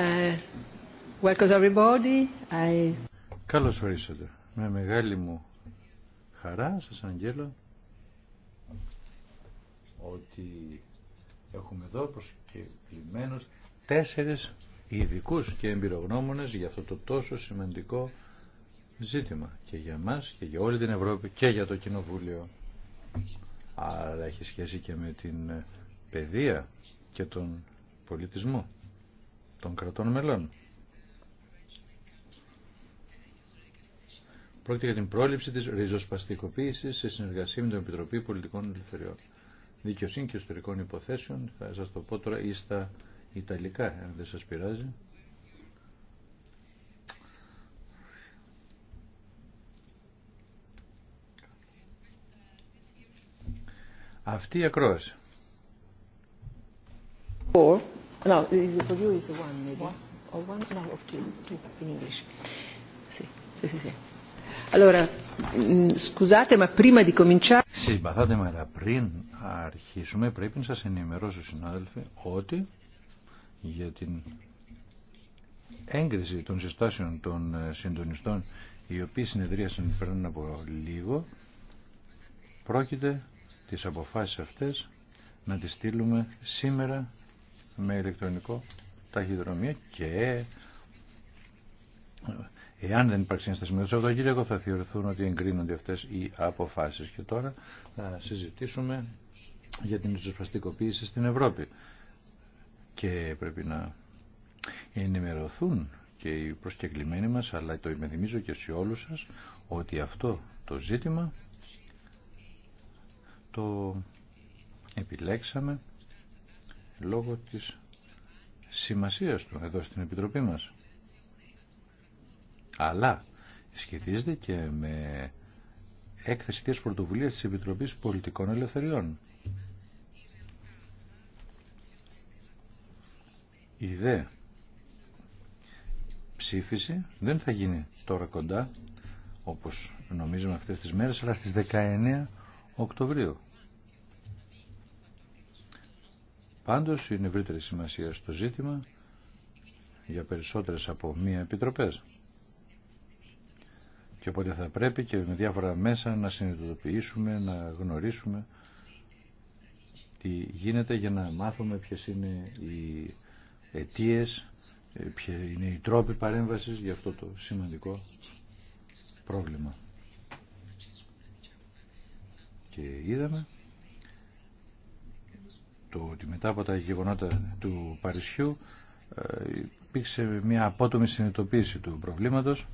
Ε, welcome everybody. Καλώς ορίσατε. Με μεγάλη μου χαρά σας αγγέλω ότι έχουμε εδώ προσκεκλημένους τέσσερις ειδικού και εμπειρογνώμονες για αυτό το τόσο σημαντικό ζήτημα και για μας και για όλη την Ευρώπη και για το Κοινοβούλιο αλλά έχει σχέση και με την παιδεία και τον πολιτισμό των κρατών μελών. Πρόκειται για την πρόληψη της ριζοσπαστικοποίησης σε συνεργασία με την Επιτροπή Πολιτικών Ελευθεριών. Δικαιοσύνη και Ιστορικών Υποθέσεων, θα σας το πω τώρα ή στα Ιταλικά, αν δεν σας πειράζει. Αυτή η ακρόαση. No, for Συμπαθάτε με, αλλά πριν αρχίσουμε πρέπει να σας ενημερώσω, συνάδελφοι, ότι για την έγκριση των συστάσεων των συντονιστών οι οποίοι συνεδρίασαν πριν από λίγο πρόκειται τις αποφάσεις αυτές να τις στείλουμε σήμερα με ηλεκτρονικό ταχυδρομείο και εάν δεν υπάρξει με το θα θεωρηθούν ότι εγκρίνονται αυτές οι αποφάσεις. Και τώρα θα συζητήσουμε για την ισοσπαστικοποίηση στην Ευρώπη. Και πρέπει να ενημερωθούν και οι προσκεκλημένοι μας, αλλά το υπενθυμίζω και σε όλους σας, ότι αυτό το ζήτημα το επιλέξαμε λόγω της σημασίας του εδώ στην Επιτροπή μας. Αλλά σχετίζεται και με έκθεση της πρωτοβουλίας της Επιτροπής Πολιτικών Ελευθεριών. Η δε ψήφιση δεν θα γίνει τώρα κοντά, όπως νομίζουμε αυτές τις μέρες, αλλά στις 19 Οκτωβρίου. Πάντως είναι ευρύτερη σημασία στο ζήτημα για περισσότερες από μία επιτροπές. Και οπότε θα πρέπει και με διάφορα μέσα να συνειδητοποιήσουμε, να γνωρίσουμε τι γίνεται για να μάθουμε ποιες είναι οι αιτίες, ποιοι είναι οι τρόποι παρέμβασης για αυτό το σημαντικό πρόβλημα. Και είδαμε το ότι μετά από τα γεγονότα του Παρισιού ε, υπήρξε μια απότομη συνειδητοποίηση του προβλήματος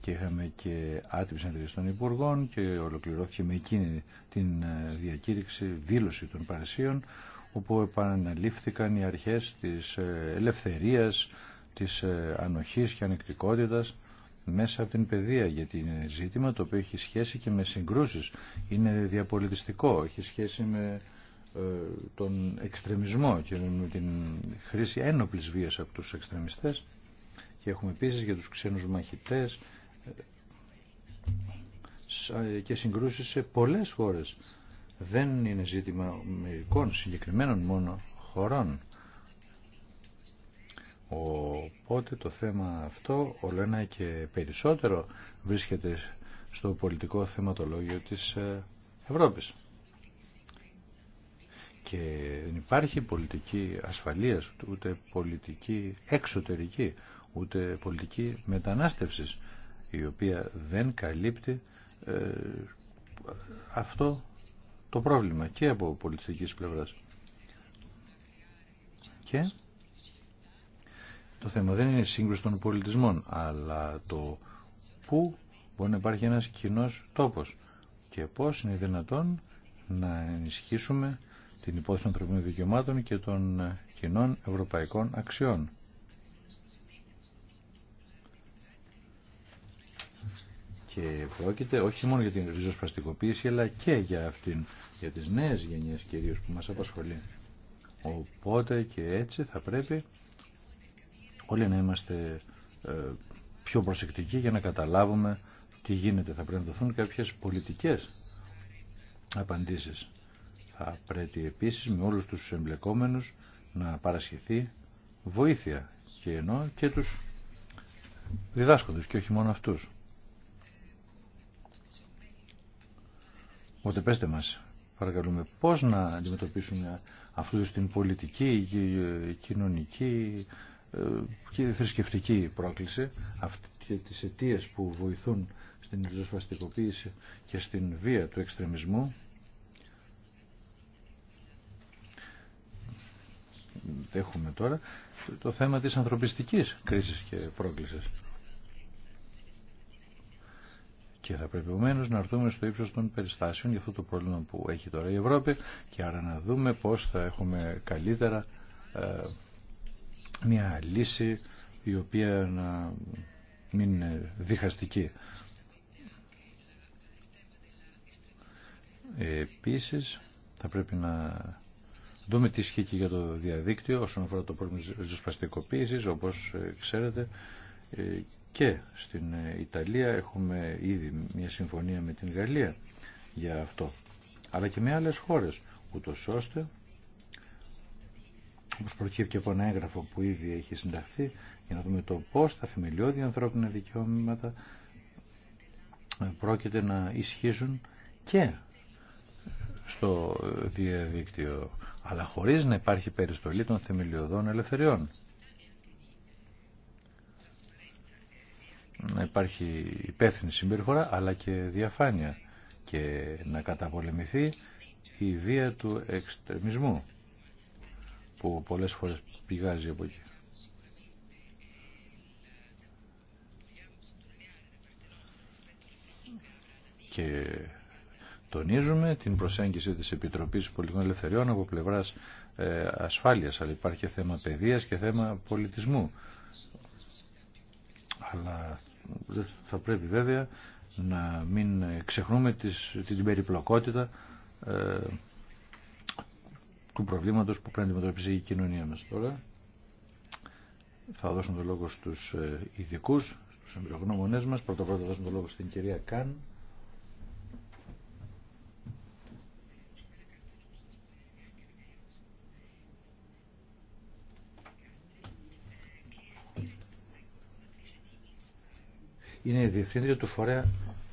και είχαμε και άτυπη συνεργασία των Υπουργών και ολοκληρώθηκε με εκείνη την ε, διακήρυξη, δήλωση των Παρισίων όπου επαναλήφθηκαν οι αρχές της ε, ελευθερίας, της ανοχής και ανεκτικότητας μέσα από την παιδεία γιατί είναι ζήτημα το οποίο έχει σχέση και με συγκρούσεις είναι διαπολιτιστικό έχει σχέση με ε, τον εξτρεμισμό και την χρήση ένοπλης βίας από τους εξτρεμιστές και έχουμε επίσης για τους ξένους μαχητές ε, ε, και συγκρούσεις σε πολλές χώρες. Δεν είναι ζήτημα μερικών συγκεκριμένων μόνο χωρών. Οπότε το θέμα αυτό όλο ένα και περισσότερο βρίσκεται στο πολιτικό θεματολόγιο της Ευρώπης και δεν υπάρχει πολιτική ασφαλείας, ούτε πολιτική εξωτερική, ούτε πολιτική μετανάστευσης, η οποία δεν καλύπτει ε, αυτό το πρόβλημα και από πολιτιστικής πλευράς. Και το θέμα δεν είναι η σύγκρουση των πολιτισμών, αλλά το πού μπορεί να υπάρχει ένας κοινός τόπος και πώς είναι δυνατόν να ενισχύσουμε την υπόθεση των ανθρωπίνων δικαιωμάτων και των κοινών ευρωπαϊκών αξιών. Και πρόκειται όχι μόνο για την ριζοσπαστικοποίηση, αλλά και για αυτήν, για τις νέες γενιές κυρίως που μας απασχολεί. Οπότε και έτσι θα πρέπει όλοι να είμαστε ε, πιο προσεκτικοί για να καταλάβουμε τι γίνεται. Θα πρέπει να δοθούν κάποιες πολιτικές απαντήσεις. Θα πρέπει επίσης με όλους τους εμπλεκόμενους να παρασχεθεί βοήθεια και ενώ και τους διδάσκοντες και όχι μόνο αυτούς. Οπότε πέστε μας, παρακαλούμε, πώς να αντιμετωπίσουμε αυτού την πολιτική, κοινωνική ε, και θρησκευτική πρόκληση και τις αιτίε που βοηθούν στην ριζοσπαστικοποίηση και στην βία του εξτρεμισμού έχουμε τώρα το θέμα της ανθρωπιστικής κρίσης και πρόκλησης. Και θα πρέπει ομένως να έρθουμε στο ύψος των περιστάσεων για αυτό το πρόβλημα που έχει τώρα η Ευρώπη και άρα να δούμε πώς θα έχουμε καλύτερα ε, μια λύση η οποία να μην είναι διχαστική. Επίσης θα πρέπει να δούμε τι ισχύει και για το διαδίκτυο όσον αφορά το πρόβλημα της ριζοσπαστικοποίησης, όπως ε, ξέρετε. Ε, και στην ε, Ιταλία έχουμε ήδη μια συμφωνία με την Γαλλία για αυτό. Αλλά και με άλλες χώρες, ούτως ώστε όπω προκύπτει από ένα έγγραφο που ήδη έχει συνταχθεί, για να δούμε το πώ τα θεμελιώδη ανθρώπινα δικαιώματα πρόκειται να ισχύσουν και στο διαδίκτυο, αλλά χωρίς να υπάρχει περιστολή των θεμελιωδών ελευθεριών. Να υπάρχει υπεύθυνη συμπεριφορά, αλλά και διαφάνεια και να καταπολεμηθεί η βία του εξτρεμισμού που πολλές φορές πηγάζει από εκεί. Και Τονίζουμε την προσέγγιση της Επιτροπής Πολιτικών Ελευθεριών από πλευράς ε, ασφάλειας, αλλά υπάρχει θέμα παιδείας και θέμα πολιτισμού. Αλλά θα πρέπει βέβαια να μην ξεχνούμε την περιπλοκότητα ε, του προβλήματος που πρέπει να αντιμετωπίσει η κοινωνία μας τώρα. Θα δώσουμε το λόγο στους ε, ειδικού, στους εμπειρογνώμονές μας. Πρώτα πρώτα δώσουμε το λόγο στην κυρία Καν. είναι η διευθύντρια του φορέα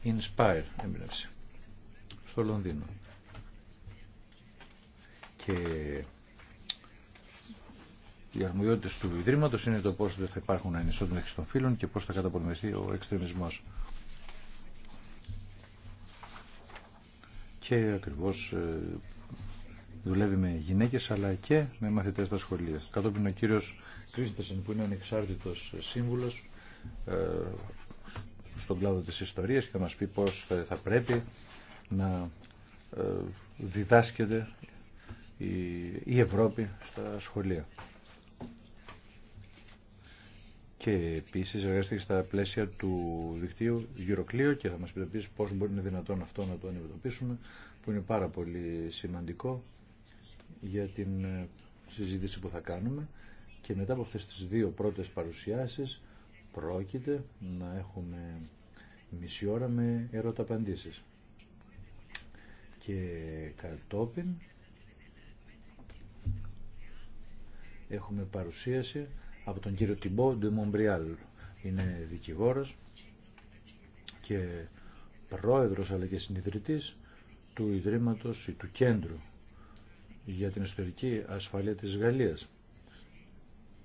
Inspire έμπνευση στο Λονδίνο. Και οι αρμοδιότητε του Ιδρύματο είναι το πώ δεν θα υπάρχουν ανισότητε των φίλων και πώ θα καταπολεμηθεί ο εξτρεμισμό. Και ακριβώ ε, δουλεύει με γυναίκε αλλά και με μαθητέ στα σχολεία. Κατόπιν ο κύριο Κρίστεσεν που είναι ανεξάρτητο σύμβουλο ε, στον κλάδο της ιστορίας και θα μας πει πώς θα πρέπει να ε, διδάσκεται η Ευρώπη στα σχολεία. Και επίσης εργάστηκε στα πλαίσια του δικτύου Euroclio και θα μας πει πώς μπορεί να είναι δυνατόν αυτό να το αντιμετωπίσουμε που είναι πάρα πολύ σημαντικό για την ε, συζήτηση που θα κάνουμε και μετά από αυτές τις δύο πρώτες παρουσιάσεις πρόκειται να έχουμε μισή ώρα με ερωταπαντήσεις. Και κατόπιν έχουμε παρουσίαση από τον κύριο Τιμπό Ντεμομπριάλ. Είναι δικηγόρος και πρόεδρος αλλά και συνειδητής του Ιδρύματος ή του Κέντρου για την Ιστορική Ασφαλεία της Γαλλίας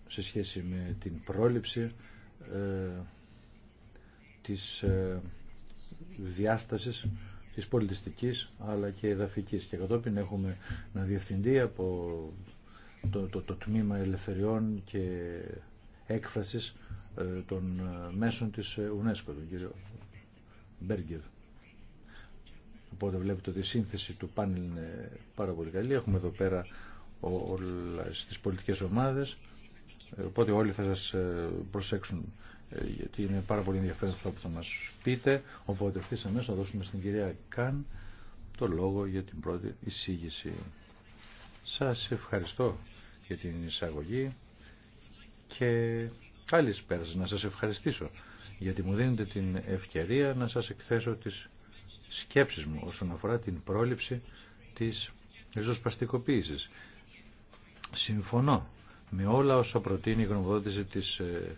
σε σχέση με την πρόληψη ε, της ε, διάστασης της πολιτιστικής αλλά και εδαφικής και κατόπιν έχουμε να διευθυντεί από το, το, το τμήμα ελευθεριών και έκφρασης ε, των ε, μέσων της ε, UNESCO, τον κύριο Μπέργκερ. Οπότε βλέπετε ότι η σύνθεση του πάνελ είναι πάρα πολύ καλή. Έχουμε εδώ πέρα όλες στις πολιτικές ομάδες Οπότε όλοι θα σας ε, προσέξουν ε, γιατί είναι πάρα πολύ ενδιαφέρον αυτό που θα μας πείτε. Οπότε ευθύς αμέσως θα δώσουμε στην κυρία Καν το λόγο για την πρώτη εισήγηση. Σας ευχαριστώ για την εισαγωγή και καλησπέρα να σας ευχαριστήσω γιατί μου δίνετε την ευκαιρία να σας εκθέσω τις σκέψεις μου όσον αφορά την πρόληψη της ριζοσπαστικοποίησης. Συμφωνώ με όλα όσα προτείνει η γνωμοδότηση της ε,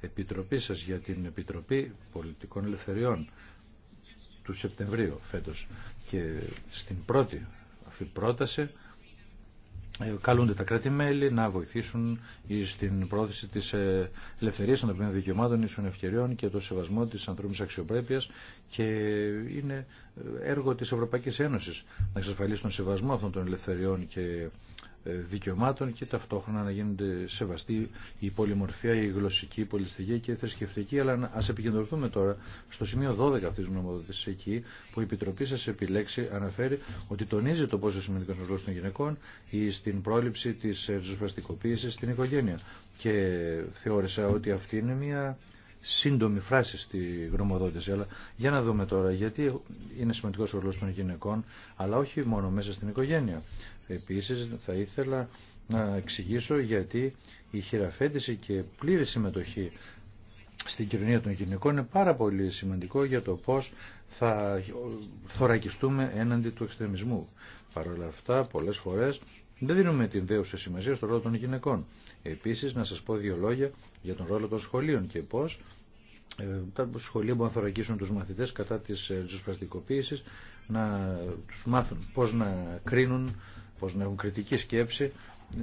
Επιτροπής σας για την Επιτροπή Πολιτικών Ελευθεριών του Σεπτεμβρίου φέτος και στην πρώτη αυτή πρόταση ε, καλούνται τα κράτη-μέλη να βοηθήσουν στην πρόθεση της ε, ελευθερίας των δικαιωμάτων, ίσων ευκαιριών και το σεβασμό της ανθρώπινης αξιοπρέπειας και είναι έργο της Ευρωπαϊκής Ένωσης να εξασφαλίσει τον σεβασμό αυτών των ελευθεριών και ε, δικαιωμάτων και ταυτόχρονα να γίνονται σεβαστή η πολυμορφία, η γλωσσική, η πολυστηγία και η θρησκευτική. Αλλά α επικεντρωθούμε τώρα στο σημείο 12 αυτή τη νομοθέτηση, εκεί που η Επιτροπή σα επιλέξει αναφέρει ότι τονίζει το πόσο σημαντικό είναι ο ρόλο των γυναικών ή στην πρόληψη τη ε, ριζοσπαστικοποίηση στην οικογένεια. Και θεώρησα ότι αυτή είναι μια σύντομη φράση στη γνωμοδότηση. Αλλά για να δούμε τώρα γιατί είναι σημαντικό ο ρόλο των γυναικών, αλλά όχι μόνο μέσα στην οικογένεια. Επίσης θα ήθελα να εξηγήσω γιατί η χειραφέτηση και πλήρη συμμετοχή στην κοινωνία των γυναικών είναι πάρα πολύ σημαντικό για το πώς θα θωρακιστούμε έναντι του εξτρεμισμού. Παρ' όλα αυτά, πολλές φορές δεν δίνουμε την δέουσα σημασία στον ρόλο των γυναικών. Επίσης, να σας πω δύο λόγια για τον ρόλο των σχολείων και πώς ε, τα σχολεία μπορούν να θωρακίσουν τους μαθητές κατά της ε, ριζοσπαστικοποίησης, να τους μάθουν πώς να κρίνουν πως να έχουν κριτική σκέψη,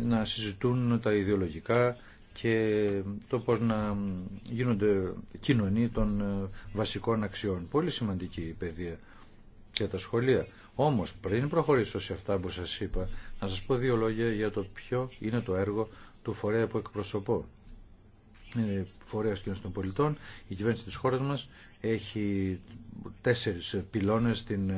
να συζητούν τα ιδεολογικά και το πως να γίνονται κοινωνοί των ε, βασικών αξιών. Πολύ σημαντική η παιδεία και τα σχολεία. Όμως πριν προχωρήσω σε αυτά που σας είπα, να σας πω δύο λόγια για το ποιο είναι το έργο του φορέα που εκπροσωπώ. Ε, φορέα φορέας των πολιτών, η κυβέρνηση της χώρας μας έχει τέσσερις πυλώνες στην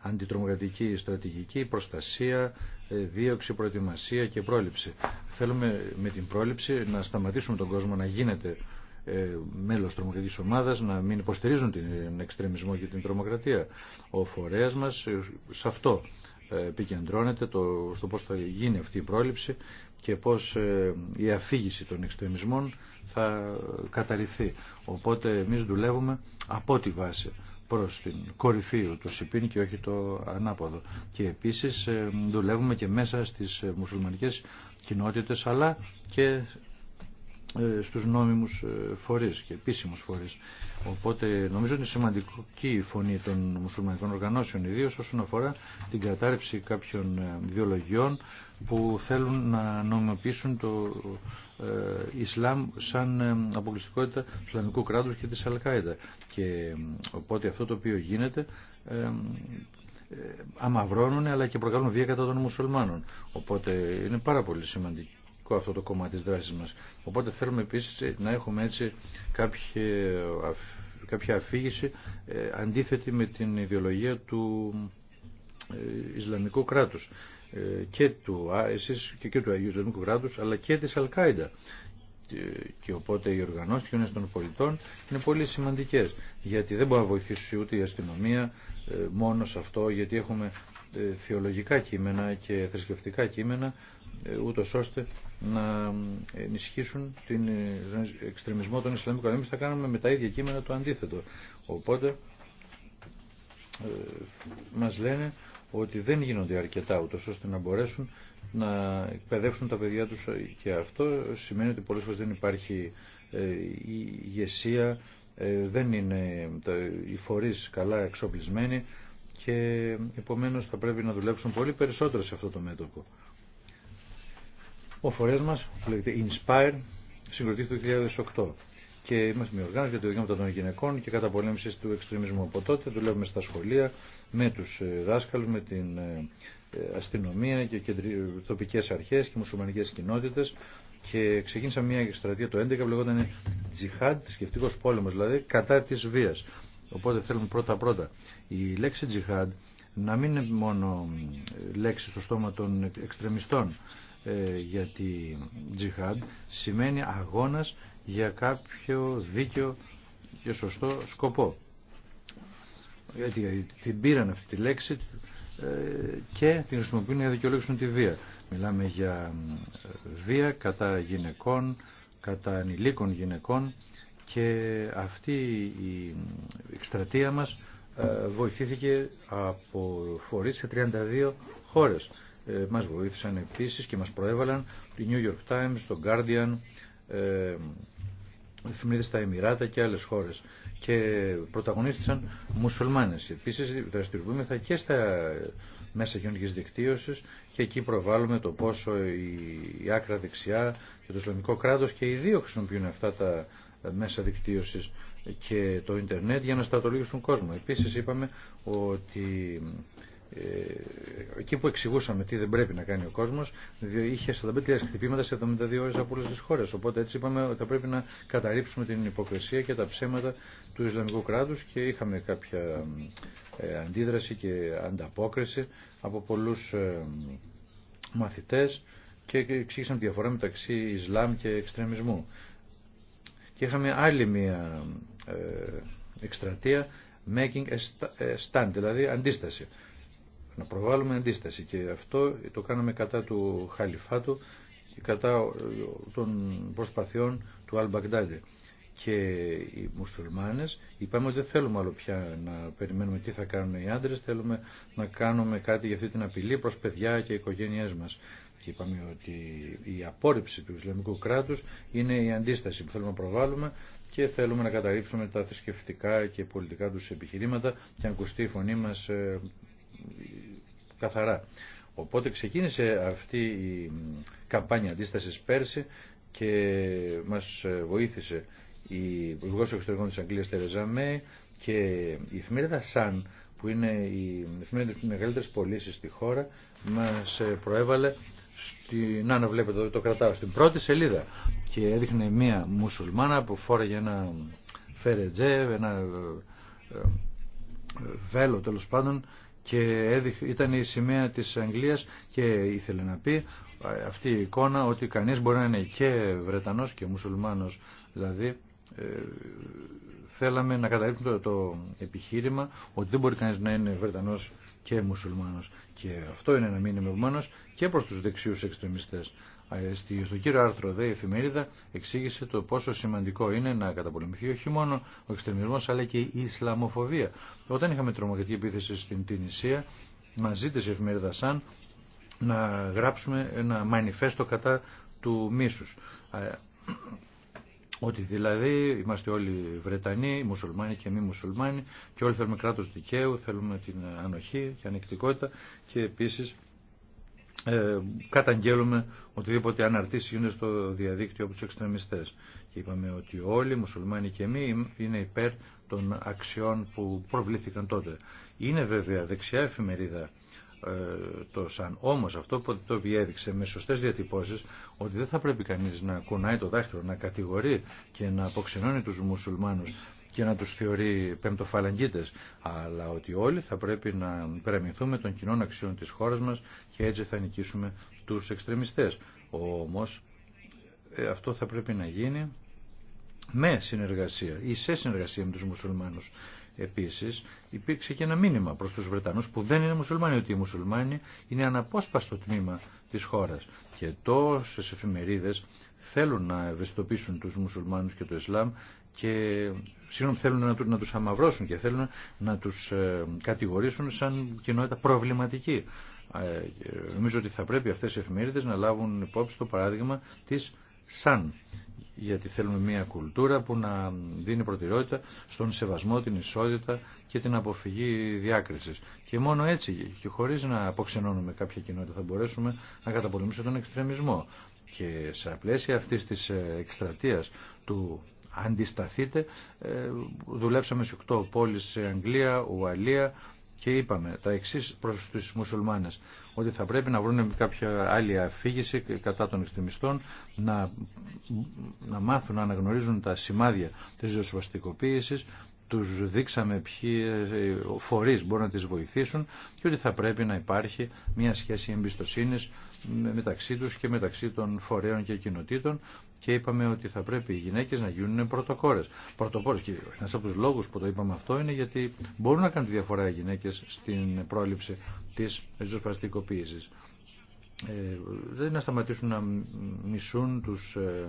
αντιτρομοκρατική στρατηγική προστασία, ε, δίωξη, προετοιμασία και πρόληψη. Θέλουμε με την πρόληψη να σταματήσουμε τον κόσμο να γίνεται ε, μέλος τρομοκρατικής ομάδας, να μην υποστηρίζουν την εξτρεμισμό και την τρομοκρατία. Ο φορέας μας ε, σε αυτό ε, επικεντρώνεται το, στο πώς θα γίνει αυτή η πρόληψη και πώς ε, η αφήγηση των εξτρεμισμών θα καταρριφθεί. Οπότε εμείς δουλεύουμε από τη βάση προς την κορυφή του Σιπίν και όχι το ανάποδο. Και επίσης ε, δουλεύουμε και μέσα στις μουσουλμανικές κοινότητες αλλά και ε, στους νόμιμους ε, φορείς και επίσημους φορείς. Οπότε νομίζω είναι σημαντική η φωνή των μουσουλμανικών οργανώσεων, ιδίω όσον αφορά την κατάρρευση κάποιων ε, βιολογιών που θέλουν να νομιμοποιήσουν το Ισλάμ σαν αποκλειστικότητα του Ισλαμικού κράτους και της Αλκάιδα. Και οπότε αυτό το οποίο γίνεται αμαυρώνουν αλλά και προκαλούν βία κατά των μουσουλμάνων. Οπότε είναι πάρα πολύ σημαντική σημαντικό αυτό το κομμάτι της δράσης μας. Οπότε θέλουμε επίσης ε, να έχουμε έτσι κάποια, κάποια αφήγηση ε, αντίθετη με την ιδεολογία του ε, Ισλαμικού κράτους και του ΆΕΣΙΣ και, και του Αγίου κράτους αλλά και της Αλκάιντα και οπότε οι οργανώσεις των πολιτών είναι πολύ σημαντικές γιατί δεν μπορεί να βοηθήσει ούτε η αστυνομία μόνο σε αυτό γιατί έχουμε θεολογικά κείμενα και θρησκευτικά κείμενα ε, ούτως ώστε να ενισχύσουν την ε, εξτρεμισμό των Ισλαμικών. Εμεί θα κάνουμε με τα ίδια κείμενα το αντίθετο. Οπότε ε, μας λένε ότι δεν γίνονται αρκετά ούτω ώστε να μπορέσουν να εκπαιδεύσουν τα παιδιά τους και αυτό σημαίνει ότι πολλές φορές δεν υπάρχει η ηγεσία, δεν είναι οι φορείς καλά εξοπλισμένοι και επομένως θα πρέπει να δουλέψουν πολύ περισσότερο σε αυτό το μέτωπο. Ο φορέας μας που λέγεται Inspire συγκροτήθηκε το 2008 και είμαστε μια οργάνωση για το δικαίωμα των γυναικών και καταπολέμηση του εξτρεμισμού. Από τότε δουλεύουμε στα σχολεία με τους ε, δάσκαλους, με την ε, ε, αστυνομία και τοπικές αρχές και μουσουλμανικές κοινότητες και ξεκίνησα μια στρατεία το 2011 που λεγόταν Τζιχάντ, σκεφτικό πόλεμο δηλαδή, κατά τη βία. Οπότε θέλουμε πρώτα-πρώτα η λέξη Τζιχάντ να μην είναι μόνο λέξη στο στόμα των εξτρεμιστών για ε, γιατί τζιχάντ σημαίνει αγώνας για κάποιο δίκαιο και σωστό σκοπό. Γιατί την πήραν αυτή τη λέξη ε, και την χρησιμοποιούν για να τη βία. Μιλάμε για βία κατά γυναικών, κατά ανηλίκων γυναικών και αυτή η εκστρατεία μας ε, βοηθήθηκε από φορείς σε 32 χώρες ε, μας βοήθησαν επίσης και μας προέβαλαν τη New York Times, το Guardian, ε, εφημερίδες στα Εμμυράτα και άλλες χώρες και πρωταγωνίστησαν μουσουλμάνες. Επίσης δραστηριοποιούμεθα και στα μέσα κοινωνικής δικτύωσης και εκεί προβάλλουμε το πόσο η, άκρα δεξιά και το Ισλαμικό κράτος και οι δύο χρησιμοποιούν αυτά τα μέσα δικτύωσης και το ιντερνετ για να στρατολογήσουν κόσμο. Επίσης είπαμε ότι ε, εκεί που εξηγούσαμε τι δεν πρέπει να κάνει ο κόσμο, είχε 45.000 χτυπήματα σε 72 ώρε από όλε τι χώρε. Οπότε έτσι είπαμε ότι θα πρέπει να καταρρύψουμε την υποκρισία και τα ψέματα του Ισλαμικού κράτου και είχαμε κάποια ε, αντίδραση και ανταπόκριση από πολλού ε, μαθητέ και εξήγησαν τη διαφορά μεταξύ Ισλάμ και εξτρεμισμού. Και είχαμε άλλη μία εκστρατεία making a stand, δηλαδή αντίσταση να προβάλλουμε αντίσταση και αυτό το κάναμε κατά του Χαλιφάτου και κατά ε, των προσπαθειών του Αλ Μπαγκδάντε Και οι μουσουλμάνες είπαμε ότι δεν θέλουμε άλλο πια να περιμένουμε τι θα κάνουν οι άντρες, θέλουμε να κάνουμε κάτι για αυτή την απειλή προς παιδιά και οικογένειές μας. Και είπαμε ότι η απόρριψη του Ισλαμικού κράτους είναι η αντίσταση που θέλουμε να προβάλλουμε και θέλουμε να καταρρύψουμε τα θρησκευτικά και πολιτικά τους επιχειρήματα και να ακουστεί η φωνή μας ε, καθαρά. Οπότε ξεκίνησε αυτή η καμπάνια αντίστασης πέρσι και μας ε, βοήθησε η Υπουργός Εξωτερικών της Αγγλίας Τερεζά Μέη και η εφημερίδα Σαν που είναι η εφημερίδα της πωλήσει στη χώρα μας ε, προέβαλε στην, να, βλέπετε το κρατάω στην πρώτη σελίδα και έδειχνε μία μουσουλμάνα που φόρεγε ένα φερετζέ ένα ε, βέλο τέλος πάντων και ήταν η σημαία της Αγγλίας και ήθελε να πει αυτή η εικόνα ότι κανείς μπορεί να είναι και Βρετανός και μουσουλμάνος δηλαδή ε, θέλαμε να καταλήξουμε το, επιχείρημα ότι δεν μπορεί κανείς να είναι Βρετανός και μουσουλμάνος και αυτό είναι ένα μήνυμα ευμένος και προς τους δεξιούς εξτρεμιστές ε, στο κύριο άρθρο ΔΕ η εφημερίδα εξήγησε το πόσο σημαντικό είναι να καταπολεμηθεί όχι μόνο ο εξτρεμισμός αλλά και η Ισλαμοφοβία. Όταν είχαμε τρομοκρατική επίθεση στην Τινησία μα ζήτησε η εφημερίδα Σαν να γράψουμε ένα μανιφέστο κατά του μίσου. Ε, ότι δηλαδή είμαστε όλοι Βρετανοί, μουσουλμάνοι και μη μουσουλμάνοι και όλοι θέλουμε κράτος δικαίου, θέλουμε την ανοχή και ανεκτικότητα και επίση ε, καταγγέλουμε οτιδήποτε αναρτήσει γίνεται στο διαδίκτυο από του εξτρεμιστέ. Και είπαμε ότι όλοι οι μουσουλμάνοι και εμεί είναι υπέρ των αξιών που προβλήθηκαν τότε. Είναι βέβαια δεξιά εφημερίδα ε, το ΣΑΝ. Όμω αυτό που το διέδειξε με σωστέ διατυπώσει ότι δεν θα πρέπει κανεί να κουνάει το δάχτυλο, να κατηγορεί και να αποξενώνει του μουσουλμάνου και να τους θεωρεί πέμπτοφαλαγγίτες, αλλά ότι όλοι θα πρέπει να περαμηθούμε των κοινών αξιών της χώρας μας και έτσι θα νικήσουμε τους εξτρεμιστές. Όμως ε, αυτό θα πρέπει να γίνει με συνεργασία ή σε συνεργασία με τους μουσουλμάνους. Επίσης υπήρξε και ένα μήνυμα προς τους Βρετανούς που δεν είναι μουσουλμάνοι, ότι οι μουσουλμάνοι είναι αναπόσπαστο τμήμα της χώρας και τόσες εφημερίδες θέλουν να ευαισθητοποιήσουν τους μουσουλμάνους και το Ισλάμ και συγγνώμη θέλουν να, να τους αμαυρώσουν και θέλουν να τους ε, κατηγορήσουν σαν κοινότητα προβληματική. Ε, νομίζω ότι θα πρέπει αυτές οι εφημερίδες να λάβουν υπόψη το παράδειγμα της σαν γιατί θέλουμε μια κουλτούρα που να δίνει προτεραιότητα στον σεβασμό, την ισότητα και την αποφυγή διάκρισης. Και μόνο έτσι και χωρίς να αποξενώνουμε κάποια κοινότητα θα μπορέσουμε να καταπολεμήσουμε τον εξτρεμισμό. Και σε πλαίσια αυτής της ε, εκστρατείας του αντισταθείτε. Ε, δουλέψαμε σε 8 πόλεις σε Αγγλία, Ουαλία και είπαμε τα εξή προς τους μουσουλμάνες ότι θα πρέπει να βρουν κάποια άλλη αφήγηση κατά των εκτιμιστών να, μάθουν να αναγνωρίζουν τα σημάδια της ζωσβαστικοποίησης τους δείξαμε ποιοι ε, φορείς μπορούν να τις βοηθήσουν και ότι θα πρέπει να υπάρχει μια σχέση εμπιστοσύνης μεταξύ τους και μεταξύ των φορέων και κοινοτήτων και είπαμε ότι θα πρέπει οι γυναίκες να γίνουν πρωτοκόρες. Πρωτοκόρες και ένας από τους λόγους που το είπαμε αυτό είναι γιατί μπορούν να κάνουν τη διαφορά οι γυναίκες στην πρόληψη της ριζοσπαστικοποίησης. Ε, δεν να σταματήσουν να μισούν τους ε,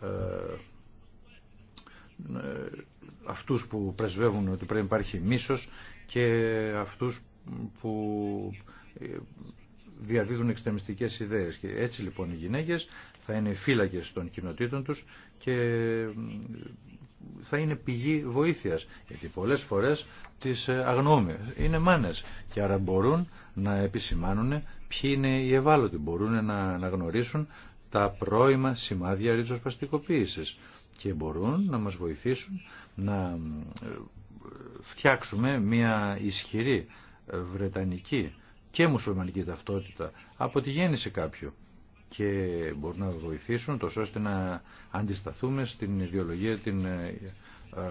ε, αυτούς που πρεσβεύουν ότι πρέπει να υπάρχει μίσος και αυτούς που ε, διαδίδουν εξτρεμιστικές ιδέες. Και έτσι λοιπόν οι γυναίκες θα είναι φύλακες των κοινοτήτων τους και θα είναι πηγή βοήθειας. Γιατί πολλές φορές τις ε, αγνοούμε. Είναι μάνες και άρα μπορούν να επισημάνουν ποιοι είναι οι ευάλωτοι. Μπορούν να αναγνωρίσουν τα πρώιμα σημάδια ριζοσπαστικοποίησης και μπορούν να μας βοηθήσουν να ε, φτιάξουμε μια ισχυρή ε, βρετανική και μουσουλμανική ταυτότητα από τη γέννηση κάποιου και μπορούν να βοηθήσουν τόσο ώστε να αντισταθούμε στην ιδεολογία την ε, ε,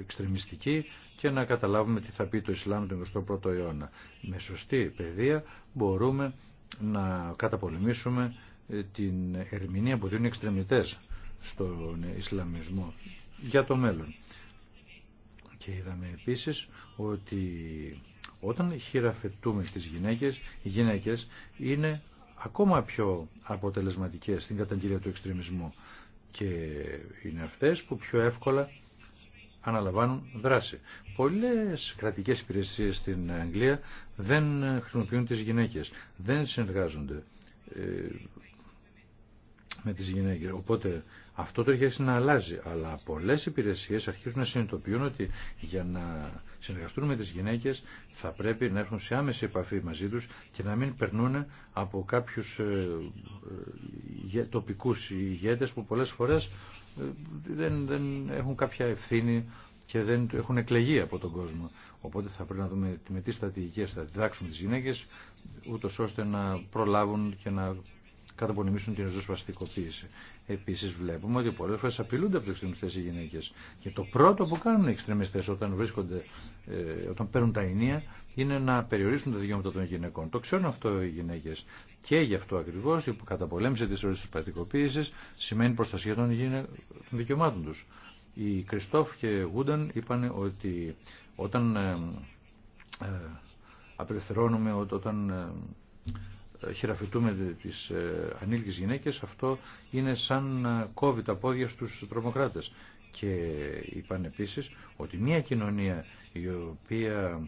εξτρεμιστική και να καταλάβουμε τι θα πει το Ισλάμ τον 21ο αιώνα. Με σωστή παιδεία μπορούμε να καταπολεμήσουμε ε, την ερμηνεία που δίνουν εξτρεμιτές στον Ισλαμισμό για το μέλλον. Και είδαμε επίσης ότι όταν χειραφετούμε τις γυναίκες, οι γυναίκες είναι ακόμα πιο αποτελεσματικές στην καταγγελία του εξτρεμισμού και είναι αυτές που πιο εύκολα αναλαμβάνουν δράση. Πολλές κρατικές υπηρεσίες στην Αγγλία δεν χρησιμοποιούν τις γυναίκες, δεν συνεργάζονται ε, με τις γυναίκες. Οπότε αυτό το αρχίσει να αλλάζει, αλλά πολλές υπηρεσίες αρχίζουν να συνειδητοποιούν ότι για να συνεργαστούν με τις γυναίκες θα πρέπει να έρθουν σε άμεση επαφή μαζί τους και να μην περνούν από κάποιους ε, ε, τοπικούς ηγέτες που πολλές φορές ε, δεν, δεν έχουν κάποια ευθύνη και δεν έχουν εκλεγεί από τον κόσμο. Οπότε θα πρέπει να δούμε με τι στρατηγικές θα διδάξουμε τι γυναίκε, ούτω ώστε να προλάβουν και να καταπονημήσουν την ριζοσπαστικοποίηση. Επίση, βλέπουμε ότι πολλέ φορέ απειλούνται από του εξτρεμιστέ οι γυναίκε. Και το πρώτο που κάνουν οι εξτρεμιστέ όταν βρίσκονται, ε, όταν παίρνουν τα ενία, είναι να περιορίσουν τα δικαιώματα των γυναικών. Το ξέρουν αυτό οι γυναίκε. Και γι' αυτό ακριβώ η καταπολέμηση τη ριζοσπαστικοποίηση σημαίνει προστασία των, των δικαιωμάτων του. Οι Κριστόφ και Γούνταν είπαν ότι όταν ε, ε, απελευθερώνουμε, όταν ε, χειραφετούμε τις ε, ανήλικες γυναίκες, αυτό είναι σαν να ε, κόβει τα πόδια στους τρομοκράτες. Και είπαν επίσης ότι μια κοινωνία η οποία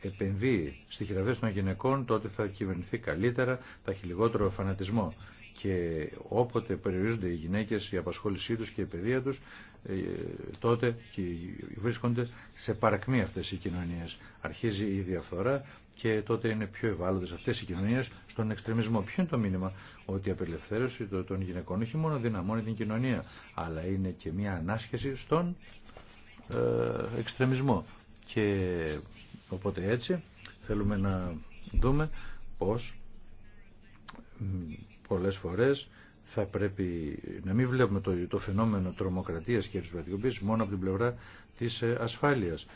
επενδύει στη χειραφέτηση των γυναικών τότε θα κυβερνηθεί καλύτερα, θα έχει λιγότερο φανατισμό και όποτε περιορίζονται οι γυναίκες η απασχόλησή τους και η παιδεία τους ε, τότε βρίσκονται σε παρακμή αυτές οι κοινωνίες. Αρχίζει η διαφθορά, και τότε είναι πιο ευάλωτες αυτές οι κοινωνίες στον εξτρεμισμό. Ποιο είναι το μήνυμα ότι η απελευθέρωση των γυναικών όχι μόνο δυναμώνει την κοινωνία αλλά είναι και μια ανάσχεση στον ε, εξτρεμισμό και οπότε έτσι θέλουμε να δούμε πως πολλές φορές θα πρέπει να μην βλέπουμε το, το φαινόμενο τρομοκρατίας και ρισβατικοποίησης μόνο από την πλευρά της ε, ασφάλειας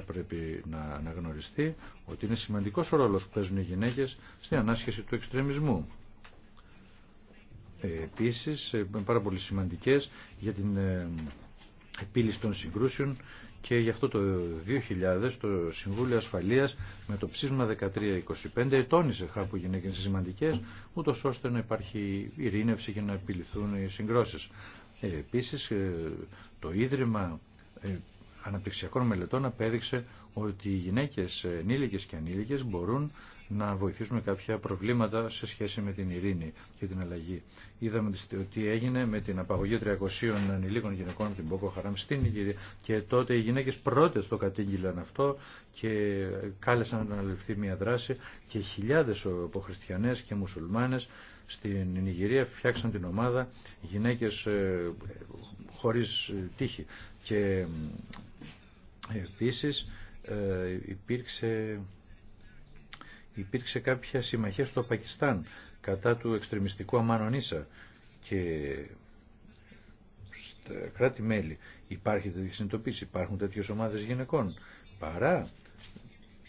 θα πρέπει να αναγνωριστεί ότι είναι σημαντικός ο ρόλος που παίζουν οι γυναίκες στην ανάσχεση του εξτρεμισμού. Ε, επίσης, ε, πάρα πολύ σημαντικές για την ε, επίλυση των συγκρούσεων και γι' αυτό το 2000 το Συμβούλιο Ασφαλείας με το ψήσμα 1325 ετώνησε χάπου γυναίκες σημαντικές ούτως ώστε να υπάρχει ειρήνευση και να επιληθούν οι συγκρόσεις. Επίσης το Ίδρυμα αναπτυξιακών μελετών απέδειξε ότι οι γυναίκες ενήλικες και ανήλικες μπορούν να βοηθήσουν κάποια προβλήματα σε σχέση με την ειρήνη και την αλλαγή. Είδαμε ότι έγινε με την απαγωγή 300 ανηλίκων γυναικών από την Πόκο Χαράμ στην Ιγυρία και τότε οι γυναίκες πρώτες το κατήγγυλαν αυτό και κάλεσαν να αναλυφθεί μια δράση και χιλιάδες από και μουσουλμάνες στην Ιγυρία φτιάξαν την ομάδα γυναίκες ε, χωρίς ε, τύχη και Επίσης ε, υπήρξε, υπήρξε κάποια συμμαχία στο Πακιστάν κατά του εξτρεμιστικού Αμάνονίσα και στα κράτη-μέλη υπάρχει τέτοια συνειδητοποίηση, υπάρχουν τέτοιες ομάδες γυναικών. Παρά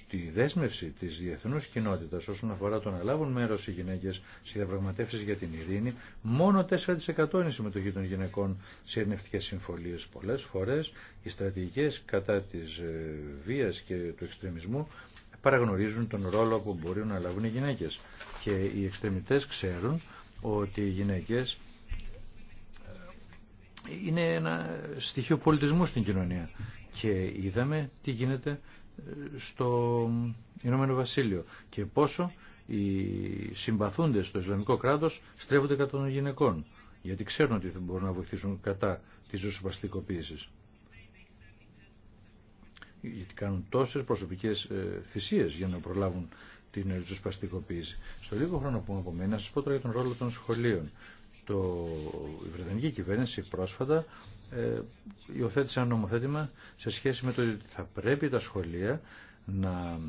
τη δέσμευση της διεθνούς κοινότητας όσον αφορά το να λάβουν μέρος οι γυναίκες σε διαπραγματεύσεις για την ειρήνη, μόνο 4% είναι η συμμετοχή των γυναικών σε ειρηνευτικές συμφωνίες. Πολλές φορές οι στρατηγικές κατά της ε, βίας και του εξτρεμισμού παραγνωρίζουν τον ρόλο που μπορεί να λάβουν οι γυναίκες. Και οι εξτρεμιτές ξέρουν ότι οι γυναίκες ε, είναι ένα στοιχείο πολιτισμού στην κοινωνία. Και είδαμε τι γίνεται στο Ηνωμένο Βασίλειο και πόσο οι συμπαθούντες στο Ισλαμικό κράτος στρέφονται κατά των γυναικών γιατί ξέρουν ότι μπορούν να βοηθήσουν κατά της ζωσοπαστικοποίησης γιατί κάνουν τόσες προσωπικές ε, θυσίες για να προλάβουν την ριζοσπαστικοποίηση. Στο λίγο χρόνο που μου απομένει, να σα πω τώρα για τον ρόλο των σχολείων. Το, η Βρετανική κυβέρνηση πρόσφατα ε, υιοθέτησε ένα νομοθέτημα σε σχέση με το ότι θα πρέπει τα σχολεία να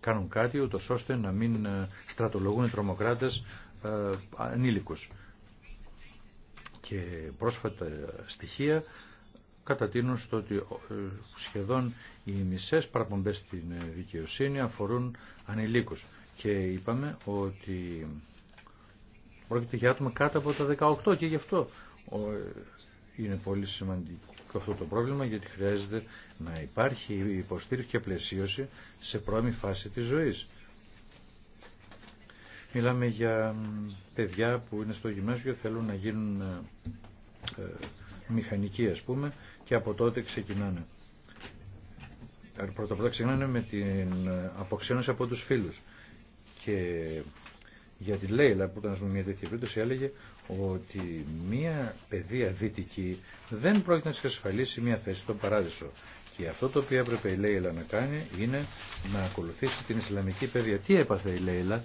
κάνουν κάτι ούτως ώστε να μην ε, στρατολογούν οι τρομοκράτες ε, ανήλικους. Και πρόσφατα στοιχεία κατατείνουν στο ότι ε, σχεδόν οι μισές παραπομπές στην ε, δικαιοσύνη αφορούν ανηλίκους. Και είπαμε ότι πρόκειται για άτομα κάτω από τα 18 και γι' αυτό είναι πολύ σημαντικό αυτό το πρόβλημα γιατί χρειάζεται να υπάρχει υποστήριξη και πλαισίωση σε πρώιμη φάση της ζωής. Μιλάμε για παιδιά που είναι στο γυμνάσιο και θέλουν να γίνουν ε, ε, μηχανικοί ας πούμε και από τότε ξεκινάνε. Ε, πρώτα πρώτα ξεκινάνε με την αποξένωση από τους φίλους και για τη Λέιλα που ήταν μια τέτοια περίπτωση έλεγε ότι μια παιδεία δυτική δεν πρόκειται να της ασφαλίσει μια θέση στον παράδεισο. Και αυτό το οποίο έπρεπε η Λέιλα να κάνει είναι να ακολουθήσει την Ισλαμική παιδεία. Τι έπαθε η Λέιλα.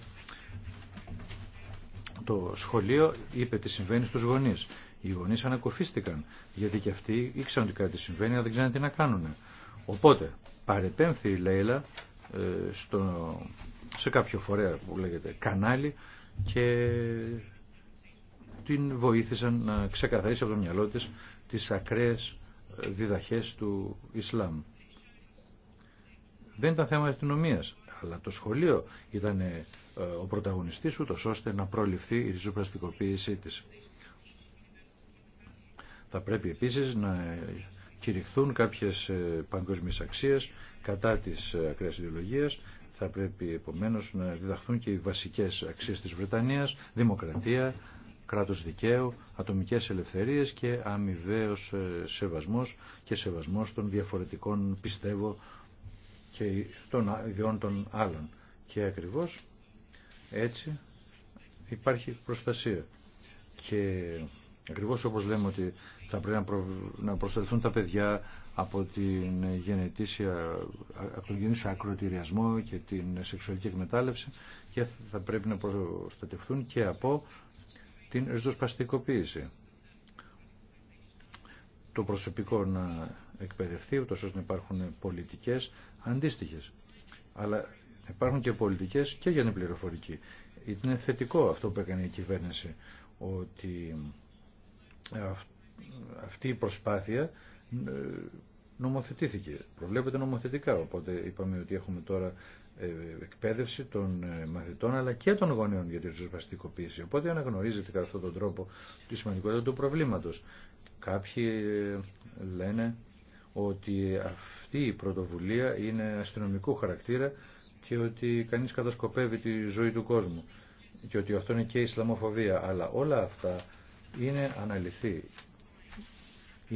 Το σχολείο είπε τι συμβαίνει στους γονείς. Οι γονείς ανακοφίστηκαν γιατί και αυτοί ήξεραν ότι κάτι συμβαίνει αλλά δεν ξέραν τι να κάνουν. Οπότε παρεπέμφθη η Λέιλα ε, στο σε κάποιο φορέα που λέγεται κανάλι και την βοήθησαν να ξεκαθαρίσει από το μυαλό της τις ακραίες διδαχές του Ισλάμ. Δεν ήταν θέμα αστυνομία, αλλά το σχολείο ήταν ε, ο πρωταγωνιστής του, ώστε να προληφθεί η ριζοπραστικοποίησή της. Θα πρέπει επίσης να κηρυχθούν κάποιες ε, παγκοσμίες αξίες κατά της ε, ακραίας ιδεολογίας, θα πρέπει επομένως να διδαχθούν και οι βασικές αξίες της Βρετανίας, δημοκρατία, κράτος δικαίου, ατομικές ελευθερίες και αμοιβαίος ε, σεβασμός και σεβασμός των διαφορετικών πιστεύω και των ιδιών των άλλων. Και ακριβώς έτσι υπάρχει προστασία. Και ακριβώς όπως λέμε ότι θα πρέπει να, προστατευτούν τα παιδιά από, την γενετήσια... από τον γεννήσιο ακροτηριασμό και την σεξουαλική εκμετάλλευση και θα πρέπει να προστατευτούν και από την ριζοσπαστικοποίηση. Το προσωπικό να εκπαιδευτεί, ούτως ώστε να υπάρχουν πολιτικές αντίστοιχες. Αλλά υπάρχουν και πολιτικές και για την πληροφορική. Είναι θετικό αυτό που έκανε η κυβέρνηση, ότι αυτή η προσπάθεια ε, νομοθετήθηκε. Προβλέπεται νομοθετικά, οπότε είπαμε ότι έχουμε τώρα ε, εκπαίδευση των ε, μαθητών αλλά και των γονέων για τη ριζοσπαστικοποίηση. Οπότε αναγνωρίζεται κατά αυτόν τον τρόπο τη σημαντικότητα του προβλήματο. Κάποιοι λένε ότι αυτή η πρωτοβουλία είναι αστυνομικού χαρακτήρα και ότι κανείς κατασκοπεύει τη ζωή του κόσμου και ότι αυτό είναι και η Ισλαμοφοβία. Αλλά όλα αυτά είναι αναλυθεί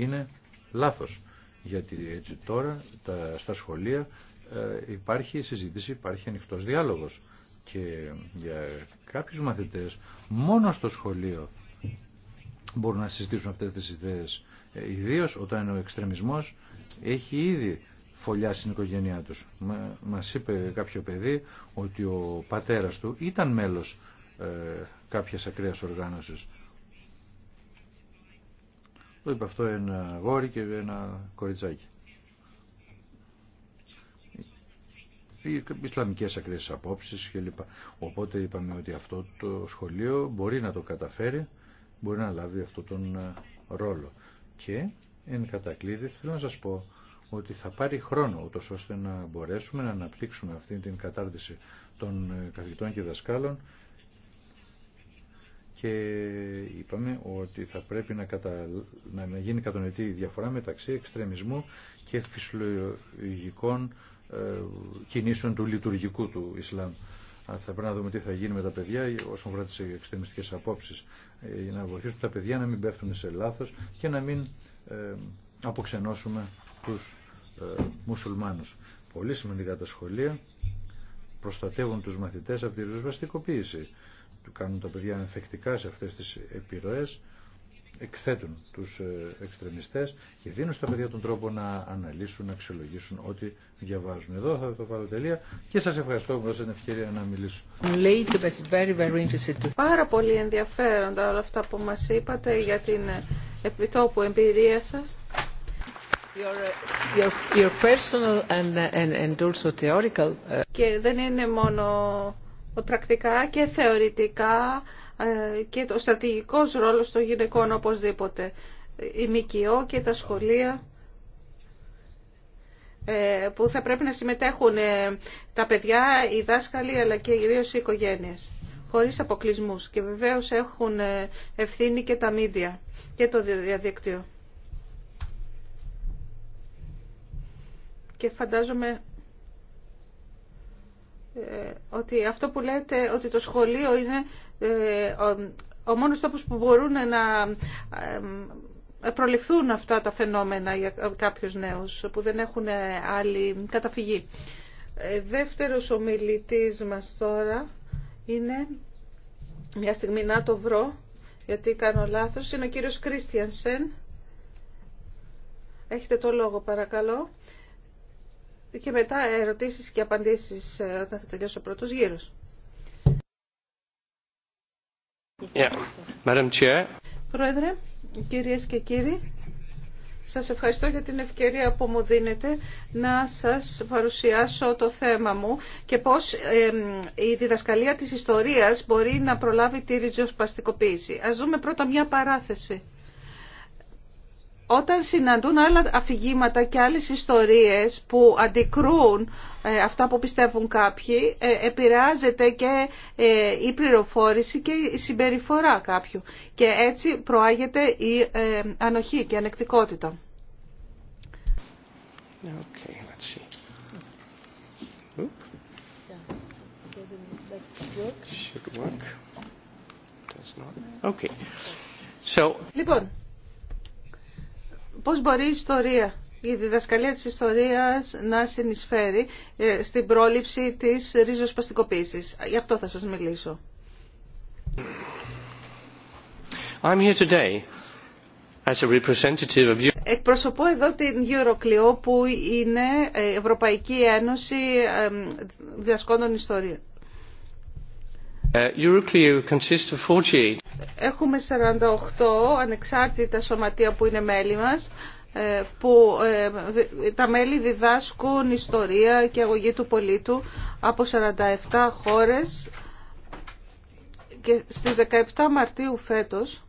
είναι λάθος. Γιατί έτσι τώρα τα, στα σχολεία ε, υπάρχει συζήτηση, υπάρχει ανοιχτός διάλογος. Και για κάποιους μαθητές μόνο στο σχολείο μπορούν να συζητήσουν αυτές τις ιδέες. Ε, ιδίως όταν ο εξτρεμισμός έχει ήδη φωλιά στην οικογένειά τους. Μα, μας είπε κάποιο παιδί ότι ο πατέρας του ήταν μέλος ε, κάποιας ακραίας το είπε αυτό ένα γόρι και ένα κοριτσάκι. Οι Ισλαμικές ακραίες απόψεις κλπ. Οπότε είπαμε ότι αυτό το σχολείο μπορεί να το καταφέρει, μπορεί να λάβει αυτόν τον ε, ρόλο. Και εν κατακλείδη θέλω να σας πω ότι θα πάρει χρόνο ούτως ώστε να μπορέσουμε να αναπτύξουμε αυτή την κατάρτιση των ε, καθηγητών και δασκάλων και είπαμε ότι θα πρέπει να, κατα... να γίνει κατονετή η διαφορά μεταξύ εξτρεμισμού και φυσιολογικών ε, κινήσεων του λειτουργικού του Ισλάμ. θα πρέπει να δούμε τι θα γίνει με τα παιδιά όσον αφορά τι εξτρεμιστικέ απόψει. Ε, να βοηθήσουν τα παιδιά να μην πέφτουν σε λάθο και να μην ε, αποξενώσουμε του ε, μουσουλμάνου. Πολύ σημαντικά τα σχολεία προστατεύουν τους μαθητές από τη ριζοσβαστικοποίηση κάνουν τα παιδιά ανεφεκτικά σε αυτές τις επιρροές εκθέτουν τους ε, εξτρεμιστές και δίνουν στα παιδιά τον τρόπο να αναλύσουν, να αξιολογήσουν ό,τι διαβάζουν. Εδώ θα το βάλω τελεία και σας ευχαριστώ που δώσατε την ευκαιρία να μιλήσω. Πάρα πολύ ενδιαφέροντα όλα αυτά που μας είπατε για την ε, επιτόπου εμπειρία σας. Your, ε, your, personal and, and, also theoretical. Και δεν είναι μόνο πρακτικά και θεωρητικά ε, και το στρατηγικός ρόλος των γυναικών οπωσδήποτε. Η ΜΚΟ και τα σχολεία ε, που θα πρέπει να συμμετέχουν ε, τα παιδιά, οι δάσκαλοι αλλά και ιδίω οι οικογένειες χωρίς αποκλεισμούς και βεβαίως έχουν ευθύνη και τα μίδια και το διαδίκτυο. Και φαντάζομαι ε, ότι αυτό που λέτε ότι το σχολείο είναι ε, ο μόνος τόπος που μπορούν να ε, προληφθούν αυτά τα φαινόμενα για κάποιους νέους που δεν έχουν άλλη καταφυγή. Δεύτερος ομιλητής μας τώρα είναι, μια στιγμή να το βρω, γιατί κάνω λάθος, είναι ο κύριος Κρίστιανσεν. Έχετε το λόγο παρακαλώ και μετά ερωτήσεις και απαντήσεις ε, όταν θα τελειώσει ο πρώτος γύρος. Πρόεδρε, κυρίες και κύριοι, σας ευχαριστώ για την ευκαιρία που μου δίνετε να σας παρουσιάσω το θέμα μου και πώς η διδασκαλία της ιστορίας μπορεί να προλάβει τη ριζοσπαστικοποίηση. Ας δούμε πρώτα μια παράθεση όταν συναντούν άλλα αφηγήματα και άλλες ιστορίες που αντικρούν ε, αυτά που πιστεύουν κάποιοι, ε, επηρεάζεται και ε, η πληροφόρηση και η συμπεριφορά κάποιου. Και έτσι προάγεται η ανοχή και η ανεκτικότητα. Okay, let's see. Okay. So... Λοιπόν, Πώς μπορεί η ιστορία, η διδασκαλία της ιστορίας να συνεισφέρει ε, στην πρόληψη της ριζοσπαστικοποίησης. Γι' αυτό θα σας μιλήσω. Εκπροσωπώ εδώ την Euroclio που είναι ε, Ευρωπαϊκή Ένωση ε, Διασκόντων Ιστορίας. Ε, Έχουμε 48 ανεξάρτητα σωματεία που είναι μέλη μας ε, που ε, τα μέλη διδάσκουν ιστορία και αγωγή του πολίτου από 47 χώρες και στις 17 Μαρτίου φέτος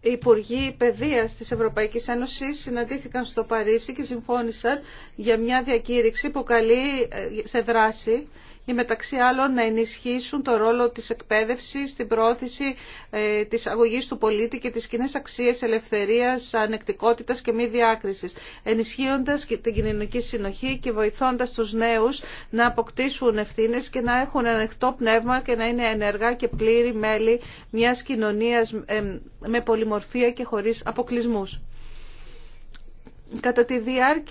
οι Υπουργοί Παιδείας της Ευρωπαϊκής Ένωση συναντήθηκαν στο Παρίσι και συμφώνησαν για μια διακήρυξη που καλεί ε, σε δράση ή μεταξύ άλλων να ενισχύσουν το ρόλο της εκπαίδευσης, την πρόθεση ε, της αγωγής του πολίτη και τις κοινέ αξίες ελευθερίας, ανεκτικότητας και μη διάκρισης, ενισχύοντας την κοινωνική συνοχή και βοηθώντας τους νέους να αποκτήσουν ευθύνε και να έχουν ανοιχτό πνεύμα και να είναι ενεργά και πλήρη μέλη μιας κοινωνίας ε, με πολυμορφία και χωρίς αποκλεισμούς κατά τη διάρκεια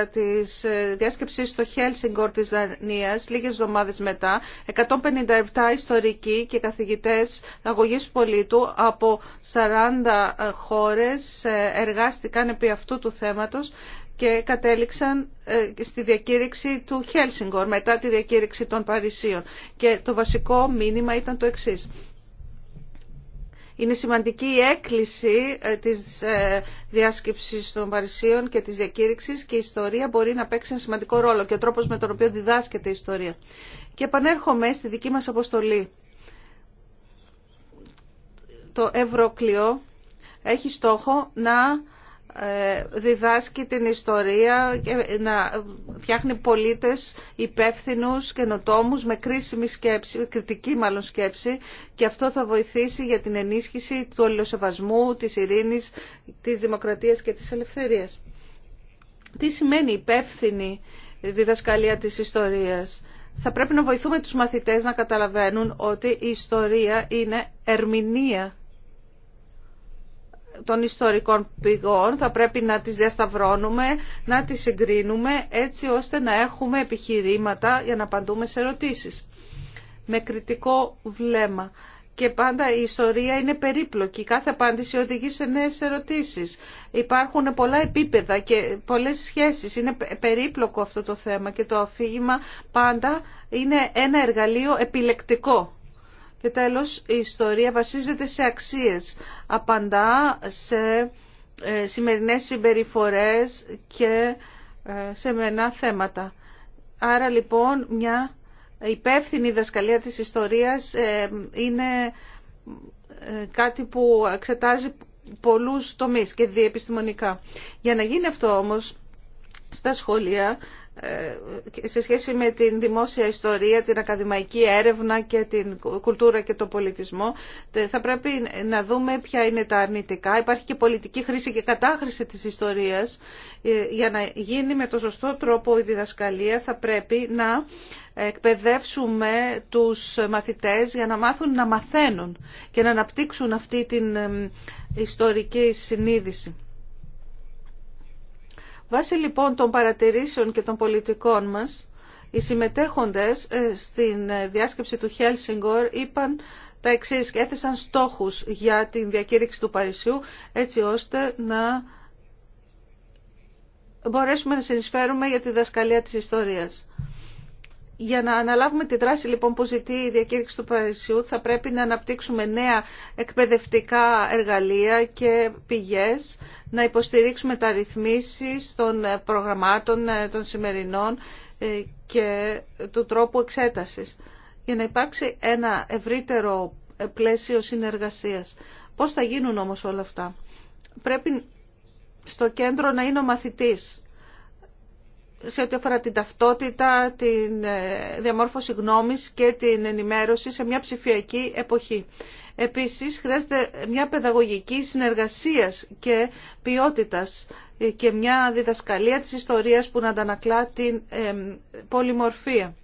ε, της ε, διάσκεψης στο Χέλσιγκορ της Δανίας, λίγες εβδομάδες μετά, 157 ιστορικοί και καθηγητές αγωγής πολίτου από 40 ε, χώρες εργάστηκαν επί αυτού του θέματος και κατέληξαν στη διακήρυξη του Χέλσιγκορ μετά τη διακήρυξη των Παρισίων. Και το βασικό μήνυμα ήταν το εξής. Είναι σημαντική η έκκληση ε, της ε, διάσκεψης των Παρισίων και της διακήρυξης και η ιστορία μπορεί να παίξει ένα σημαντικό ρόλο και ο τρόπος με τον οποίο διδάσκεται η ιστορία. Και επανέρχομαι στη δική μας αποστολή. Το Ευρωκλειό έχει στόχο να ε, διδάσκει την ιστορία και να φτιάχνει πολίτες υπεύθυνου καινοτόμου με κρίσιμη σκέψη, κριτική μάλλον σκέψη και αυτό θα βοηθήσει για την ενίσχυση του αλληλοσεβασμού, της ειρήνης, της δημοκρατίας και της ελευθερίας. Τι σημαίνει υπεύθυνη διδασκαλία της ιστορίας. Θα πρέπει να βοηθούμε τους μαθητές να καταλαβαίνουν ότι η ιστορία είναι ερμηνεία των ιστορικών πηγών, θα πρέπει να τις διασταυρώνουμε, να τις συγκρίνουμε έτσι ώστε να έχουμε επιχειρήματα για να απαντούμε σε ερωτήσεις. Με κριτικό βλέμμα. Και πάντα η ιστορία είναι περίπλοκη. Κάθε απάντηση οδηγεί σε νέες ερωτήσεις. Υπάρχουν πολλά επίπεδα και πολλές σχέσεις. Είναι περίπλοκο αυτό το θέμα και το αφήγημα πάντα είναι ένα εργαλείο επιλεκτικό. Και τέλος, η ιστορία βασίζεται σε αξίες. Απαντά σε ε, σημερινές συμπεριφορές και ε, σε μενά θέματα. Άρα λοιπόν μια υπεύθυνη δασκαλία της ιστορίας ε, είναι κάτι που εξετάζει πολλούς τομείς και διεπιστημονικά. Για να γίνει αυτό όμως στα σχολεία ε, σε σχέση με την δημόσια ιστορία, την ακαδημαϊκή έρευνα και την κουλτούρα και τον πολιτισμό. Θα πρέπει να δούμε ποια είναι τα αρνητικά. Υπάρχει και πολιτική χρήση και κατάχρηση της ιστορίας. Ε, για να γίνει με το σωστό τρόπο η διδασκαλία θα πρέπει να εκπαιδεύσουμε τους μαθητές για να μάθουν να μαθαίνουν και να αναπτύξουν αυτή την ιστορική συνείδηση. Βάσει λοιπόν των παρατηρήσεων και των πολιτικών μας, οι συμμετέχοντες ε, στην ε, διάσκεψη του Χέλσιγκορ είπαν τα εξής και έθεσαν στόχους για την διακήρυξη του Παρισιού έτσι ώστε να μπορέσουμε να συνεισφέρουμε για τη δασκαλία της ιστορίας. Για να αναλάβουμε τη δράση λοιπόν που ζητεί η διακήρυξη του Παρισιού θα πρέπει να αναπτύξουμε νέα εκπαιδευτικά εργαλεία και πηγές, να υποστηρίξουμε τα ρυθμίσεις των προγραμμάτων των σημερινών ε, και του τρόπου εξέτασης για να υπάρξει ένα ευρύτερο πλαίσιο συνεργασίας. Πώς θα γίνουν όμως όλα αυτά. Πρέπει στο κέντρο να είναι ο μαθητής σε ό,τι αφορά την ταυτότητα, την ε, διαμόρφωση γνώμης και την ενημέρωση σε μια ψηφιακή εποχή. Επίσης, χρειάζεται μια παιδαγωγική συνεργασίας και ποιότητας ε, και μια διδασκαλία της ιστορίας που να αντανακλά την πολυμορφία.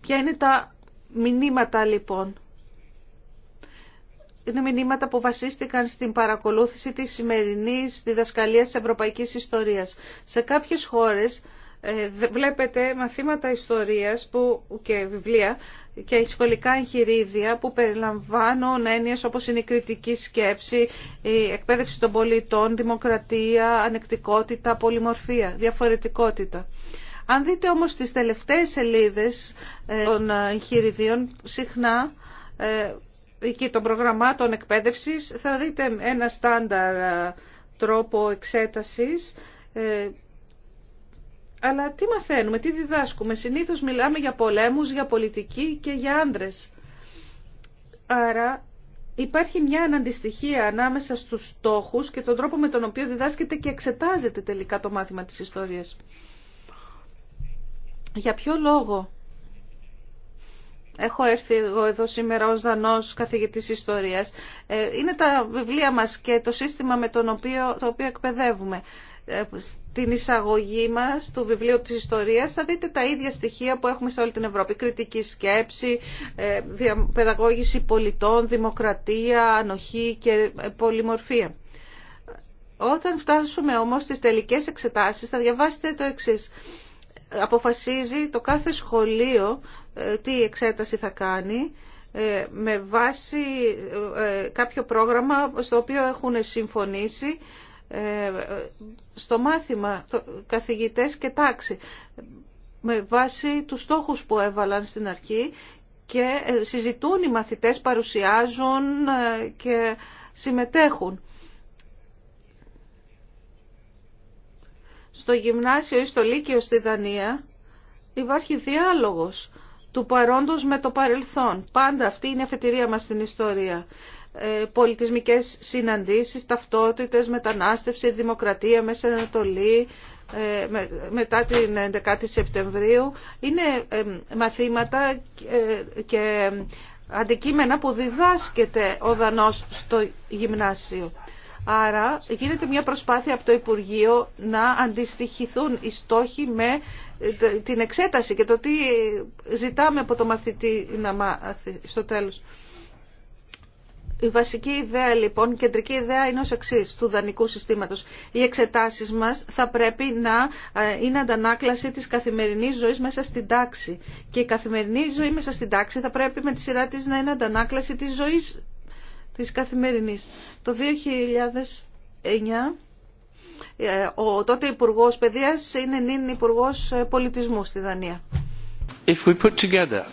Ποια είναι τα μηνύματα λοιπόν είναι μηνύματα που βασίστηκαν στην παρακολούθηση της σημερινής διδασκαλίας της ευρωπαϊκής ιστορίας. Σε κάποιες χώρες ε, βλέπετε μαθήματα ιστορίας που, και βιβλία και σχολικά εγχειρίδια που περιλαμβάνουν έννοιες όπως είναι η κριτική σκέψη, η εκπαίδευση των πολιτών, δημοκρατία, ανεκτικότητα, πολυμορφία, διαφορετικότητα. Αν δείτε όμως τις τελευταίες σελίδες ε, των εγχειριδίων, συχνά ε, και των προγραμμάτων εκπαίδευσης θα δείτε ένα στάνταρ τρόπο εξέτασης ε, αλλά τι μαθαίνουμε, τι διδάσκουμε. Συνήθως μιλάμε για πολέμους, για πολιτική και για άντρες Άρα υπάρχει μια αναντιστοιχία ανάμεσα στους στόχους και τον τρόπο με τον οποίο διδάσκεται και εξετάζεται τελικά το μάθημα της ιστορίας. Για ποιο λόγο Έχω έρθει εγώ εδώ σήμερα ως δανός καθηγητής ιστορίας. Ε, είναι τα βιβλία μας και το σύστημα με τον οποίο, το οποίο εκπαιδεύουμε. Ε, στην εισαγωγή μας του βιβλίου της ιστορίας θα δείτε τα ίδια στοιχεία που έχουμε σε όλη την Ευρώπη. Κριτική σκέψη, ε, παιδαγώγηση πολιτών, δημοκρατία, ανοχή και πολυμορφία. Όταν φτάσουμε όμως στις τελικές εξετάσεις θα διαβάσετε το εξής αποφασίζει το κάθε σχολείο ε, τι εξέταση θα κάνει ε, με βάση ε, κάποιο πρόγραμμα στο οποίο έχουν συμφωνήσει στο μάθημα καθηγητές και τάξη με βάση τους στόχους που έβαλαν στην αρχή και συζητούν οι μαθητές, παρουσιάζουν και συμμετέχουν. Στο γυμνάσιο ή στο λύκειο στη Δανία υπάρχει διάλογος του παρόντος με το παρελθόν. Πάντα αυτή είναι η αφετηρία μας στην ιστορία. Ε, πολιτισμικές συναντήσεις, ταυτότητες, μετανάστευση, δημοκρατία, μέσα Ανατολή, ε, μετά την 11η Σεπτεμβρίου. Είναι ε, μαθήματα ε, και αντικείμενα που διδάσκεται ο Δανός στο γυμνάσιο. Άρα γίνεται μια προσπάθεια από το Υπουργείο να αντιστοιχηθούν οι στόχοι με ε, την εξέταση και το τι ζητάμε από το μαθητή να μάθει στο τέλος. Η βασική ιδέα λοιπόν, η κεντρική ιδέα είναι ως εξή του δανεικού συστήματος. Οι εξετάσεις μας θα πρέπει να ε, είναι αντανάκλαση της καθημερινής ζωής μέσα στην τάξη. Και η καθημερινή ζωή μέσα στην τάξη θα πρέπει με τη σειρά της να είναι αντανάκλαση της ζωής της καθημερινής. Το 2009 ε, ο τότε Υπουργό Παιδείας είναι νυν Υπουργό ε, Πολιτισμού στη Δανία. If we put together...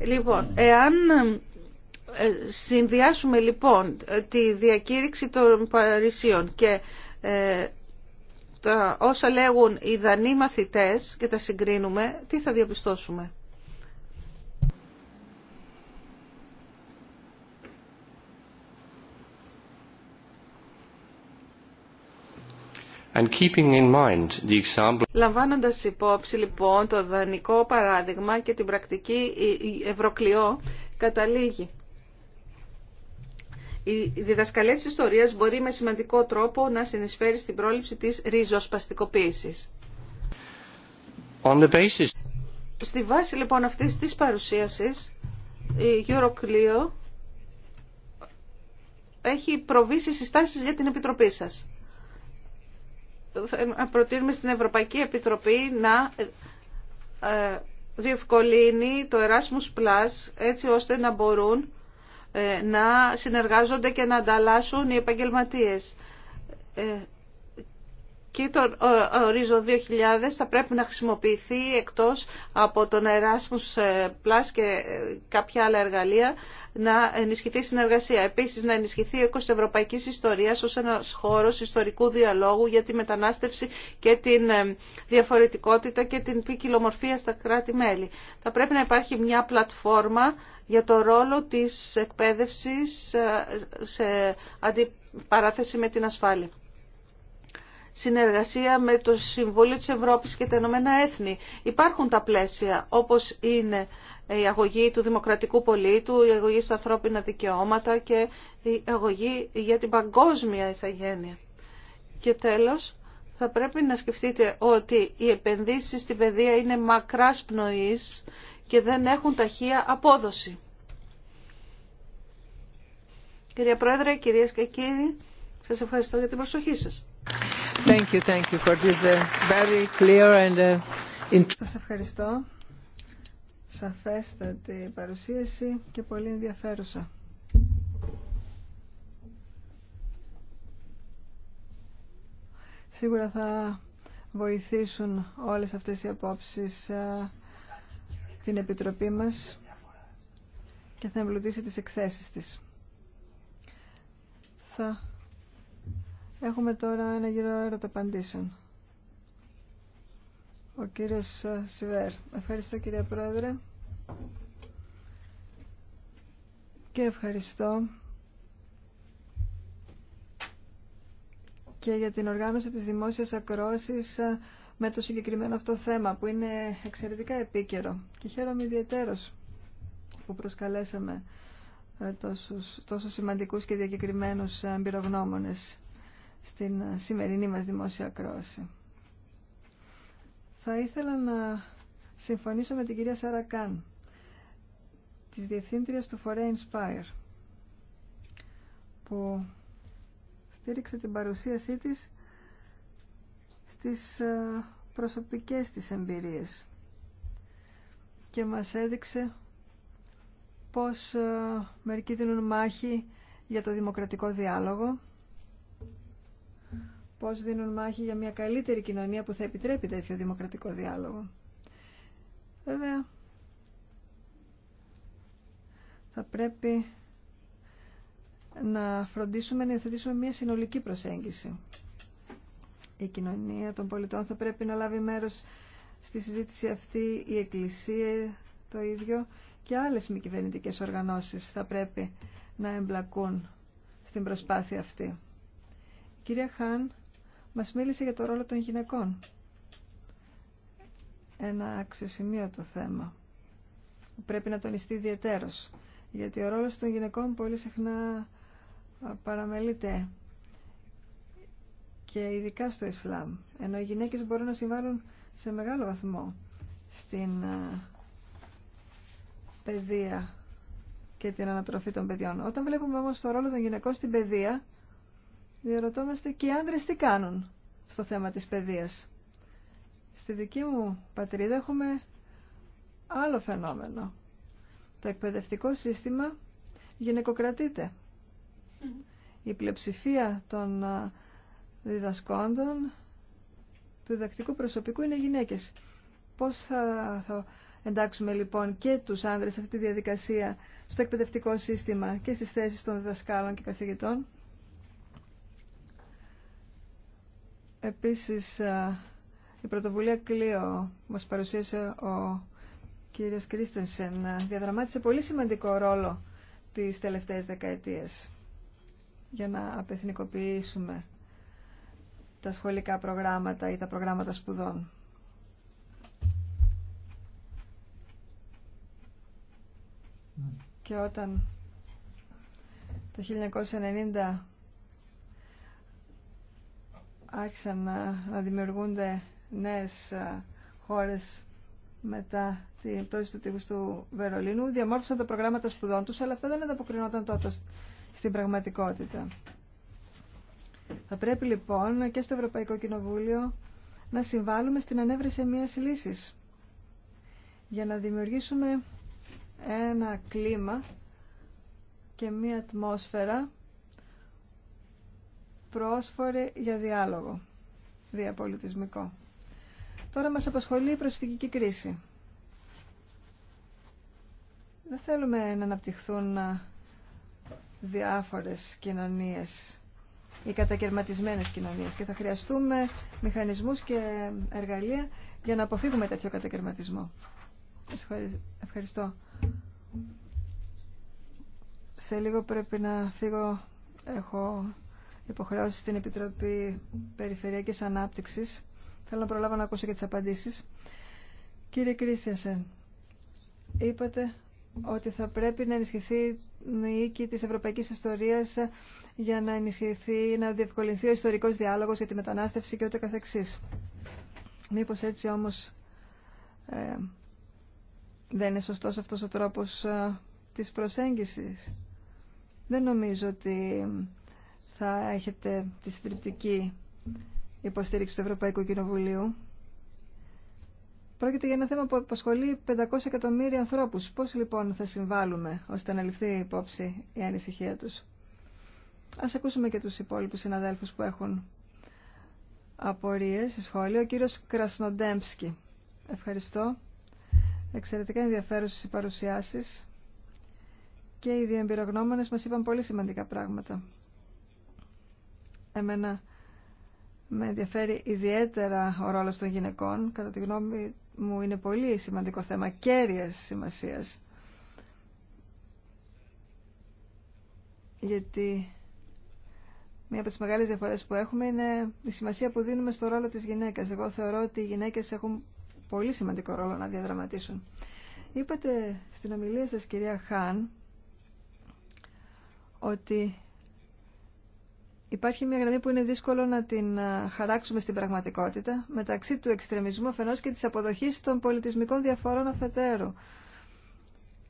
Λοιπόν, εάν ε, συνδυάσουμε λοιπόν τη διακήρυξη των Παρισίων και όσα λέγουν οι Δανείοι μαθητές και τα συγκρίνουμε, τι θα διαπιστώσουμε. And Λαμβάνοντας υπόψη λοιπόν το δανεικό παράδειγμα και την πρακτική ευρωκλειό καταλήγει. Η διδασκαλία της ιστορίας μπορεί με σημαντικό τρόπο να συνεισφέρει στην πρόληψη της ριζοσπαστικοποίησης. On Στη βάση λοιπόν αυτής της παρουσίασης η Ευρωκλειό έχει προβήσει συστάσεις για την Επιτροπή σας προτείνουμε στην Ευρωπαϊκή Επιτροπή να ε, διευκολύνει το Erasmus Plus έτσι ώστε να μπορούν ε, να συνεργάζονται και να ανταλλάσσουν οι επαγγελματίες. Ε, και το Ορίζον 2000 θα πρέπει να χρησιμοποιηθεί εκτός από τον Erasmus ε, Plus και ε, κάποια άλλα εργαλεία να ενισχυθεί η συνεργασία. Επίσης να ενισχυθεί ο της ευρωπαϊκής ιστορίας ως ένας χώρος ιστορικού διαλόγου για τη μετανάστευση και την ε, διαφορετικότητα και την ποικιλομορφία στα κράτη-μέλη. Θα πρέπει να υπάρχει μια πλατφόρμα για το ρόλο της εκπαίδευσης σε αντιπαράθεση με την ασφάλεια συνεργασία με το Συμβούλιο της Ευρώπης και τα Ηνωμένα Έθνη. Υπάρχουν τα πλαίσια όπως είναι η αγωγή του δημοκρατικού πολίτου, η αγωγή στα ανθρώπινα δικαιώματα και η αγωγή για την παγκόσμια ηθαγένεια. Και τέλος, θα πρέπει να σκεφτείτε ότι οι επενδύσεις στην παιδεία είναι μακράς πνοής και δεν έχουν ταχεία απόδοση. Κυρία Πρόεδρε, κυρίες και κύριοι, σας ευχαριστώ για την προσοχή σας. Σας ευχαριστώ. Σαφέστατη παρουσίαση και πολύ ενδιαφέρουσα. Σίγουρα θα βοηθήσουν όλες αυτές οι απόψεις ε, την Επιτροπή μας και θα εμπλουτίσει τις εκθέσεις της. Θα Έχουμε τώρα ένα γύρο ερωταπαντήσεων. Ο κύριος Σιβέρ. Ευχαριστώ κύριε Πρόεδρε. Και ευχαριστώ και για την οργάνωση της δημόσιας ακρόσης ε, με το συγκεκριμένο αυτό θέμα που είναι εξαιρετικά επίκαιρο και χαίρομαι ιδιαίτερος που προσκαλέσαμε ε, τόσους, τόσο σημαντικούς και διακεκριμένους ε, εμπειρογνώμονες στην σημερινή μας δημόσια κρόση. Θα ήθελα να συμφωνήσω με την κυρία Σαρακάν, της Διευθύντριας του Φορέα Inspire, που στήριξε την παρουσίασή της στις ε, προσωπικές της εμπειρίες και μας έδειξε πως ε, μερικοί δίνουν μάχη για το δημοκρατικό διάλογο πώς δίνουν μάχη για μια καλύτερη κοινωνία που θα επιτρέπει τέτοιο δημοκρατικό διάλογο. Βέβαια, θα πρέπει να φροντίσουμε να υιοθετήσουμε μια συνολική προσέγγιση. Η κοινωνία των πολιτών θα πρέπει να λάβει μέρος στη συζήτηση αυτή η Εκκλησία το ίδιο και άλλες μη κυβερνητικέ οργανώσεις θα πρέπει να εμπλακούν στην προσπάθεια αυτή. κυρία Χάν μας μίλησε για το ρόλο των γυναικών. Ένα αξιοσημείωτο θέμα πρέπει να τονιστεί ιδιαίτερος, γιατί ο ρόλος των γυναικών πολύ συχνά παραμελείται και ειδικά στο Ισλάμ, ενώ οι γυναίκες μπορούν να συμβάλλουν σε μεγάλο βαθμό στην παιδεία και την ανατροφή των παιδιών. Όταν βλέπουμε όμως το ρόλο των γυναικών στην παιδεία, διαρωτόμαστε και οι άντρες τι κάνουν στο θέμα της παιδείας. Στη δική μου πατρίδα έχουμε άλλο φαινόμενο. Το εκπαιδευτικό σύστημα γυναικοκρατείται. Η πλειοψηφία των διδασκόντων του διδακτικού προσωπικού είναι γυναίκες. Πώς θα, εντάξουμε λοιπόν και τους άνδρες σε αυτή τη διαδικασία στο εκπαιδευτικό σύστημα και στις θέσεις των διδασκάλων και καθηγητών. Επίσης, η πρωτοβουλία Κλείο μας παρουσίασε ο κύριος Κρίστενσεν διαδραμάτισε πολύ σημαντικό ρόλο τις τελευταίες δεκαετίες για να απεθνικοποιήσουμε τα σχολικά προγράμματα ή τα προγράμματα σπουδών. Ναι. Και όταν το 1990 άρχισαν να, δημιουργούνται νέες ε, χώρες μετά την πτώση του τείχους του Βερολίνου, διαμόρφωσαν τα προγράμματα σπουδών τους, αλλά αυτά δεν ανταποκρινόταν τότε στην πραγματικότητα. Θα πρέπει λοιπόν και στο Ευρωπαϊκό Κοινοβούλιο να συμβάλλουμε στην ανέβρεση μιας λύσης για να δημιουργήσουμε ένα κλίμα και μια ατμόσφαιρα πρόσφορε για διάλογο διαπολιτισμικό. Τώρα μας απασχολεί η προσφυγική κρίση. Δεν θέλουμε να αναπτυχθούν διάφορες κοινωνίες ή κατακαιρματισμένες κοινωνίες και θα χρειαστούμε μηχανισμούς και εργαλεία για να αποφύγουμε τέτοιο κατακαιρματισμό. Ευχαριστώ. Σε λίγο πρέπει να φύγω. Έχω υποχρεώσει στην Επιτροπή Περιφερειακής Ανάπτυξης. Θέλω να προλάβω να ακούσω και τις απαντήσεις. Κύριε Κρίστιανσεν, είπατε ότι θα πρέπει να ενισχυθεί η οίκη της ευρωπαϊκής ιστορίας για να ενισχυθεί, να διευκολυνθεί ο ιστορικός διάλογος για τη μετανάστευση και ούτε καθεξής. Μήπως έτσι όμως ε, δεν είναι σωστός αυτός ο τρόπος ε, της προσέγγισης. Δεν νομίζω ότι θα έχετε τη συντριπτική υποστήριξη του Ευρωπαϊκού Κοινοβουλίου. Πρόκειται για ένα θέμα που απασχολεί 500 εκατομμύρια ανθρώπους. Πώς λοιπόν θα συμβάλλουμε ώστε να ληφθεί υπόψη η ανησυχία τους. Ας ακούσουμε και τους υπόλοιπους συναδέλφους που έχουν απορίες, σχόλιο. Ο κύριος Κρασνοντέμψκι. Ευχαριστώ. Εξαιρετικά ενδιαφέρουσες οι παρουσιάσεις και οι διεμπειρογνώμονες μας είπαν πολύ σημαντικά πράγματα. Εμένα με ενδιαφέρει ιδιαίτερα ο ρόλος των γυναικών. Κατά τη γνώμη μου είναι πολύ σημαντικό θέμα κέρυες σημασίας. Γιατί μία από τις μεγάλες διαφορές που έχουμε είναι η σημασία που δίνουμε στο ρόλο της γυναίκας. Εγώ θεωρώ ότι οι γυναίκες έχουν πολύ σημαντικό ρόλο να διαδραματίσουν. Είπατε στην ομιλία σας, κυρία Χάν, ότι Υπάρχει μια γραμμή που είναι δύσκολο να την ε, χαράξουμε στην πραγματικότητα μεταξύ του εξτρεμισμού αφενός και της αποδοχής των πολιτισμικών διαφορών αφετέρου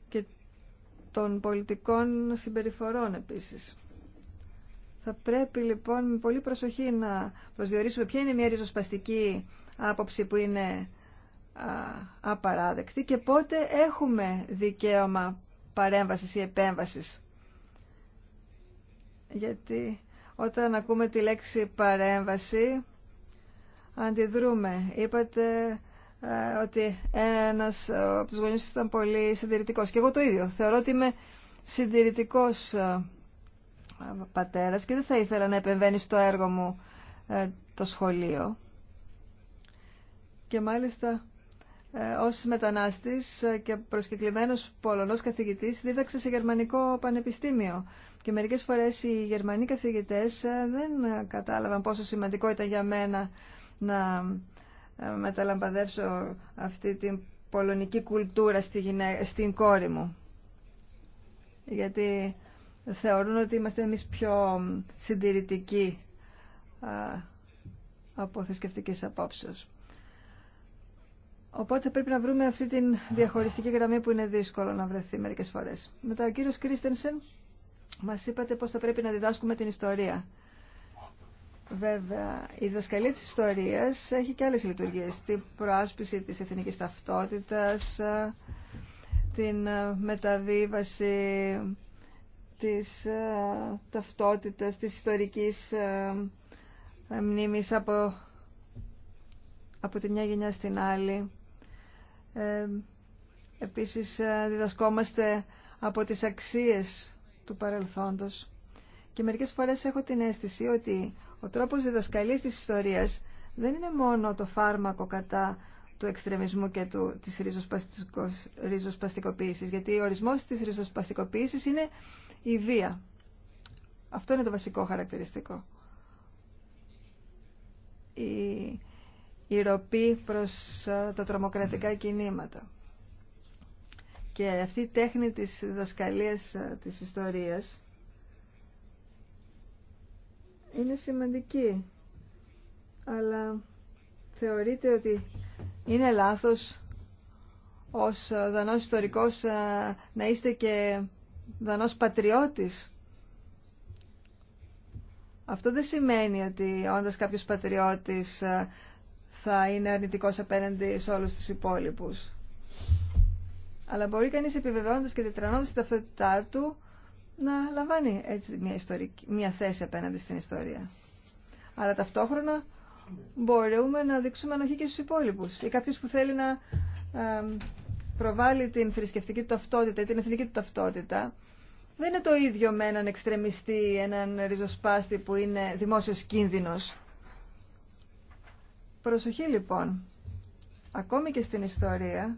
και των πολιτικών συμπεριφορών επίσης. Θα πρέπει λοιπόν με πολύ προσοχή να προσδιορίσουμε ποια είναι μια ριζοσπαστική άποψη που είναι απαράδεκτη και πότε έχουμε δικαίωμα παρέμβασης ή επέμβασης. Γιατί όταν ακούμε τη λέξη παρέμβαση, αντιδρούμε. Είπατε ε, ότι ένας από τους γονείς ήταν πολύ συντηρητικός. Και εγώ το ίδιο. Θεωρώ ότι είμαι συντηρητικός ε, πατέρας και δεν θα ήθελα να επεμβαίνει στο έργο μου ε, το σχολείο. Και μάλιστα ως μετανάστης και προσκεκλημένος Πολωνός καθηγητής δίδαξε σε Γερμανικό Πανεπιστήμιο. Και μερικές φορές οι γερμανοί καθηγητές ε, δεν κατάλαβαν πόσο σημαντικό ήταν για μένα να ε, μεταλαμπαδεύσω αυτή την πολωνική κουλτούρα στην κόρη μου. Γιατί θεωρούν ότι είμαστε εμείς πιο συντηρητικοί ε, από θρησκευτική απόψεις. Οπότε πρέπει να βρούμε αυτή την διαχωριστική γραμμή που είναι δύσκολο να βρεθεί μερικές φορές. Μετά ο κύριος Κρίστενσεν μας είπατε πώς θα πρέπει να διδάσκουμε την ιστορία. Βέβαια, η διδασκαλία της ιστορίας έχει και άλλες λειτουργίες. Την προάσπιση της εθνικής ταυτότητας, την ε, μεταβίβαση της ε, ταυτότητας, της ιστορικής ε, μνήμης από, από τη μια γενιά στην άλλη. επίσης διδασκόμαστε από τις αξίες του παρελθόντος και μερικές φορές έχω την αίσθηση ότι ο τρόπος διδασκαλής της ιστορίας δεν είναι μόνο το φάρμακο κατά του εξτρεμισμού και του, της ριζοσπαστικοποίησης, γιατί ο ορισμός της ριζοσπαστικοποίησης είναι η βία. Αυτό είναι το βασικό χαρακτηριστικό. Η, η ροπή προς ε, τα τρομοκρατικά κινήματα. Και αυτή η τέχνη της δασκαλίας ε, της ιστορίας είναι σημαντική. Αλλά θεωρείται ότι είναι λάθος ως ε, δανός ιστορικός ε, να είστε και δανός πατριώτης. Αυτό δεν σημαίνει ότι όντας κάποιος πατριώτης θα είναι αρνητικός απέναντι σε όλους τους υπόλοιπους. Αλλά μπορεί κανείς επιβεβαιώντας και τετρανώντας την ταυτότητά του να λαμβάνει έτσι μια, ιστορική, μια θέση απέναντι στην ιστορία. Αλλά ταυτόχρονα μπορούμε να δείξουμε ανοχή και στους υπόλοιπους. Ή κάποιος που θέλει να προβάλλει την θρησκευτική του ταυτότητα ή την εθνική του ταυτότητα, δεν είναι το ίδιο με έναν εξτρεμιστή, έναν ριζοσπάστη που είναι δημόσιος κίνδυνος. Προσοχή λοιπόν, ακόμη και στην ιστορία,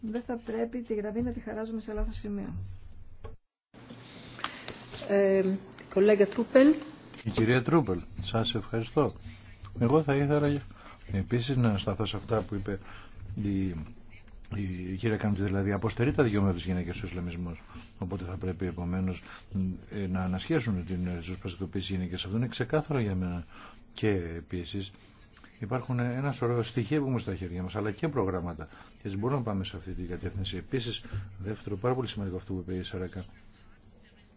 δεν θα πρέπει τη γραμμή να τη χαράζουμε σε λάθος σημείο. Ε, Τρούπελ. Η κυρία Τρούπελ, σας ευχαριστώ. Εγώ θα ήθελα επίσης να σταθώ σε αυτά που είπε η, η, η κυρία Κάμπτη, δηλαδή αποστερεί τα δικαιώματα της γυναίκας στο Ισλαμισμό. Οπότε θα πρέπει επομένω ε, να ανασχέσουν την ζωσπαστικοποίηση γυναίκες. Αυτό είναι ξεκάθαρο για μένα. Και επίσης Υπάρχουν ένα σωρό στοιχεία που έχουμε στα χέρια μα, αλλά και προγράμματα. Και έτσι μπορούμε να πάμε σε αυτή την κατεύθυνση. Επίση, δεύτερο, πάρα πολύ σημαντικό αυτό που είπε η Σαρακα,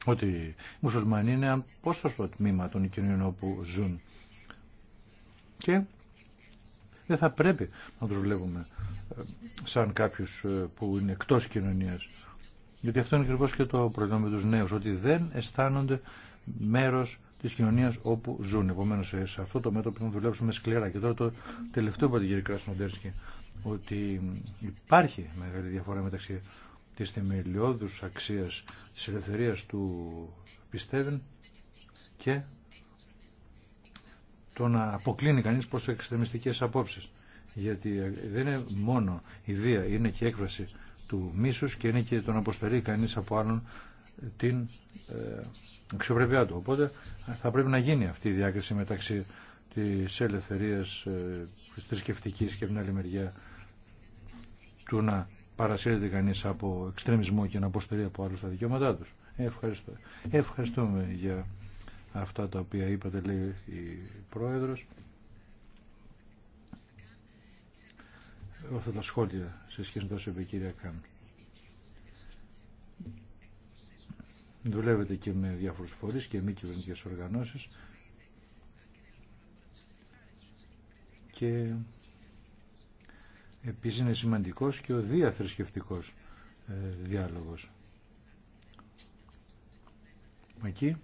ότι οι μουσουλμανοί είναι ένα πόσο τμήμα των κοινωνιών όπου ζουν. Και δεν θα πρέπει να του βλέπουμε ε, σαν κάποιους ε, που είναι εκτό κοινωνία. Γιατί αυτό είναι ακριβώ και το πρόβλημα με του νέου, ότι δεν αισθάνονται μέρος της κοινωνίας όπου ζουν. Επομένως ε, σε αυτό το μέτωπο να δουλέψουμε σκληρά. Και τώρα το τελευταίο είπα την κύριε Τέρσκι ότι υπάρχει μεγάλη διαφορά μεταξύ της θεμελιώδους αξίας της ελευθερίας του πιστεύει και το να αποκλίνει κανείς προς εξτρεμιστικές απόψεις. Γιατί ε, δεν είναι μόνο η βία, είναι και η έκφραση του μίσους και είναι και το να αποστερεί κανείς από άλλον την ε, αξιοπρέπειά του. Οπότε θα πρέπει να γίνει αυτή η διάκριση μεταξύ της ελευθερίας ε, της θρησκευτική και την άλλη μεριά του να παρασύρεται κανείς από εξτρεμισμό και να αποστερεί από άλλους τα δικαιώματά του. Ευχαριστώ. Ευχαριστούμε για αυτά τα οποία είπατε λέει η Πρόεδρος. Αυτά τα σχόλια σε σχέση με τόσο είπε δουλεύετε και με διάφορους φορείς και μη κυβερνητικέ οργανώσεις και επίσης είναι σημαντικός και ο διαθρησκευτικός ε, διάλογος. Εκεί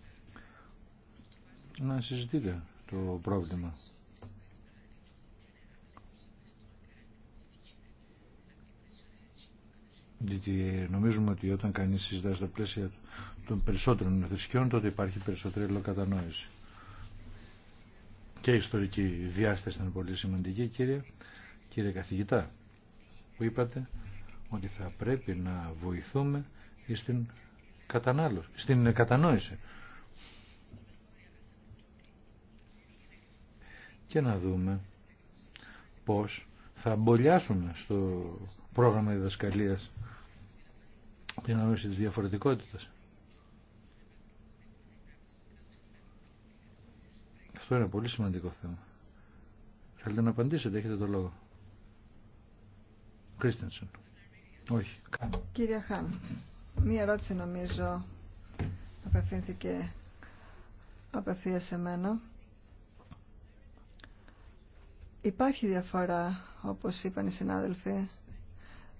να συζητείτε το πρόβλημα. Γιατί ε, νομίζουμε ότι όταν κανείς συζητά στα πλαίσια των περισσότερων θρησκειών, τότε υπάρχει περισσότερη λοκατανόηση. Και η ιστορική διάσταση ήταν πολύ σημαντική, κύριε, κύριε καθηγητά, που είπατε ότι θα πρέπει να βοηθούμε στην κατανάλωση, στην κατανόηση. Και να δούμε πώς θα μπολιάσουμε στο πρόγραμμα διδασκαλίας την ανοίξη της διαφορετικότητας. Αυτό είναι πολύ σημαντικό θέμα. Θέλετε να απαντήσετε, έχετε το λόγο. Κρίστενσον. Όχι. Κύριε Χάν, μία ερώτηση νομίζω απευθύνθηκε απευθεία σε μένα. Υπάρχει διαφορά, όπως είπαν οι συνάδελφοι,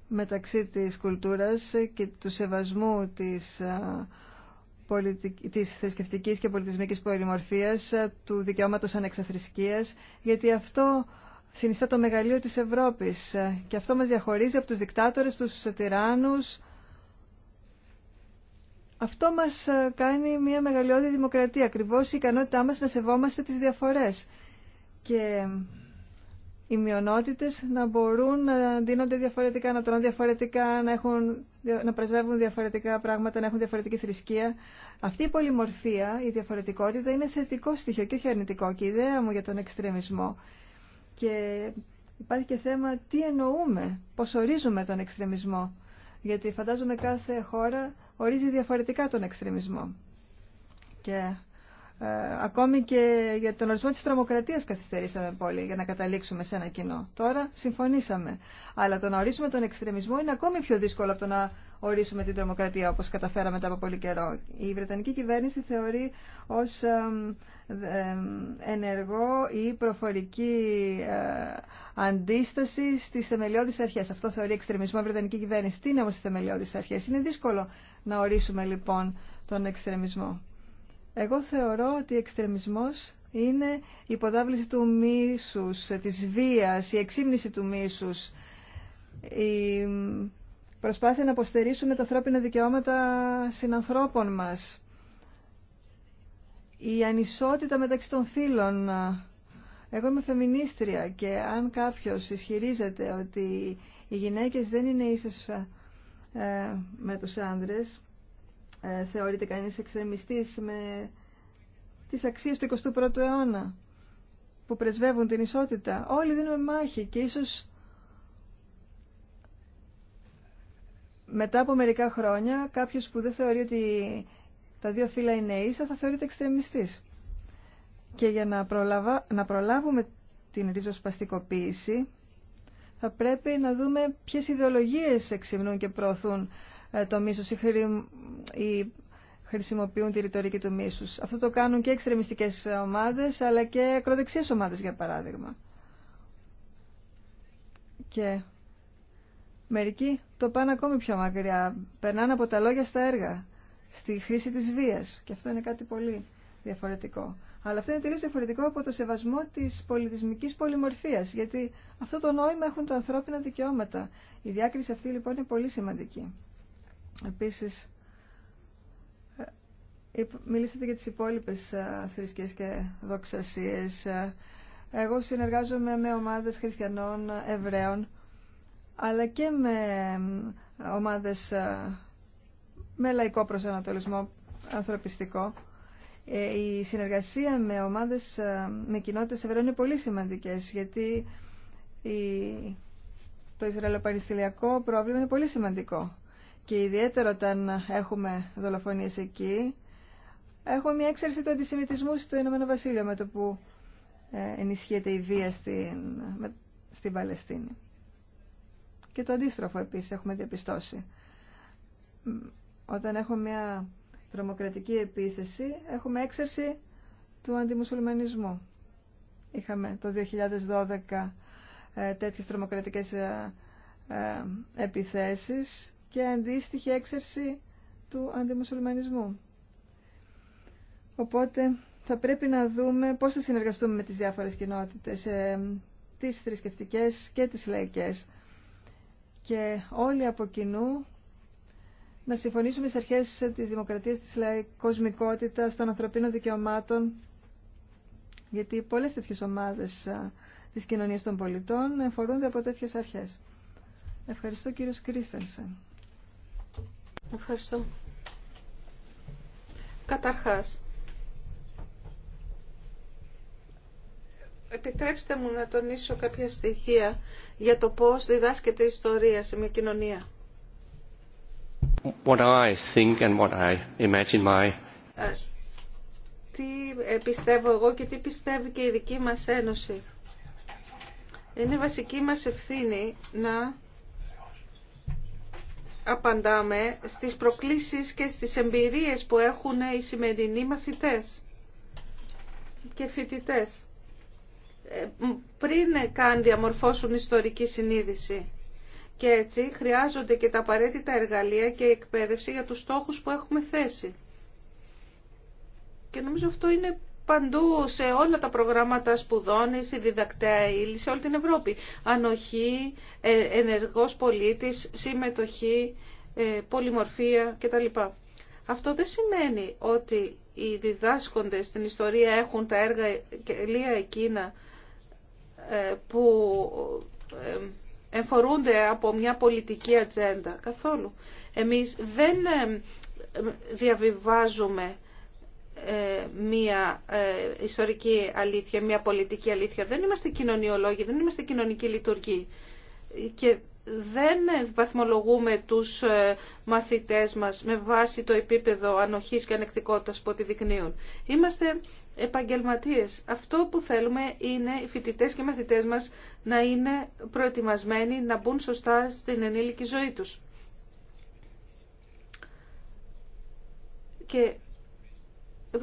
μεταξύ της κουλτούρας και του σεβασμού της της θρησκευτικής και πολιτισμικής πολυμορφίας, ε, του δικαιώματος ανεξαθρησκείας, γιατί αυτό συνιστά το μεγαλείο της Ευρώπης ε, και αυτό μας διαχωρίζει από τους δικτάτορες, τους τυράννους. Αυτό μας ε, κάνει μια μεγαλειώδη δημοκρατία, ακριβώς η ικανότητά μας να σεβόμαστε τις διαφορές. Και οι μειονότητες να μπορούν να δίνονται διαφορετικά, να τρώνε διαφορετικά, να, έχουν, να πρεσβεύουν διαφορετικά πράγματα, να έχουν διαφορετική θρησκεία. Αυτή η πολυμορφία, η διαφορετικότητα είναι θετικό στοιχείο και όχι αρνητικό και η ιδέα μου για τον εξτρεμισμό. Και υπάρχει και θέμα τι εννοούμε, πώς ορίζουμε τον εξτρεμισμό. Γιατί φαντάζομαι κάθε χώρα ορίζει διαφορετικά τον εξτρεμισμό. Και ε, ακόμη και για τον ορισμό της τρομοκρατίας καθυστερήσαμε πολύ για να καταλήξουμε σε ένα κοινό. Τώρα συμφωνήσαμε. Αλλά το να ορίσουμε τον εξτρεμισμό είναι ακόμη πιο δύσκολο από το να ορίσουμε την τρομοκρατία όπως καταφέραμε μετά από πολύ καιρό. Η Βρετανική κυβέρνηση θεωρεί ως ενεργό ή προφορική ε, αντίσταση στις θεμελιώδεις αρχές. Αυτό θεωρεί εξτρεμισμό η Βρετανική κυβέρνηση. Τι είναι όμως οι θεμελιώδεις αρχές. Είναι δύσκολο να ορίσουμε λοιπόν τον εξτρεμισμό. Εγώ θεωρώ ότι ο εξτρεμισμός είναι η υποδάβληση του μίσους, της βίας, η εξύμνηση του μίσους, η προσπάθεια να αποστερήσουμε τα ανθρώπινα δικαιώματα συνανθρώπων μας, η ανισότητα μεταξύ των φίλων. Εγώ είμαι φεμινίστρια και αν κάποιος ισχυρίζεται ότι οι γυναίκες δεν είναι ίσες ε, με τους άνδρες, ε, θεωρείται κανείς εξτρεμιστής με τις αξίες του 21ου αιώνα που πρεσβεύουν την ισότητα. Όλοι δίνουμε μάχη και ίσως μετά από μερικά χρόνια κάποιος που δεν θεωρεί ότι τα δύο φύλλα είναι ίσα θα θεωρείται εξτρεμιστής. Και για να, να προλάβουμε την ριζοσπαστικοποίηση θα πρέπει να δούμε ποιες ιδεολογίες εξυμνούν και προωθούν ε, το μίσο ή, χρη... ή χρησιμοποιούν τη ρητορική του μίσου. Αυτό το κάνουν και εξτρεμιστικέ ομάδε, αλλά και ακροδεξιέ ομάδε, για παράδειγμα. Και μερικοί το πάνε ακόμη πιο μακριά. Περνάνε από τα λόγια στα έργα, στη χρήση τη βία. Και αυτό είναι κάτι πολύ διαφορετικό. Αλλά αυτό είναι τελείω διαφορετικό από το σεβασμό τη πολιτισμική πολυμορφία. Γιατί αυτό το νόημα έχουν τα ανθρώπινα δικαιώματα. Η χρησιμοποιουν τη ρητορικη του μίσου. αυτο το κανουν και εξτρεμιστικε ομάδε, αλλα και ακροδεξιέ ομάδε, για παραδειγμα και μερικοι το πανε ακομη πιο μακρια περνανε απο τα λογια λοιπόν, στα εργα στη χρηση τη βία. και αυτο ειναι κατι πολυ διαφορετικο αλλα αυτο ειναι τελείω διαφορετικο απο το σεβασμο τη πολιτισμικη πολυμορφιας γιατι αυτο το νοημα σημαντική. Επίσης, ε, μιλήσατε για τις υπόλοιπες ε, θρησκείες και δοξασίες. Ε, εγώ συνεργάζομαι με ομάδες χριστιανών, Εβραίων, αλλά και με ομάδες με λαϊκό προσανατολισμό ανθρωπιστικό. Η συνεργασία με ομάδες, με κοινότητες Εβραίων είναι πολύ σημαντικές, γιατί το Ισραηλοπαριστηλιακό πρόβλημα είναι πολύ σημαντικό και ιδιαίτερα όταν έχουμε δολοφονίες εκεί, έχουμε μια έξαρση του αντισημιτισμού στο Ηνωμένο Βασίλειο με το που ε, ενισχύεται η βία στην, στην Παλαιστίνη. Και το αντίστροφο επίσης έχουμε διαπιστώσει. Όταν έχουμε μια τρομοκρατική επίθεση, έχουμε έξαρση του αντιμουσουλμανισμού. Είχαμε το 2012 ε, τέτοιες τρομοκρατικές ε, επιθέσεις και αντίστοιχη έξαρση του αντιμουσουλμανισμού. Οπότε θα πρέπει να δούμε πώς θα συνεργαστούμε με τις διάφορες κοινότητες, ε, τις θρησκευτικέ και τις λαϊκές. Και όλοι από κοινού να συμφωνήσουμε στις αρχές της δημοκρατίας, της λαϊκοσμικότητας, των ανθρωπίνων δικαιωμάτων, γιατί πολλές τέτοιες ομάδες ε, της κοινωνίας των πολιτών εφορούνται από τέτοιες αρχές. Ευχαριστώ κύριο Κρίστενσεν. Ευχαριστώ. Καταρχάς, επιτρέψτε μου να τονίσω κάποια στοιχεία για το πώς διδάσκεται η ιστορία σε μια κοινωνία. Τι πιστεύω εγώ και τι πιστεύει και η δική μας Ένωση. Είναι βασική μας ευθύνη να απαντάμε στις προκλήσεις και στις εμπειρίες που έχουν οι σημερινοί μαθητές και φοιτητές ε, πριν καν διαμορφώσουν ιστορική συνείδηση. Και έτσι χρειάζονται και τα απαραίτητα εργαλεία και εκπαίδευση για τους στόχους που έχουμε θέσει. Και νομίζω αυτό είναι παντού σε όλα τα προγράμματα σπουδών, η διδακτέα ύλη, σε όλη την Ευρώπη. Ανοχή, ε, ενεργός πολίτης, συμμετοχή, ε, πολυμορφία κτλ. Αυτό δεν σημαίνει ότι οι διδάσκοντες στην ιστορία έχουν τα έργα λία εκείνα ε, που εμφορούνται από μια πολιτική ατζέντα. Καθόλου. Εμείς δεν διαβιβάζουμε ε, μία ε, ιστορική αλήθεια, μία πολιτική αλήθεια. Δεν είμαστε κοινωνιολόγοι, δεν είμαστε κοινωνικοί λειτουργοί. Και δεν βαθμολογούμε τους ε, μαθητές μας με βάση το επίπεδο ανοχής και ανεκτικότητας που επιδεικνύουν. Είμαστε επαγγελματίες. Αυτό που θέλουμε είναι οι φοιτητές και οι μαθητές μας να είναι προετοιμασμένοι να μπουν σωστά στην ενήλικη ζωή τους. Και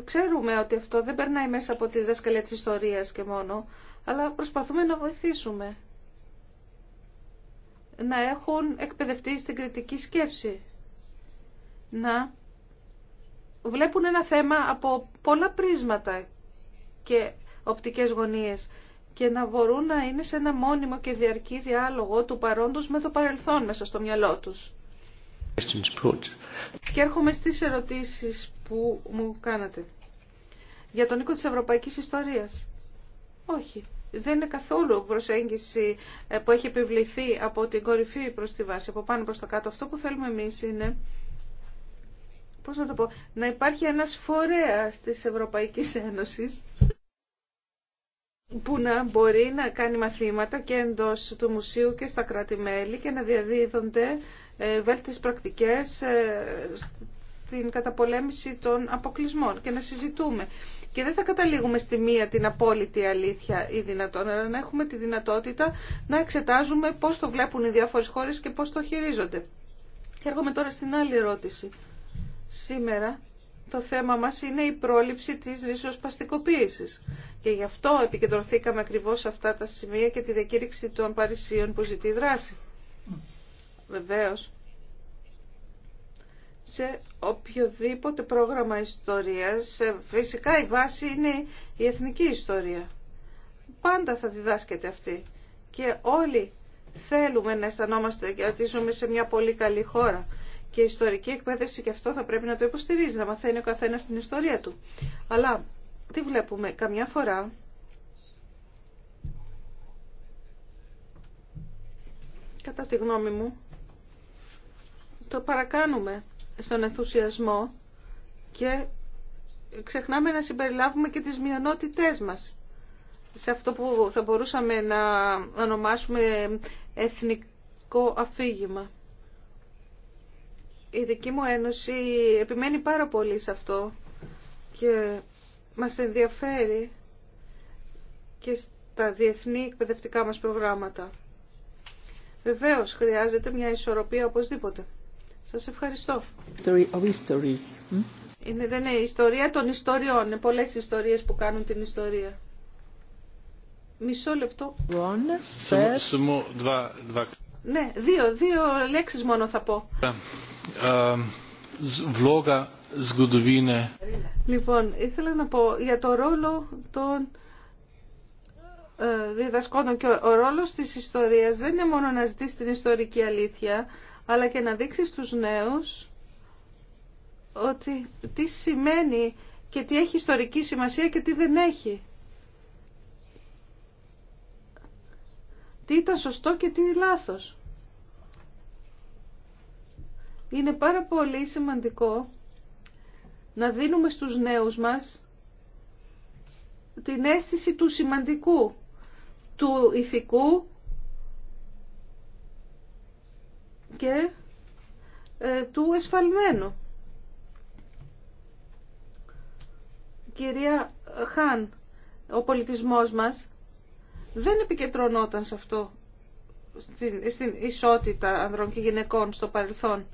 Ξέρουμε ότι αυτό δεν περνάει μέσα από τη δασκαλία της ιστορίας και μόνο, αλλά προσπαθούμε να βοηθήσουμε. Να έχουν εκπαιδευτεί στην κριτική σκέψη. Να βλέπουν ένα θέμα από πολλά πρίσματα και οπτικές γωνίες και να μπορούν να είναι σε ένα μόνιμο και διαρκή διάλογο του παρόντος με το παρελθόν μέσα στο μυαλό τους. Και έρχομαι στις ερωτήσεις που μου κάνατε. Για τον οίκο της ευρωπαϊκής ιστορίας. Όχι. Δεν είναι καθόλου προσέγγιση ε, που έχει επιβληθεί από την κορυφή προς τη βάση, από πάνω προς τα κάτω. Αυτό που θέλουμε εμείς είναι πώς να το πω, να υπάρχει ένας φορέας της Ευρωπαϊκής Ένωσης που να μπορεί να κάνει μαθήματα και εντός του μουσείου και στα κράτη-μέλη και να διαδίδονται ε, βέλτιες πρακτικές ε, την καταπολέμηση των αποκλεισμών και να συζητούμε. Και δεν θα καταλήγουμε στη μία την απόλυτη αλήθεια ή δυνατόν, αλλά να έχουμε τη δυνατότητα να εξετάζουμε πώς το βλέπουν οι διάφορες χώρες και πώς το χειρίζονται. Και έρχομαι τώρα στην άλλη ερώτηση. Σήμερα το θέμα μας είναι η πρόληψη της ριζοσπαστικοποίησης. Και γι' αυτό επικεντρωθήκαμε ακριβώς σε αυτά τα σημεία και τη διακήρυξη των Παρισίων που ζητεί δράση. Βεβαίως, σε οποιοδήποτε πρόγραμμα ιστορίας. Ε, φυσικά η βάση είναι η εθνική ιστορία. Πάντα θα διδάσκεται αυτή. Και όλοι θέλουμε να αισθανόμαστε γιατί ζούμε σε μια πολύ καλή χώρα. Και η ιστορική εκπαίδευση και αυτό θα πρέπει να το υποστηρίζει, να μαθαίνει ο καθένα την ιστορία του. Αλλά τι βλέπουμε, καμιά φορά κατά τη γνώμη μου, το παρακάνουμε στον ενθουσιασμό και ξεχνάμε να συμπεριλάβουμε και τις μειονότητές μας σε αυτό που θα μπορούσαμε να ονομάσουμε εθνικό αφήγημα. Η δική μου ένωση επιμένει πάρα πολύ σε αυτό και μας ενδιαφέρει και στα διεθνή εκπαιδευτικά μας προγράμματα. Βεβαίως χρειάζεται μια ισορροπία οπωσδήποτε. Σας ευχαριστώ. Story of hm? Είναι, δεν είναι η ιστορία των ιστοριών. Είναι πολλές ιστορίες που κάνουν την ιστορία. Μισό λεπτό. Ναι, δύο, δύο λέξεις μόνο θα πω. Βλόγα ε, Λοιπόν, ήθελα να πω για το ρόλο των ε, διδασκόντων και ο ρόλος της ιστορίας δεν είναι μόνο να ζητήσει την ιστορική αλήθεια, αλλά και να δείξει στους νέους ότι τι σημαίνει και τι έχει ιστορική σημασία και τι δεν έχει. Τι ήταν σωστό και τι λάθος. Είναι πάρα πολύ σημαντικό να δίνουμε στους νέους μας την αίσθηση του σημαντικού, του ηθικού και ε, του εσφαλμένου. Κυρία Χάν, ο πολιτισμός μας δεν επικεντρωνόταν σε αυτό, στην, στην ισότητα ανδρών και γυναικών στο παρελθόν.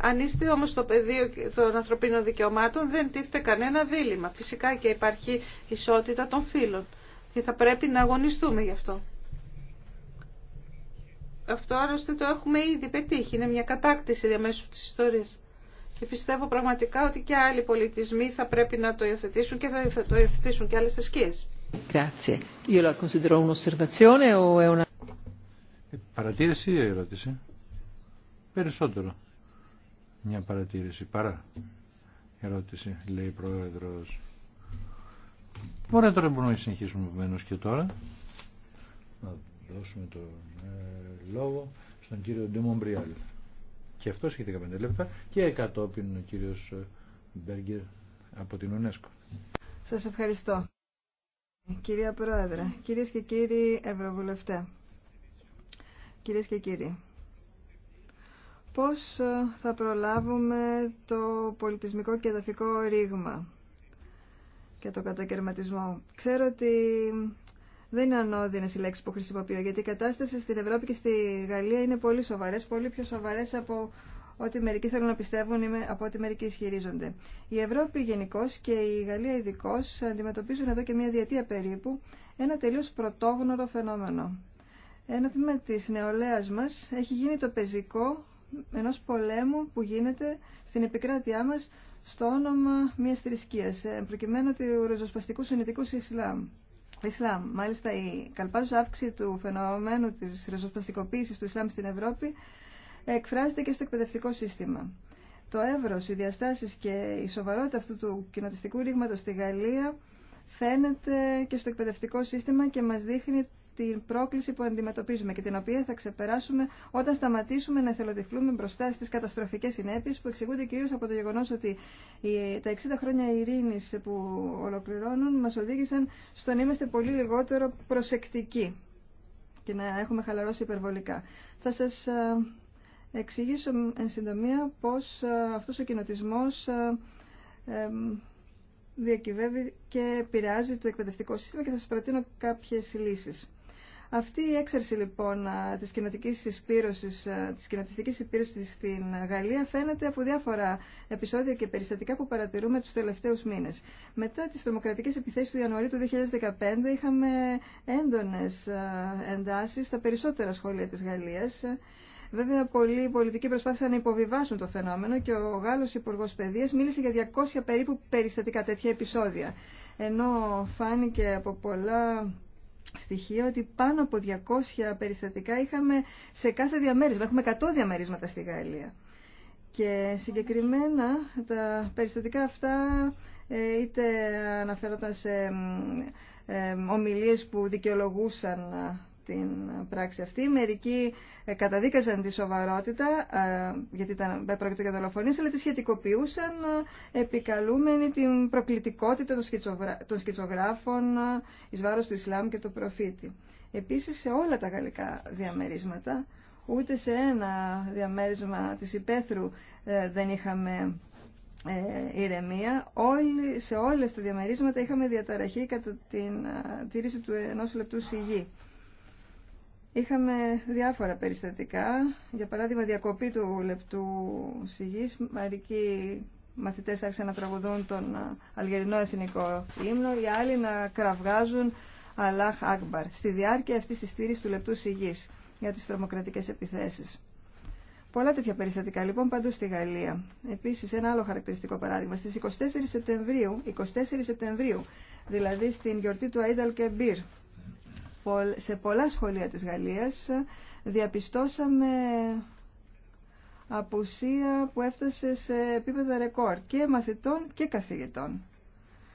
Αν είστε όμως στο πεδίο των ανθρωπίνων δικαιωμάτων δεν τίθεται κανένα δίλημα. Φυσικά και υπάρχει ισότητα των φίλων. και θα πρέπει να αγωνιστούμε γι' αυτό. Αυτό άλλωστε το έχουμε ήδη πετύχει. Είναι μια κατάκτηση διαμέσου της ιστορίας. Και πιστεύω πραγματικά ότι και άλλοι πολιτισμοί θα πρέπει να το υιοθετήσουν και θα το υιοθετήσουν και άλλες θρησκείες. Ε, παρατήρηση ή ερώτηση. Περισσότερο. Μια παρατήρηση παρά ερώτηση, λέει η Πρόεδρος. Ωραία, τώρα Μπορεί τωρα μπορουμε να συνεχίσουμε επομένως και τώρα δώσουμε το ε, λόγο στον κύριο Ντεμομπριάλ. Και αυτός έχει 15 λεπτά και εκατόπιν ο κύριος ε, Μπέργκερ από την ΟΝΕΣΚΟ. Σας ευχαριστώ. Κυρία Πρόεδρε, κυρίες και κύριοι Ευρωβουλευτέ, κυρίες και κύριοι, πώς ε, θα προλάβουμε το πολιτισμικό και εδαφικό ρήγμα και το κατακαιρματισμό. Ξέρω ότι δεν είναι ανώδυνε οι λέξει που χρησιμοποιώ, γιατί οι κατάσταση στην Ευρώπη και στη Γαλλία είναι πολύ σοβαρέ, πολύ πιο σοβαρέ από ό,τι μερικοί θέλουν να πιστεύουν ή από ό,τι μερικοί ισχυρίζονται. Η Ευρώπη γενικώ και η Γαλλία ειδικώ αντιμετωπίζουν εδώ και μία διετία περίπου ένα τελείω πρωτόγνωρο φαινόμενο. Ένα τμήμα τη νεολαία μα έχει γίνει το πεζικό ενό πολέμου που γίνεται στην επικράτειά μα στο όνομα μια θρησκεία, ε, προκειμένου του ριζοσπαστικού συνειδητικού Ισλάμ. Ισλάμ. Μάλιστα, η καλπάζουσα αύξηση του φαινομένου της ριζοσπαστικοποίησης του Ισλάμ στην Ευρώπη εκφράζεται και στο εκπαιδευτικό σύστημα. Το εύρο, οι διαστάσεις και η σοβαρότητα αυτού του κοινοτιστικού ρήγματος στη Γαλλία φαίνεται και στο εκπαιδευτικό σύστημα και μας δείχνει την πρόκληση που αντιμετωπίζουμε και την οποία θα ξεπεράσουμε όταν σταματήσουμε να εθελοτυφλούμε μπροστά στι καταστροφικέ συνέπειε που εξηγούνται κυρίω από το γεγονό ότι τα 60 χρόνια ειρήνης που ολοκληρώνουν μα οδήγησαν στο να είμαστε πολύ λιγότερο προσεκτικοί και να έχουμε χαλαρώσει υπερβολικά. Θα σα ε, εξηγήσω εν συντομία πώς ε, αυτός ο κοινοτισμό ε, διακυβεύει και επηρεάζει το εκπαιδευτικό σύστημα και θα σας προτείνω κάποιες λύσεις. Αυτή η έξαρση λοιπόν της κοινοτικής εισπύρωσης, της κοινοτιστικής εισπύρωσης στην Γαλλία φαίνεται από διάφορα επεισόδια και περιστατικά που παρατηρούμε τους τελευταίους μήνες. Μετά τις τρομοκρατικές επιθέσεις του Ιανουαρίου του 2015 είχαμε έντονες εντάσεις στα περισσότερα σχολεία της Γαλλίας. Βέβαια, πολλοί πολιτικοί προσπάθησαν να υποβιβάσουν το φαινόμενο και ο Γάλλος Υπουργός Παιδείας μίλησε για 200 περίπου περιστατικά τέτοια επεισόδια. Ενώ φάνηκε από πολλά στοιχεία ότι πάνω από 200 περιστατικά είχαμε σε κάθε διαμέρισμα. Έχουμε 100 διαμερίσματα στη Γαλλία. Και συγκεκριμένα τα περιστατικά αυτά ε, είτε αναφέρονταν σε ε, ομιλίες που δικαιολογούσαν την πράξη αυτή. Μερικοί ε, καταδίκαζαν τη σοβαρότητα, ε, γιατί ήταν ε, πρόκειτο για δολοφονίες, αλλά τη σχετικοποιούσαν επικαλούμενη την προκλητικότητα των σκητσογράφων εις βάρος του Ισλάμ και του προφήτη. Επίσης, σε όλα τα γαλλικά διαμερίσματα, ούτε σε ένα διαμέρισμα της υπαίθρου δεν είχαμε ηρεμία. Όλοι, σε όλες τα διαμερίσματα είχαμε διαταραχή κατά την τήρηση του ενός λεπτού σιγή. Είχαμε διάφορα περιστατικά, για παράδειγμα διακοπή του λεπτού σιγής, μερικοί μαθητές άρχισαν να τραγουδούν τον αλγερινό εθνικό ύμνο, οι άλλοι να κραυγάζουν Αλάχ Ακμπαρ, στη διάρκεια αυτής της στήριξη του λεπτού σιγής για τις τρομοκρατικές επιθέσεις. Πολλά τέτοια περιστατικά λοιπόν παντού στη Γαλλία. Επίσης ένα άλλο χαρακτηριστικό παράδειγμα. Στις 24 Σεπτεμβρίου, 24 Σεπτεμβρίου δηλαδή στην γιορτή του Αίδαλ Κεμπίρ σε πολλά σχολεία της Γαλλίας διαπιστώσαμε απουσία που έφτασε σε επίπεδα ρεκόρ και μαθητών και καθηγητών.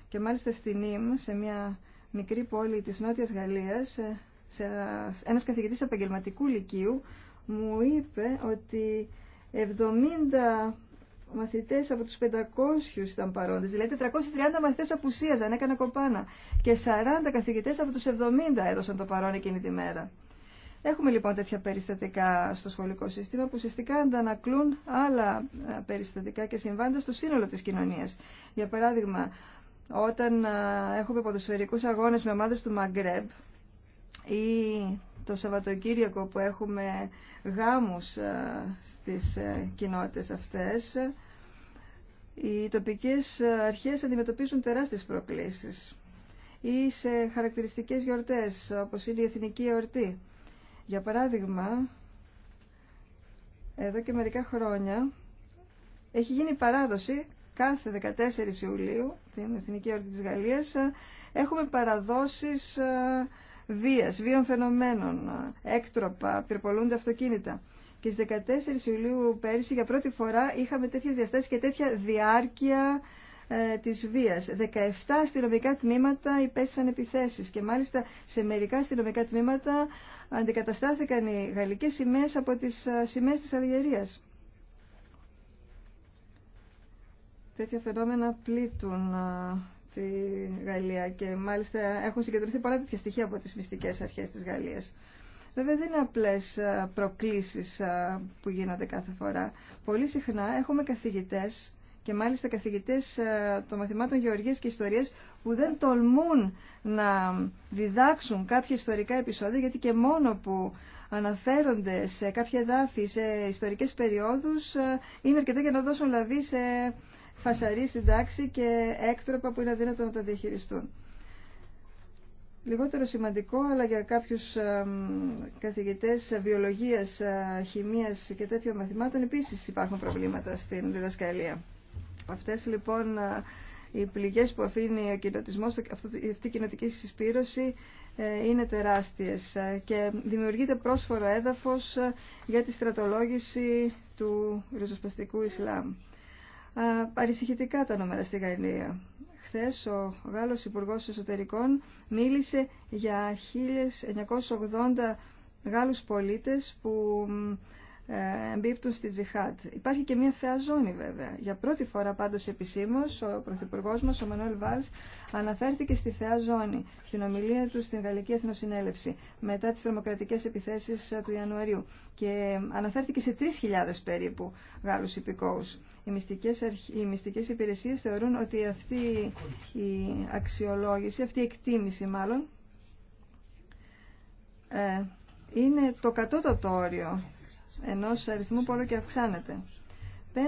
Και μάλιστα στην ΙΜ, σε μια μικρή πόλη της Νότιας Γαλλίας, ε, σε ένας καθηγητής επαγγελματικού λυκείου μου είπε ότι 70 Μαθητέ από του 500 ήταν παρόντε, δηλαδή 430 μαθητέ απουσίαζαν, έκανα κοπάνα και 40 καθηγητές από τους 70 έδωσαν το παρόν εκείνη τη μέρα. Έχουμε λοιπόν τέτοια περιστατικά στο σχολικό σύστημα που ουσιαστικά αντανακλούν άλλα ε, περιστατικά και συμβάντα στο σύνολο της κοινωνία. Για παράδειγμα, όταν ε, έχουμε ποδοσφαιρικούς αγώνε με ομάδε του Μαγκρέμπ ή το Σαββατοκύριακο που έχουμε γάμους ε, στις ε, κοινότητες αυτές, οι τοπικές ε, αρχές αντιμετωπίζουν τεράστιες προκλήσεις ή σε χαρακτηριστικές γιορτές, όπως είναι η Εθνική Εορτή. Για παράδειγμα, εδώ και μερικά χρόνια έχει γίνει παράδοση κάθε 14 Ιουλίου, την Εθνική Εορτή της Γαλλίας, έχουμε παραδόσεις βίας, βίων φαινομένων, έκτροπα, πυρπολούνται αυτοκίνητα. Και στις 14 Ιουλίου πέρυσι για πρώτη φορά είχαμε τέτοιες διαστάσεις και τέτοια διάρκεια ε, της βίας. 17 αστυνομικά τμήματα υπέστησαν επιθέσεις και μάλιστα σε μερικά αστυνομικά τμήματα αντικαταστάθηκαν οι γαλλικές σημαίες από τις ε, σημαίες της Αλγερίας. Τέτοια φαινόμενα πλήττουν ε, τη Γαλλία και μάλιστα έχουν συγκεντρωθεί πολλά τέτοια στοιχεία από τις μυστικές αρχές της Γαλλίας. Βέβαια δεν είναι απλές προκλήσεις που γίνονται κάθε φορά. Πολύ συχνά έχουμε καθηγητές και μάλιστα καθηγητές των μαθημάτων γεωργίας και ιστορίας που δεν τολμούν να διδάξουν κάποια ιστορικά επεισόδια γιατί και μόνο που αναφέρονται σε κάποια εδάφη, σε ιστορικές περιόδους είναι αρκετά για να δώσουν λαβή σε φασαρή στην τάξη και έκτροπα που είναι αδύνατο να τα διαχειριστούν. Λιγότερο σημαντικό, αλλά για κάποιους καθηγητές βιολογίας, ε, χημίας και τέτοιων μαθημάτων επίσης υπάρχουν προβλήματα στην διδασκαλία. Αυτές λοιπόν ε, οι πληγές που αφήνει ο κοινοτισμός, αυτή η κοινοτική συσπήρωση ε, είναι τεράστιες και δημιουργείται πρόσφορο έδαφος για τη στρατολόγηση του ριζοσπαστικού Ισλάμ. Αρισυχητικά τα νούμερα στη Γαλλία. Χθε ο Γάλλος Υπουργός Εσωτερικών μίλησε για 1980 Γάλλους πολίτες που ε, εμπίπτουν στη Τζιχάτ. Υπάρχει και μια θεά ζώνη βέβαια. Για πρώτη φορά πάντως επισήμως ο Πρωθυπουργό μας, ο Μανώλ Βάρς, αναφέρθηκε στη θεά ζώνη στην ομιλία του στην Γαλλική Εθνοσυνέλευση μετά τις τρομοκρατικές επιθέσεις ε, του Ιανουαρίου και αναφέρθηκε σε 3.000 περίπου Γάλλους υπηκόους. Οι μυστικές, οι μυστικές υπηρεσίες θεωρούν ότι αυτή η αξιολόγηση, αυτή η εκτίμηση μάλλον, ε, είναι το κατώτατο όριο ενός αριθμού που όλο και αυξάνεται. 5-6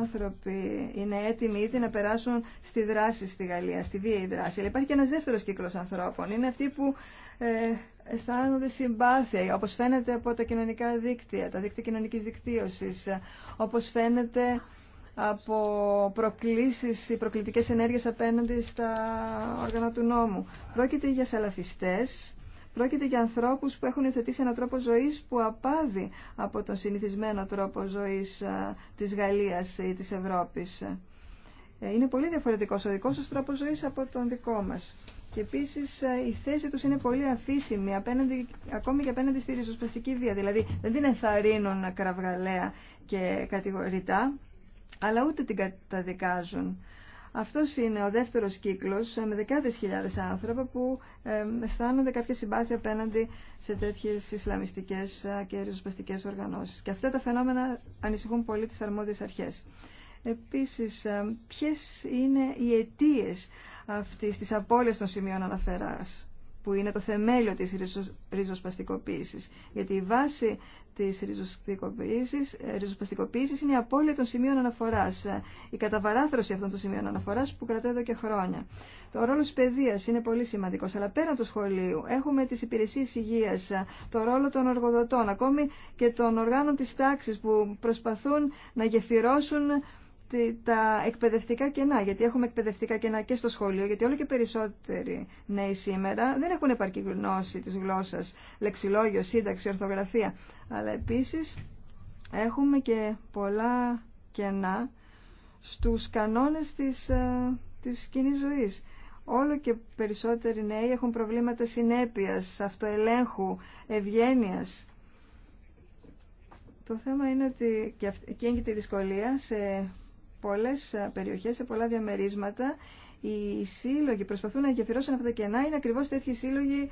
άνθρωποι είναι έτοιμοι ήδη να περάσουν στη δράση στη Γαλλία, στη βία δράση. Αλλά υπάρχει και ένας δεύτερος κύκλος ανθρώπων. Είναι αυτοί που ε, αισθάνονται συμπάθεια, όπως φαίνεται από τα κοινωνικά δίκτυα, τα δίκτυα κοινωνικής δικτύωσης, όπως φαίνεται από προκλήσεις ή προκλητικές ενέργειες απέναντι στα όργανα του νόμου. Πρόκειται για σαλαφιστές Πρόκειται για ανθρώπου που έχουν υιοθετήσει έναν τρόπο ζωή που απάδει από τον συνηθισμένο τρόπο ζωή της Γαλλίας ή της Ευρώπης. Ε, είναι πολύ διαφορετικός ο δικό του τρόπο ζωή από τον δικό μας. Και επίση ε, η θέση του είναι πολύ αφήσιμη, ακόμη και απέναντι στη ριζοσπαστική βία. Δηλαδή δεν την ενθαρρύνουν κραυγαλαία και κατηγορητά, αλλά ούτε την καταδικάζουν. Αυτός είναι ο δεύτερος κύκλος ε, με δεκάδες χιλιάδες άνθρωπα που ε, αισθάνονται κάποια συμπάθεια απέναντι σε τέτοιες ισλαμιστικές ε, και ριζοσπαστικές οργανώσεις. Και αυτά τα φαινόμενα ανησυχούν πολύ τις αρμόδιες αρχές. Επίσης, ποιες είναι οι αιτίες αυτής της απώλειας των σημείων αναφοράς που είναι το θεμέλιο της ριζοσπαστικοποίησης. Γιατί η βάση της ε, ριζοσπαστικοποίησης, είναι η απώλεια των σημείων αναφοράς, ε, η καταβαράθρωση αυτών των σημείων αναφοράς που κρατάει εδώ και χρόνια. Το ρόλο της παιδείας είναι πολύ σημαντικός, αλλά πέραν του σχολείου έχουμε τις υπηρεσίες υγείας, ε, το ρόλο των εργοδοτών, ακόμη και των οργάνων της τάξης που προσπαθούν να γεφυρώσουν τα εκπαιδευτικά κενά, γιατί έχουμε εκπαιδευτικά κενά και στο σχολείο, γιατί όλο και περισσότεροι νέοι σήμερα δεν έχουν επαρκή γνώση της γλώσσας, λεξιλόγιο, σύνταξη, ορθογραφία. Αλλά επίσης έχουμε και πολλά κενά στους κανόνες της, ε, της κοινή ζωής. Όλο και περισσότεροι νέοι έχουν προβλήματα συνέπειας, αυτοελέγχου, ευγένειας. Το θέμα είναι ότι και η δυσκολία σε πολλές ε, περιοχές, σε πολλά διαμερίσματα, οι σύλλογοι προσπαθούν να γεφυρώσουν αυτά τα κενά. Είναι ακριβώς τέτοιοι σύλλογοι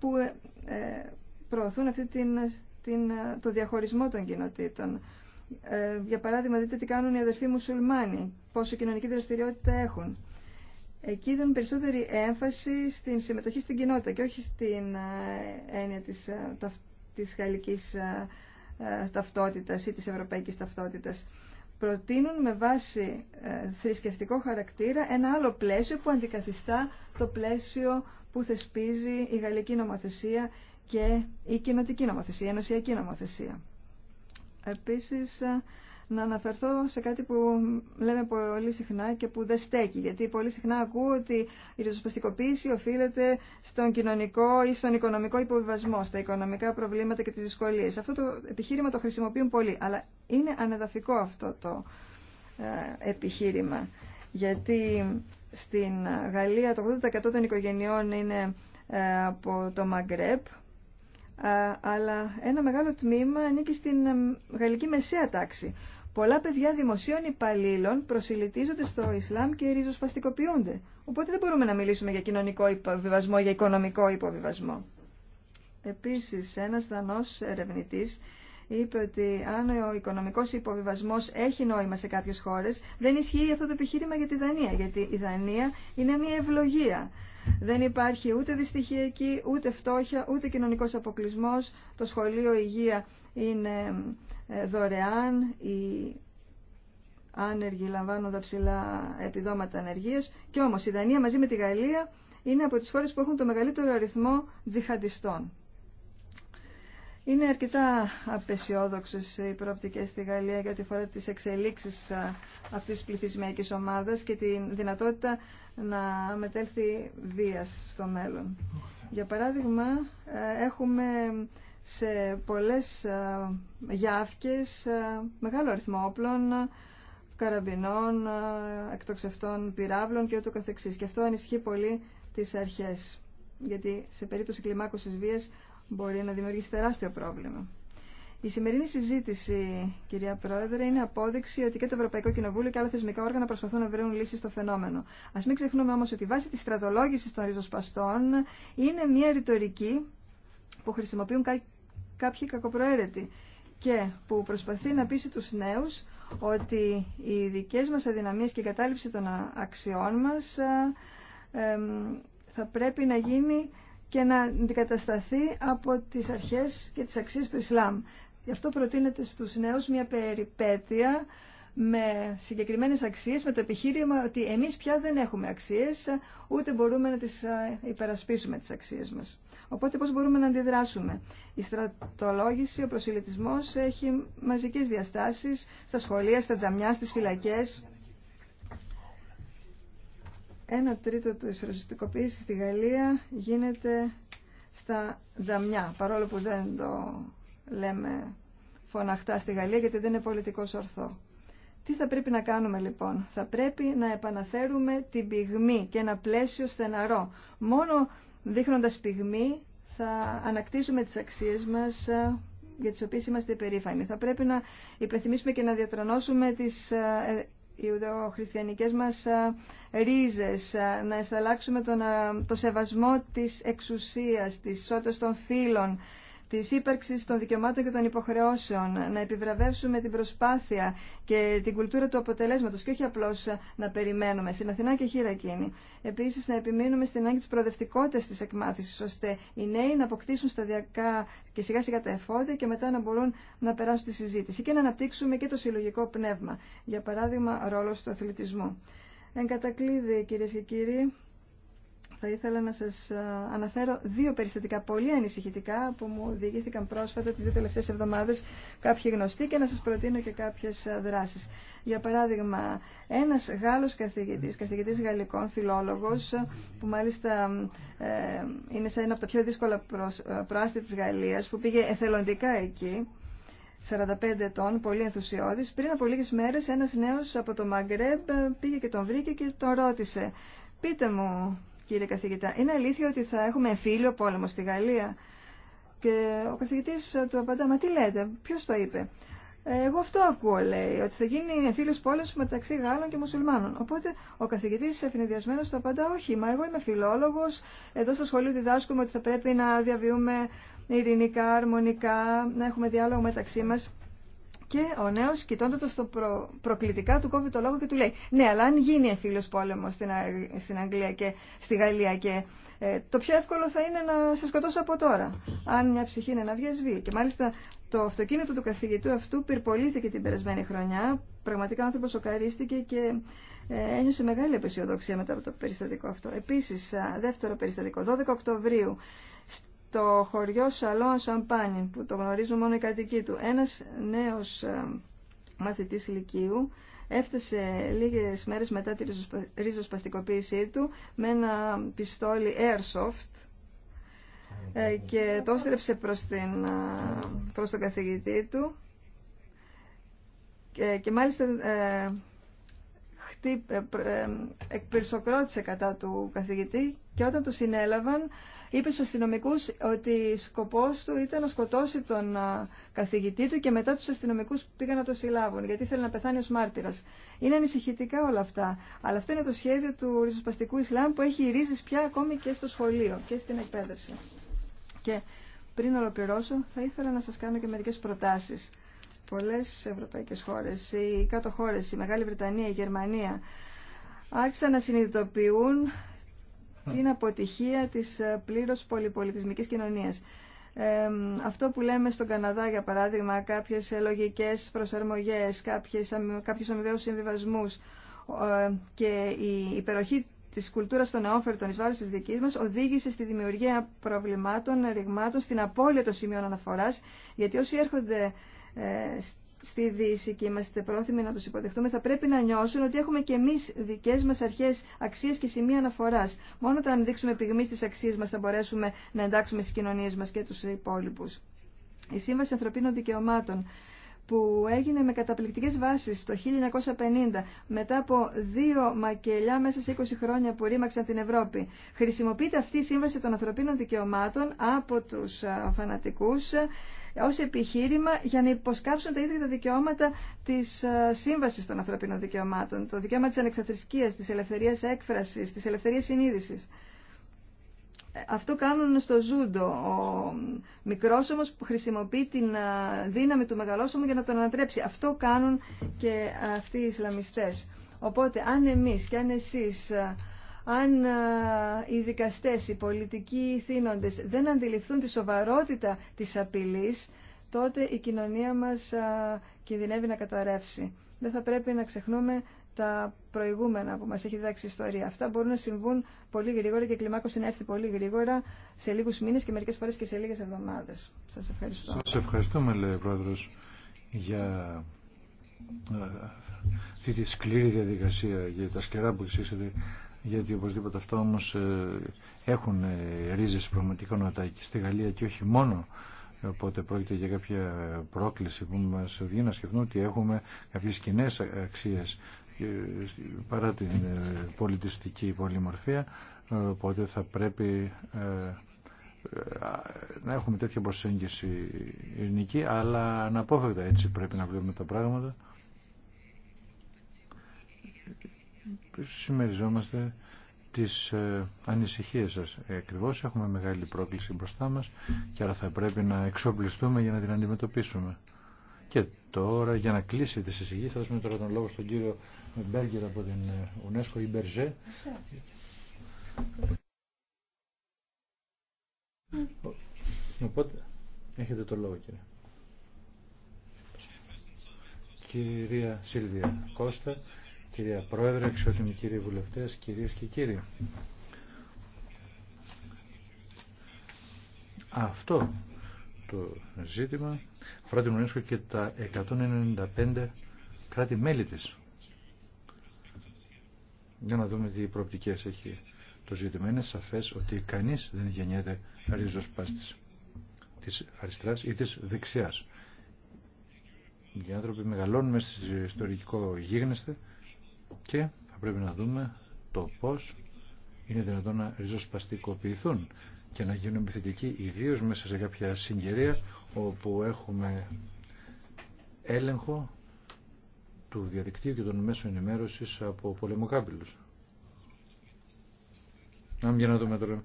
που ε, ε, προωθούν αυτή την, την, το διαχωρισμό των κοινοτήτων. για παράδειγμα, δείτε τι κάνουν οι αδερφοί μουσουλμάνοι, πόσο κοινωνική δραστηριότητα έχουν. Εκεί δίνουν περισσότερη έμφαση στην συμμετοχή στην κοινότητα και όχι στην έννοια της, της γαλλικής ταυτότητας ή της ευρωπαϊκής ταυτότητας προτείνουν με βάση ε, θρησκευτικό χαρακτήρα ένα άλλο πλαίσιο που αντικαθιστά το πλαίσιο που θεσπίζει η γαλλική νομοθεσία και η κοινοτική νομοθεσία, η ενωσιακή νομοθεσία. Επίσης, ε, να αναφερθώ σε κάτι που λέμε πολύ συχνά και που δεν στέκει. Γιατί πολύ συχνά ακούω ότι η ριζοσπαστικοποίηση οφείλεται στον κοινωνικό ή στον οικονομικό υποβιβασμό, στα οικονομικά προβλήματα και τι δυσκολίε. Αυτό το επιχείρημα το χρησιμοποιούν πολύ. Αλλά είναι ανεδαφικό αυτό το ε, επιχείρημα. Γιατί στην Γαλλία το 80% των οικογενειών είναι ε, από το Μαγκρέπ, ε, αλλά ένα μεγάλο τμήμα ανήκει στην γαλλική μεσαία τάξη. Πολλά παιδιά δημοσίων υπαλλήλων προσιλητίζονται στο Ισλάμ και ριζοσπαστικοποιούνται. Οπότε δεν μπορούμε να μιλήσουμε για κοινωνικό υποβιβασμό, για οικονομικό υποβιβασμό. Επίσης, ένας δανός ερευνητής είπε ότι αν ο οικονομικός υποβιβασμός έχει νόημα σε κάποιες χώρες, δεν ισχύει αυτό το επιχείρημα για τη Δανία, γιατί η Δανία είναι μια ευλογία. Δεν υπάρχει ούτε δυστυχία εκεί, ούτε φτώχεια, ούτε κοινωνικός αποκλεισμό, Το σχολείο υγεία είναι ε, δωρεάν οι άνεργοι λαμβάνοντα ψηλά επιδόματα ανεργίας και όμως η Δανία μαζί με τη Γαλλία είναι από τις χώρες που έχουν το μεγαλύτερο αριθμό τζιχαντιστών. Είναι αρκετά απεσιόδοξε οι προοπτικές στη Γαλλία για τη φορά της εξελίξης αυτής της πληθυσμιακής ομάδας και τη δυνατότητα να μετέλθει βίας στο μέλλον. Για παράδειγμα, ε, έχουμε σε πολλές ε, γιάφκες, ε, μεγάλο αριθμό όπλων, καραμπινών, ε, εκτοξευτών πυράβλων και ούτω καθεξής. Και αυτό ανισχύει πολύ τις αρχές, γιατί σε περίπτωση κλιμάκωσης βίας μπορεί να δημιουργήσει τεράστιο πρόβλημα. Η σημερινή συζήτηση, κυρία Πρόεδρε, είναι απόδειξη ότι και το Ευρωπαϊκό Κοινοβούλιο και άλλα θεσμικά όργανα προσπαθούν να βρουν λύσει στο φαινόμενο. Α μην ξεχνούμε όμω ότι η βάση τη στρατολόγηση των ριζοσπαστών είναι μια ρητορική που χρησιμοποιούν κάποιοι κακοπροαίρετοι και που προσπαθεί να πείσει τους νέους ότι οι δικές μας αδυναμίες και η κατάληψη των αξιών μας θα πρέπει να γίνει και να αντικατασταθεί από τις αρχές και τις αξίες του Ισλάμ. Γι' αυτό προτείνεται στους νέους μια περιπέτεια με συγκεκριμένες αξίες, με το επιχείρημα ότι εμείς πια δεν έχουμε αξίες, ούτε μπορούμε να τις υπερασπίσουμε τις αξίες μας. Οπότε πώς μπορούμε να αντιδράσουμε. Η στρατολόγηση, ο προσιλητισμός έχει μαζικές διαστάσεις στα σχολεία, στα τζαμιά, στις φυλακές. Ένα τρίτο της ρωσιστικοποίησης στη Γαλλία γίνεται στα τζαμιά, παρόλο που δεν το λέμε φωναχτά στη Γαλλία γιατί δεν είναι πολιτικός ορθό. Τι θα πρέπει να κάνουμε λοιπόν. Θα πρέπει να επαναφέρουμε την πυγμή και ένα πλαίσιο στεναρό. Μόνο δείχνοντας πυγμή θα ανακτήσουμε τις αξίες μας ε, για τις οποίες είμαστε περήφανοι. Θα πρέπει να υπενθυμίσουμε και να διατρανώσουμε τις ε, ε, ιουδοχριστιανικές μας ρίζες, να εσταλάξουμε τον, το σεβασμό της εξουσίας, της ισότητας των φύλων, τη ύπαρξη των δικαιωμάτων και των υποχρεώσεων, να επιβραβεύσουμε την προσπάθεια και την κουλτούρα του αποτελέσματο και όχι απλώ να περιμένουμε, στην Αθηνά και χειρακίνη. Επίση, να επιμείνουμε στην ανάγκη τη προοδευτικότητα τη εκμάθηση, ώστε οι νέοι να αποκτήσουν σταδιακά και σιγά σιγά τα εφόδια και μετά να μπορούν να περάσουν τη συζήτηση και να αναπτύξουμε και το συλλογικό πνεύμα, για παράδειγμα ρόλο του αθλητισμού. Εν κατακλείδη, κυρίε και κύριοι, θα ήθελα να σας ε, αναφέρω δύο περιστατικά πολύ ανησυχητικά που μου διηγήθηκαν πρόσφατα τις δύο τελευταίες εβδομάδες κάποιοι γνωστοί και να σας προτείνω και κάποιες ε, δράσεις. Για παράδειγμα, ένας Γάλλος καθηγητής, καθηγητής γαλλικών, φιλόλογος, ε, που μάλιστα είναι σε ένα από τα πιο δύσκολα προάστη της Γαλλίας, που πήγε εθελοντικά εκεί, 45 ετών, πολύ ενθουσιώδης. Πριν από λίγες μέρες ένας νέος από το Μαγκρέμπ πήγε και τον βρήκε και τον ρώτησε «Πείτε μου, κύριε καθηγητά. Είναι αλήθεια ότι θα έχουμε εμφύλιο πόλεμο στη Γαλλία. Και ο Καθηγητή του απαντά, μα τι λέτε, ποιο το είπε. Ε, εγώ αυτό ακούω, λέει, ότι θα γίνει εμφύλιο πόλεμο μεταξύ Γάλλων και Μουσουλμάνων. Οπότε ο καθηγητή ευνηδιασμένο του απαντά: Όχι, μα εγώ είμαι φιλόλογο. Εδώ στο σχολείο διδάσκουμε ότι θα πρέπει να διαβιούμε ειρηνικά, αρμονικά, να έχουμε διάλογο μεταξύ μα. Και ο νέο, κοιτώντα το προ... προκλητικά, του κόβει το λόγο και του λέει: Ναι, αλλά αν γίνει εμφύλιο πόλεμο στην, στην Αγγλία και στη Γαλλία, και ε, το πιο εύκολο θα είναι να σε σκοτώσω από τώρα. Αν μια ψυχή είναι να βία. Και μάλιστα το αυτοκίνητο του καθηγητού αυτού πυρπολήθηκε την περασμένη χρονιά. Πραγματικά ο άνθρωπο σοκαρίστηκε και ε, ένιωσε μεγάλη απεσιοδοξία μετά από το περιστατικό αυτό. Επίση, δεύτερο περιστατικό, 12 Οκτωβρίου το χωριό Σαλόν Σαμπάνι, που το γνωρίζουν μόνο οι κατοικοί του. Ένας νέος ε, μαθητής ηλικίου έφτασε λίγες μέρες μετά τη ριζοσπαστικοποίησή του με ένα πιστόλι airsoft ε, και το έστρεψε προς, ε, προς τον καθηγητή του και, και μάλιστα ε, εκπυρσοκρότησε κατά του καθηγητή και όταν το συνέλαβαν είπε στους αστυνομικούς ότι σκοπός του ήταν να σκοτώσει τον καθηγητή του και μετά τους αστυνομικούς πήγαν να το συλλάβουν γιατί ήθελε να πεθάνει ως μάρτυρας. Είναι ανησυχητικά όλα αυτά. Αλλά αυτό είναι το σχέδιο του ριζοσπαστικού Ισλάμ που έχει ρίζες πια ακόμη και στο σχολείο και στην εκπαίδευση. Και πριν ολοκληρώσω θα ήθελα να σας κάνω και μερικές προτάσεις πολλές ευρωπαϊκές χώρες, οι κάτω χώρες, η Μεγάλη Βρετανία, η Γερμανία, άρχισαν να συνειδητοποιούν την αποτυχία της ε, πλήρως πολυπολιτισμικής κοινωνίας. Ε, αυτό που λέμε στον Καναδά, για παράδειγμα, κάποιες λογικές προσαρμογές, κάποιες, κάποιους αμοιβαίους συμβιβασμούς ε, και η υπεροχή τη κουλτούρα των νεόφερτων, ει βάρο τη δική μα οδήγησε στη δημιουργία προβλημάτων, ρηγμάτων, στην απώλεια των σημείων αναφορά, γιατί όσοι έρχονται στη Δύση και είμαστε πρόθυμοι να του υποδεχτούμε, θα πρέπει να νιώσουν ότι έχουμε και εμεί δικέ μα αρχέ, αξίε και σημεία αναφορά. Μόνο όταν δείξουμε πυγμή στι αξίες μα θα μπορέσουμε να εντάξουμε στις κοινωνίε μα και του υπόλοιπου. Η Σύμβαση Ανθρωπίνων Δικαιωμάτων που έγινε με καταπληκτικές βάσεις το 1950 μετά από δύο μακελιά μέσα σε 20 χρόνια που ρήμαξαν την Ευρώπη. Χρησιμοποιείται αυτή η Σύμβαση των Ανθρωπίνων Δικαιωμάτων από τους φανατικούς ως επιχείρημα για να υποσκάψουν τα ίδια τα δικαιώματα της ε, σύμβασης των ανθρωπίνων δικαιωμάτων, το δικαίωμα της ανεξαθρησκείας, της ελευθερίας έκφρασης, της ελευθερίας συνείδησης. Ε, αυτό κάνουν στο ζούντο. Ο μικρός όμως που χρησιμοποιεί την ε, δύναμη του μεγαλόσωμου για να τον ανατρέψει. Αυτό κάνουν και αυτοί οι Ισλαμιστές. Οπότε αν εμείς και αν εσείς αν οι δικαστές, οι πολιτικοί θύνοντες δεν αντιληφθούν τη σοβαρότητα της απειλής, τότε η κοινωνία μας κινδυνεύει να καταρρεύσει. Δεν θα πρέπει να ξεχνούμε τα προηγούμενα που μας έχει διδάξει η ιστορία. Αυτά μπορούν να συμβούν πολύ γρήγορα και η κλιμάκωση να έρθει πολύ γρήγορα σε λίγους μήνες και μερικές φορές και σε λίγες εβδομάδες. Σας ευχαριστώ. Σας ευχαριστούμε, λέει ο Πρόεδρος, για τη σκληρή διαδικασία για τα σκερά που γιατί οπωσδήποτε αυτά όμως ε, έχουν ε, ρίζες πραγματικότητα και στη Γαλλία και όχι μόνο οπότε πρόκειται για κάποια πρόκληση που μας οδηγεί να σκεφτούμε ότι έχουμε κάποιες κοινέ αξίες ε, παρά την πολιτιστική πολυμορφία οπότε θα πρέπει να έχουμε τέτοια προσέγγιση ειρηνική αλλά αναπόφευκτα έτσι πρέπει να βλέπουμε τα πράγματα συμμεριζόμαστε τις ε, ανησυχίες σας. Ε, ακριβώς έχουμε μεγάλη πρόκληση μπροστά μας και άρα θα πρέπει να εξοπλιστούμε για να την αντιμετωπίσουμε. Και τώρα για να κλείσει τη συζήτηση θα δώσουμε τώρα τον λόγο στον κύριο Μπέργκερ από την ε, UNESCO ή Μπερζέ. Οπότε έχετε το λόγο κύριε. Κυρία Σίλβια Κώστα, Κυρία Πρόεδρε, εξότιμοι κύριοι βουλευτές, κυρίες και κύριοι. Αυτό το ζήτημα αφορά την UNESCO και τα 195 κράτη-μέλη της. Για να δούμε τι προοπτικές έχει το ζήτημα. Είναι σαφές ότι κανείς δεν γεννιέται ριζοσπάστη της αριστεράς ή της δεξιάς. Οι άνθρωποι μεγαλώνουμε στο ιστορικό γίγνεσθε και θα πρέπει να δούμε το πώς είναι δυνατόν να ριζοσπαστικοποιηθούν και να γίνουν επιθετικοί ιδίως μέσα σε κάποια συγκυρία όπου έχουμε έλεγχο του διαδικτύου και των μέσων ενημέρωσης από πολεμοκάμπυλους. Να για να δούμε τώρα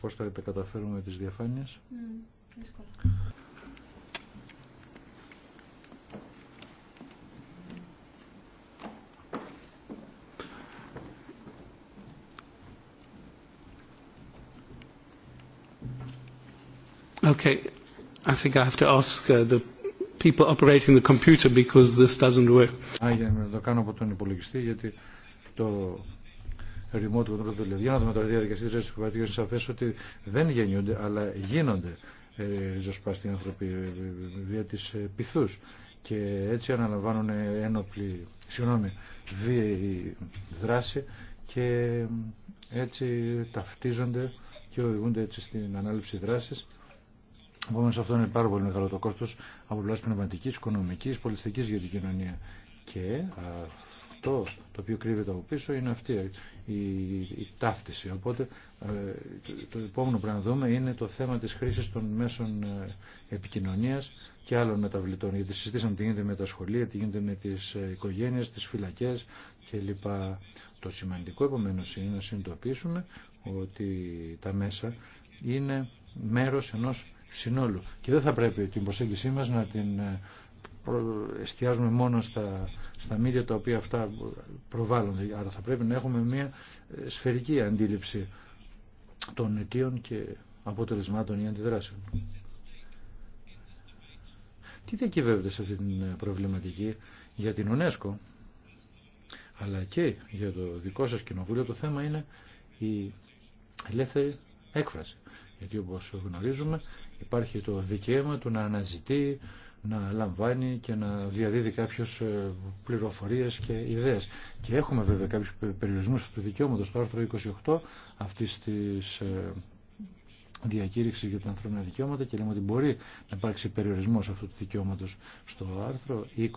πώς θα καταφέρουμε τις διαφάνειες. Okay, I think I have to ask uh, the people operating the computer because this doesn't work. Α, για να το κάνω από τον υπολογιστή γιατί το remote control το λέω. Για να δούμε τώρα διαδικασίες της είναι σαφές ότι δεν γεννιούνται αλλά γίνονται ε, ριζοσπάστοι άνθρωποι ε, δια της ε, πυθούς και έτσι αναλαμβάνουν ε, ένοπλη, συγγνώμη, βίαιη δράση και έτσι ταυτίζονται και οδηγούνται έτσι στην ανάληψη δράσης Επομένω αυτό είναι πάρα πολύ μεγάλο το κόστο από πλευρά πνευματική οικονομική, πολιτιστική για την κοινωνία. Και αυτό το οποίο κρύβεται από πίσω είναι αυτή ε, η, η ταύτιση. Οπότε ε, το επόμενο που να δούμε είναι το θέμα τη χρήση των μέσων ε, επικοινωνία και άλλων μεταβλητών. Γιατί συζητήσαμε τι γίνεται με τα σχολεία, τι γίνεται με τι οικογένειε, τι φυλακέ κλπ. Το σημαντικό επομένω είναι να συνειδητοποιήσουμε ότι τα μέσα είναι μέρος ενός συνόλου. Και δεν θα πρέπει την προσέγγισή μας να την ε, εστιάζουμε μόνο στα, στα τα οποία αυτά προβάλλονται. Άρα θα πρέπει να έχουμε μια ε, σφαιρική αντίληψη των αιτίων και αποτελεσμάτων ή αντιδράσεων. Τι διακυβεύεται σε αυτή την ε, προβληματική για την UNESCO αλλά και για το δικό σας κοινοβούλιο το θέμα είναι η ελεύθερη έκφραση. Γιατί όπως γνωρίζουμε υπάρχει το δικαίωμα του να αναζητεί, να λαμβάνει και να διαδίδει κάποιος ε, πληροφορίες και ιδέες. Και έχουμε βέβαια κάποιους περιορισμούς του δικαιώματος στο άρθρο 28 αυτής της ε, διακήρυξη για τα ανθρώπινα δικαιώματα και λέμε ότι μπορεί να υπάρξει περιορισμός αυτού του δικαιώματος στο άρθρο 20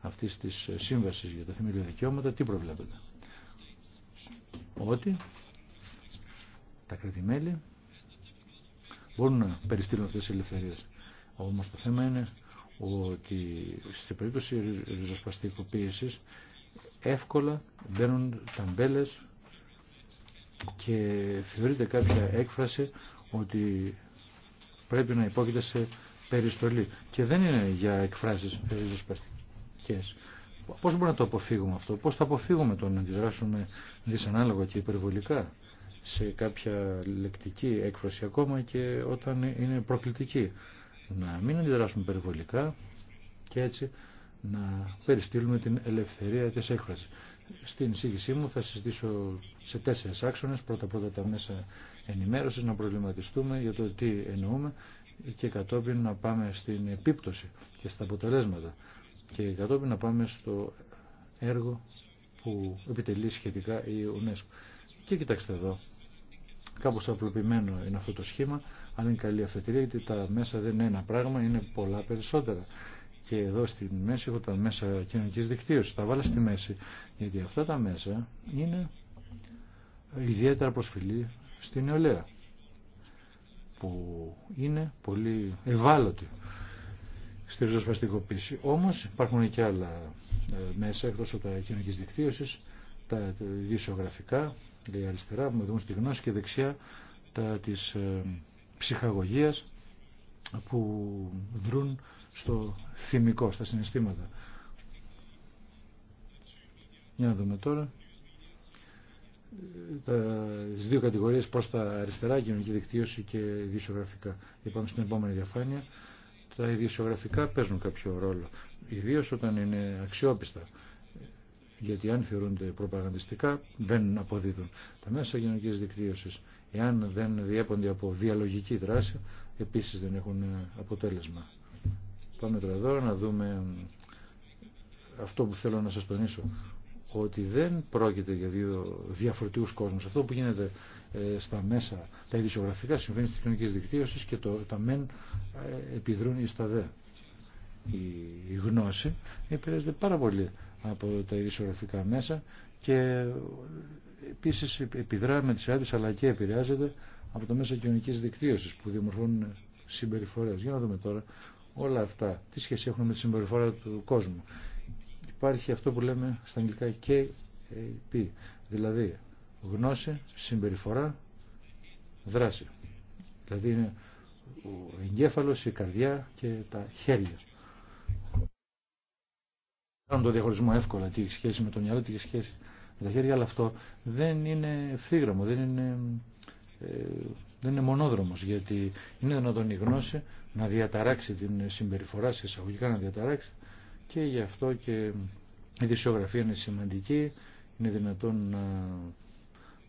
αυτής της ε, σύμβασης για τα θεμελιώδη δικαιώματα. Τι προβλέπετε. Ότι τα κρατημέλη Μπορούν να περιστείλουν αυτές τις ελευθερίες. Όμως το θέμα είναι ότι στην περίπτωση ριζοσπαστικοποίησης εύκολα μπαίνουν ταμπέλες και θεωρείται κάποια έκφραση ότι πρέπει να υπόκειται σε περιστολή. Και δεν είναι για εκφράσεις ριζοσπαστικές. Πώς μπορούμε να το αποφύγουμε αυτό, πώς θα αποφύγουμε το να αντιδράσουμε δυσανάλογα και υπερβολικά σε κάποια λεκτική έκφραση ακόμα και όταν είναι προκλητική. Να μην αντιδράσουμε περιβολικά και έτσι να περιστύλουμε την ελευθερία της έκφρασης. Στην εισήγησή μου θα συζητήσω σε τέσσερις άξονες, πρώτα-πρώτα τα μέσα ενημέρωσης, να προβληματιστούμε για το τι εννοούμε και κατόπιν να πάμε στην επίπτωση και στα αποτελέσματα και κατόπιν να πάμε στο έργο που επιτελεί σχετικά η UNESCO. Και κοιτάξτε εδώ, Κάπως απλοποιημένο είναι αυτό το σχήμα, αλλά είναι καλή αφετηρία γιατί τα μέσα δεν είναι ένα πράγμα, είναι πολλά περισσότερα. Και εδώ στη μέση έχω τα μέσα κοινωνική δικτύωση. Τα βάλα στη μέση. Γιατί αυτά τα μέσα είναι ιδιαίτερα προσφυλή στην νεολαία. Που είναι πολύ ευάλωτη στη ριζοσπαστικοποίηση. Όμω υπάρχουν και άλλα ε, μέσα εκτό από τα κοινωνική δικτύωση, τα ειδησιογραφικά λέει αριστερά που δούμε στη γνώση και δεξιά τα της ε, ψυχαγωγίας που δρούν στο θυμικό, στα συναισθήματα. Για να δούμε τώρα τι δύο κατηγορίε προ τα αριστερά, κοινωνική δικτύωση και ειδησιογραφικά. Είπαμε στην επόμενη διαφάνεια, τα ειδησιογραφικά παίζουν κάποιο ρόλο, Ιδίω όταν είναι αξιόπιστα γιατί αν θεωρούνται προπαγανδιστικά δεν αποδίδουν. Τα μέσα κοινωνική δικτύωση, εάν δεν διέπονται από διαλογική δράση, επίση δεν έχουν ε, αποτέλεσμα. Πάμε τώρα εδώ να δούμε αυτό που θέλω να σας τονίσω ότι δεν πρόκειται για δύο διαφορετικούς κόσμους. Αυτό που γίνεται ε, στα μέσα, τα ειδησιογραφικά συμβαίνει στις κοινωνικές δικτύωσεις και το, τα μεν ε, επιδρούν στα δε. η γνώση επηρεάζεται πάρα πολύ από τα ειδησιογραφικά μέσα και επίσης επιδρά με τις άλλες αλλά και επηρεάζεται από το μέσα κοινωνική δικτύωσης που δημορφώνουν συμπεριφορές. Για να δούμε τώρα όλα αυτά, τι σχέση έχουν με τη συμπεριφορά του κόσμου. Υπάρχει αυτό που λέμε στα αγγλικά KAP δηλαδή γνώση, συμπεριφορά, δράση. Δηλαδή είναι ο εγκέφαλος, η καρδιά και τα χέρια κάνουν το διαχωρισμό εύκολα τι έχει σχέση με το μυαλό, τι έχει σχέση με τα χέρια, αλλά αυτό δεν είναι ευθύγραμμο, δεν είναι, ε, δεν είναι μονόδρομος, γιατί είναι δυνατόν η γνώση να διαταράξει την συμπεριφορά σε εισαγωγικά να διαταράξει και γι' αυτό και η δυσιογραφία είναι σημαντική, είναι δυνατόν να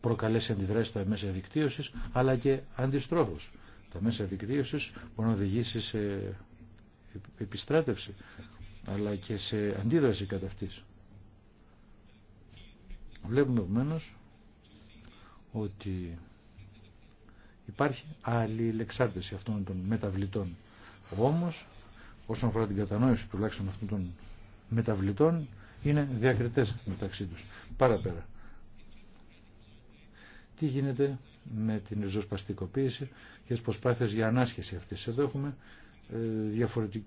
προκαλέσει αντιδράσεις στα μέσα δικτύωση, αλλά και αντιστρόφως. Τα μέσα δικτύωση μπορεί να οδηγήσει σε επιστράτευση αλλά και σε αντίδραση κατά αυτής. Βλέπουμε επομένω ότι υπάρχει άλλη λεξάρτηση αυτών των μεταβλητών. Όμως, όσον αφορά την κατανόηση τουλάχιστον αυτών των μεταβλητών, είναι διακριτές μεταξύ τους. Παραπέρα. Τι γίνεται με την ριζοσπαστικοποίηση και τις προσπάθειες για ανάσχεση αυτής. Εδώ έχουμε ε, διαφορετική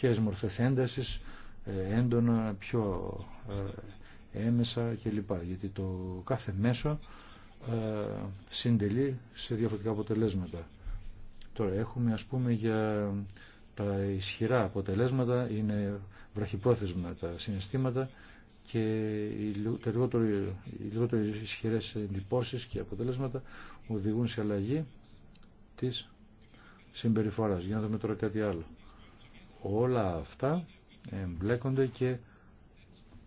ποιες μορφές έντασης, ε, έντονα, πιο ε, έμεσα κλπ. Γιατί το κάθε μέσο ε, συντελεί σε διαφορετικά αποτελέσματα. Τώρα έχουμε ας πούμε για τα ισχυρά αποτελέσματα, είναι βραχυπρόθεσμα τα συναισθήματα και οι λιγότερο, οι λιγότερο ισχυρές και αποτελέσματα οδηγούν σε αλλαγή της συμπεριφοράς. Για να δούμε τώρα κάτι άλλο όλα αυτά εμπλέκονται και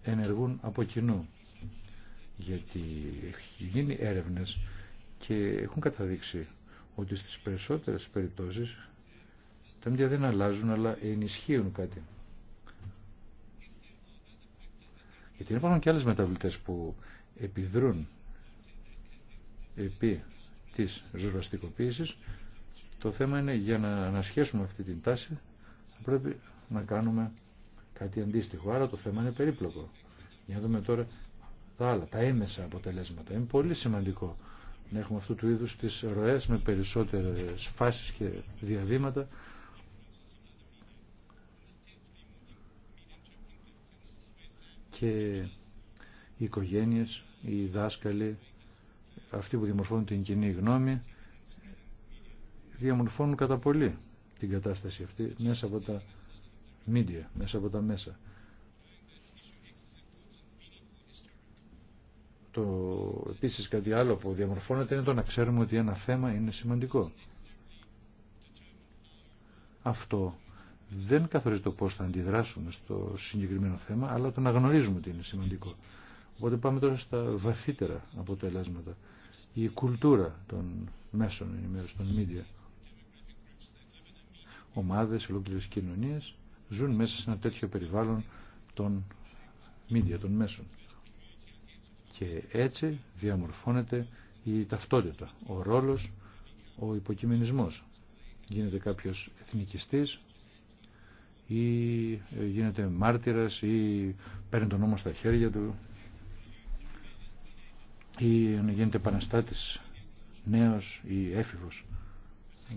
ενεργούν από κοινού. Γιατί έχουν γίνει έρευνες και έχουν καταδείξει ότι στις περισσότερες περιπτώσεις τα μία δεν αλλάζουν αλλά ενισχύουν κάτι. Γιατί υπάρχουν και άλλες μεταβλητές που επιδρούν επί της ζωραστικοποίησης Το θέμα είναι για να ανασχέσουμε αυτή την τάση πρέπει να κάνουμε κάτι αντίστοιχο. Άρα το θέμα είναι περίπλοκο. Για να δούμε τώρα τα άλλα, τα έμεσα αποτελέσματα. Είναι πολύ σημαντικό να έχουμε αυτού του είδους τις ροές με περισσότερες φάσεις και διαβήματα Και οι οικογένειες, οι δάσκαλοι, αυτοί που δημορφώνουν την κοινή γνώμη, διαμορφώνουν κατά πολύ την κατάσταση αυτή μέσα από τα media, μέσα από τα μέσα. Το, επίσης κάτι άλλο που διαμορφώνεται είναι το να ξέρουμε ότι ένα θέμα είναι σημαντικό. Αυτό δεν καθορίζει το πώς θα αντιδράσουμε στο συγκεκριμένο θέμα, αλλά το να γνωρίζουμε ότι είναι σημαντικό. Οπότε πάμε τώρα στα βαθύτερα αποτελέσματα. Η κουλτούρα των μέσων ενημέρωσης, των media ομάδες, ολόκληρες κοινωνίες ζουν μέσα σε ένα τέτοιο περιβάλλον των μίντια, των μέσων. Και έτσι διαμορφώνεται η ταυτότητα, ο ρόλος, ο υποκειμενισμός. Γίνεται κάποιος εθνικιστής ή ε, γίνεται μάρτυρας ή παίρνει τον νόμο στα χέρια του ή ε, γίνεται επαναστάτης νέος ή έφηβος.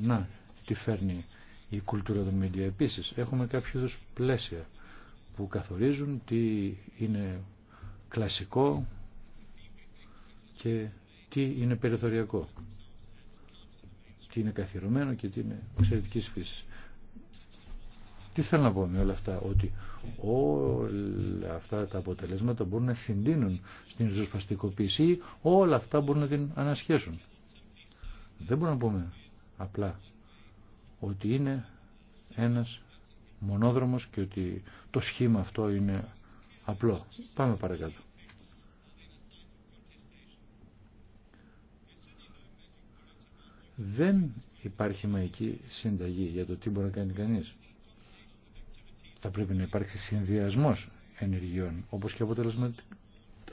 Να, τι φέρνει η κουλτούρα των media. Επίσης, έχουμε κάποιο είδους πλαίσια που καθορίζουν τι είναι κλασικό και τι είναι περιθωριακό. Τι είναι καθιερωμένο και τι είναι εξαιρετική φύση. Τι θέλω να πω με όλα αυτά, ότι όλα αυτά τα αποτελέσματα μπορούν να συντείνουν στην ζωσπαστικοποίηση ή όλα αυτά μπορούν να την ανασχέσουν. Δεν μπορούμε να πούμε απλά ότι είναι ένας μονόδρομος και ότι το σχήμα αυτό είναι απλό. Πάμε παρακάτω. Δεν υπάρχει μαϊκή συνταγή για το τι μπορεί να κάνει κανείς. Θα πρέπει να υπάρξει συνδυασμός ενεργειών όπως και,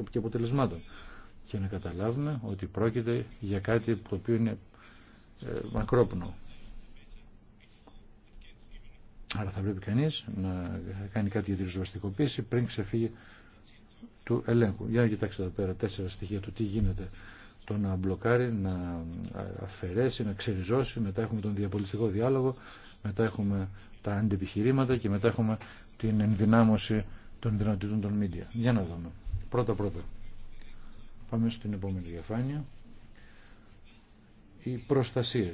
και αποτελεσμάτων και να καταλάβουμε ότι πρόκειται για κάτι το οποίο είναι ε, μακρόπνο, Άρα θα πρέπει κανείς να κάνει κάτι για τη ριζοβαστικοποίηση πριν ξεφύγει του ελέγχου. Για να κοιτάξτε εδώ πέρα τέσσερα στοιχεία του τι γίνεται. Το να μπλοκάρει, να αφαιρέσει, να ξεριζώσει, μετά έχουμε τον διαπολιτικό διάλογο, μετά έχουμε τα αντιπιχειρήματα και μετά έχουμε την ενδυνάμωση των δυνατοτήτων των μίντια. Για να δούμε. Πρώτα πρώτα. Πάμε στην επόμενη διαφάνεια. Η προστασία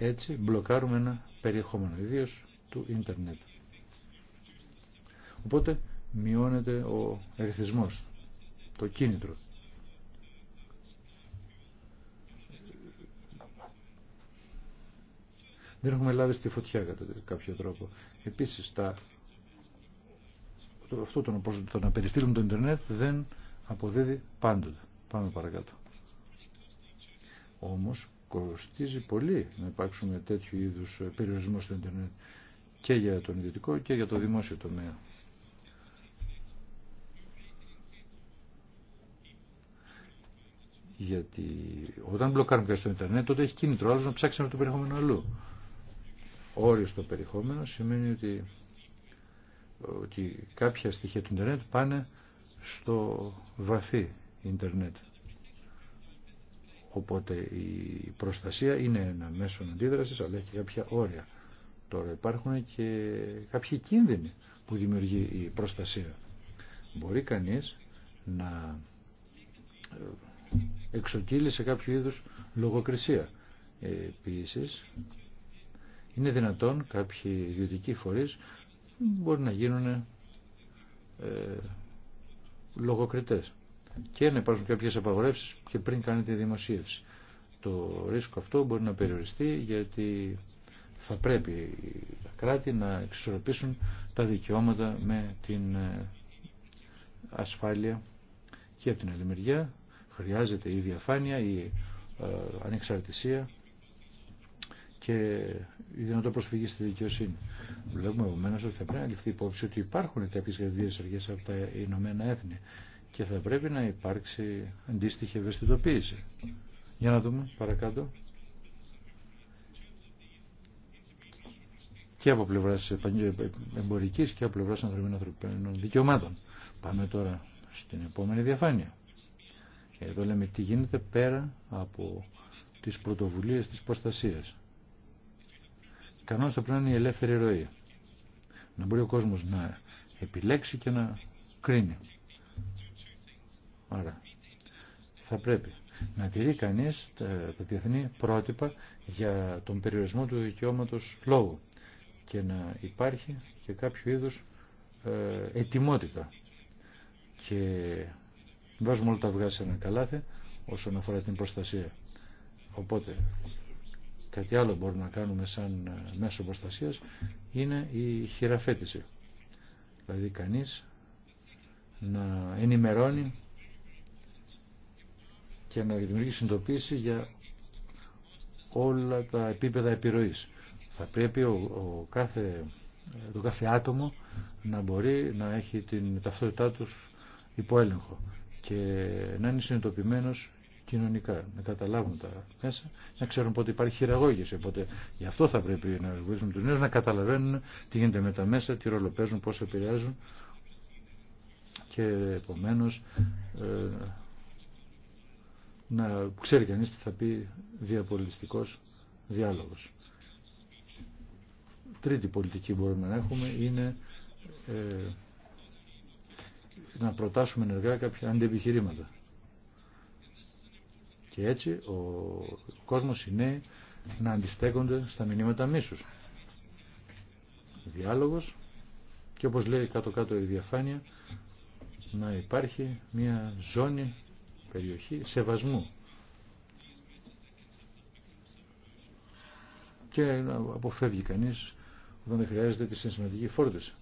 έτσι μπλοκάρουμε ένα περιεχόμενο, ιδίω του ίντερνετ. Οπότε μειώνεται ο ερθισμός, το κίνητρο. Δεν έχουμε λάβει στη φωτιά κατά κάποιο τρόπο. Επίσης, τα... αυτό το, να περιστήλουμε το ίντερνετ δεν αποδίδει πάντοτε. Πάμε παρακάτω. Όμως, κοστίζει πολύ να υπάρξουν τέτοιου είδους περιορισμό στο Ιντερνετ και για τον ιδιωτικό και για το δημόσιο τομέα. Γιατί όταν μπλοκάρουμε κάτι στο Ιντερνετ, τότε έχει κίνητρο άλλο να ψάξει το περιεχόμενο αλλού. Όριο στο περιεχόμενο σημαίνει ότι, ότι κάποια στοιχεία του Ιντερνετ πάνε στο βαθύ Ιντερνετ. Οπότε η προστασία είναι ένα μέσο αντίδραση, αλλά έχει κάποια όρια. Τώρα υπάρχουν και κάποιοι κίνδυνοι που δημιουργεί η προστασία. Μπορεί κανείς να ε, εξοκύλει σε κάποιο είδους λογοκρισία. Επίσης, είναι δυνατόν κάποιοι ιδιωτικοί φορείς μπορεί να γίνουν ε, και να υπάρχουν κάποιες απαγορεύσεις και πριν κάνετε δημοσίευση. Το ρίσκο αυτό μπορεί να περιοριστεί γιατί θα πρέπει τα κράτη να εξισορροπήσουν τα δικαιώματα με την ε, ασφάλεια και από την άλλη μεριά χρειάζεται η διαφάνεια, η ε, ανεξαρτησία και η δυνατότητα προσφυγή στη δικαιοσύνη. Βλέπουμε επομένω ότι θα πρέπει να ληφθεί υπόψη ότι υπάρχουν κάποιε κρατικέ από τα Ηνωμένα Έθνη και θα πρέπει να υπάρξει αντίστοιχη ευαισθητοποίηση. Για να δούμε παρακάτω. Και από πλευρά ε, εμπορική και από πλευρά ανθρωπίνων δικαιωμάτων. Πάμε τώρα στην επόμενη διαφάνεια. Εδώ λέμε τι γίνεται πέρα από τις πρωτοβουλίες της προστασίας. Κανόνας θα πρέπει να είναι η ελεύθερη ροή. Να μπορεί ο κόσμος να επιλέξει και να κρίνει. Άρα θα πρέπει να τηρεί κανείς τα διεθνή πρότυπα για τον περιορισμό του δικαιώματος λόγου και να υπάρχει και κάποιο είδους ε, ετοιμότητα. Και βάζουμε όλα τα αυγά σε ένα καλάθι όσον αφορά την προστασία. Οπότε κάτι άλλο μπορούμε να κάνουμε σαν ε, μέσο προστασίας είναι η χειραφέτηση. Δηλαδή κανείς να ενημερώνει και να δημιουργήσει συνειδητοποίηση για όλα τα επίπεδα επιρροής. Θα πρέπει ο, κάθε, το κάθε άτομο να μπορεί να έχει την ταυτότητά του υπό έλεγχο και να είναι συνειδητοποιημένο κοινωνικά, να καταλάβουν τα μέσα, να ξέρουν πότε υπάρχει χειραγώγηση. Οπότε γι' αυτό θα πρέπει να βοηθήσουμε τους νέους να καταλαβαίνουν τι γίνεται με τα μέσα, τι ρόλο παίζουν, πώς επηρεάζουν και επομένως ε, να ξέρει κανείς τι θα πει διαπολιτιστικός διάλογος. Τρίτη πολιτική μπορούμε να έχουμε είναι ε, να προτάσουμε ενεργά κάποια αντιεπιχειρήματα. Και έτσι ο κόσμος οι να αντιστέκονται στα μηνύματα μίσους. Διάλογος και όπως λέει κάτω-κάτω η διαφάνεια να υπάρχει μια ζώνη περιοχή σεβασμού. Και να αποφεύγει κανείς όταν δεν χρειάζεται τη συναισθηματική φόρτιση.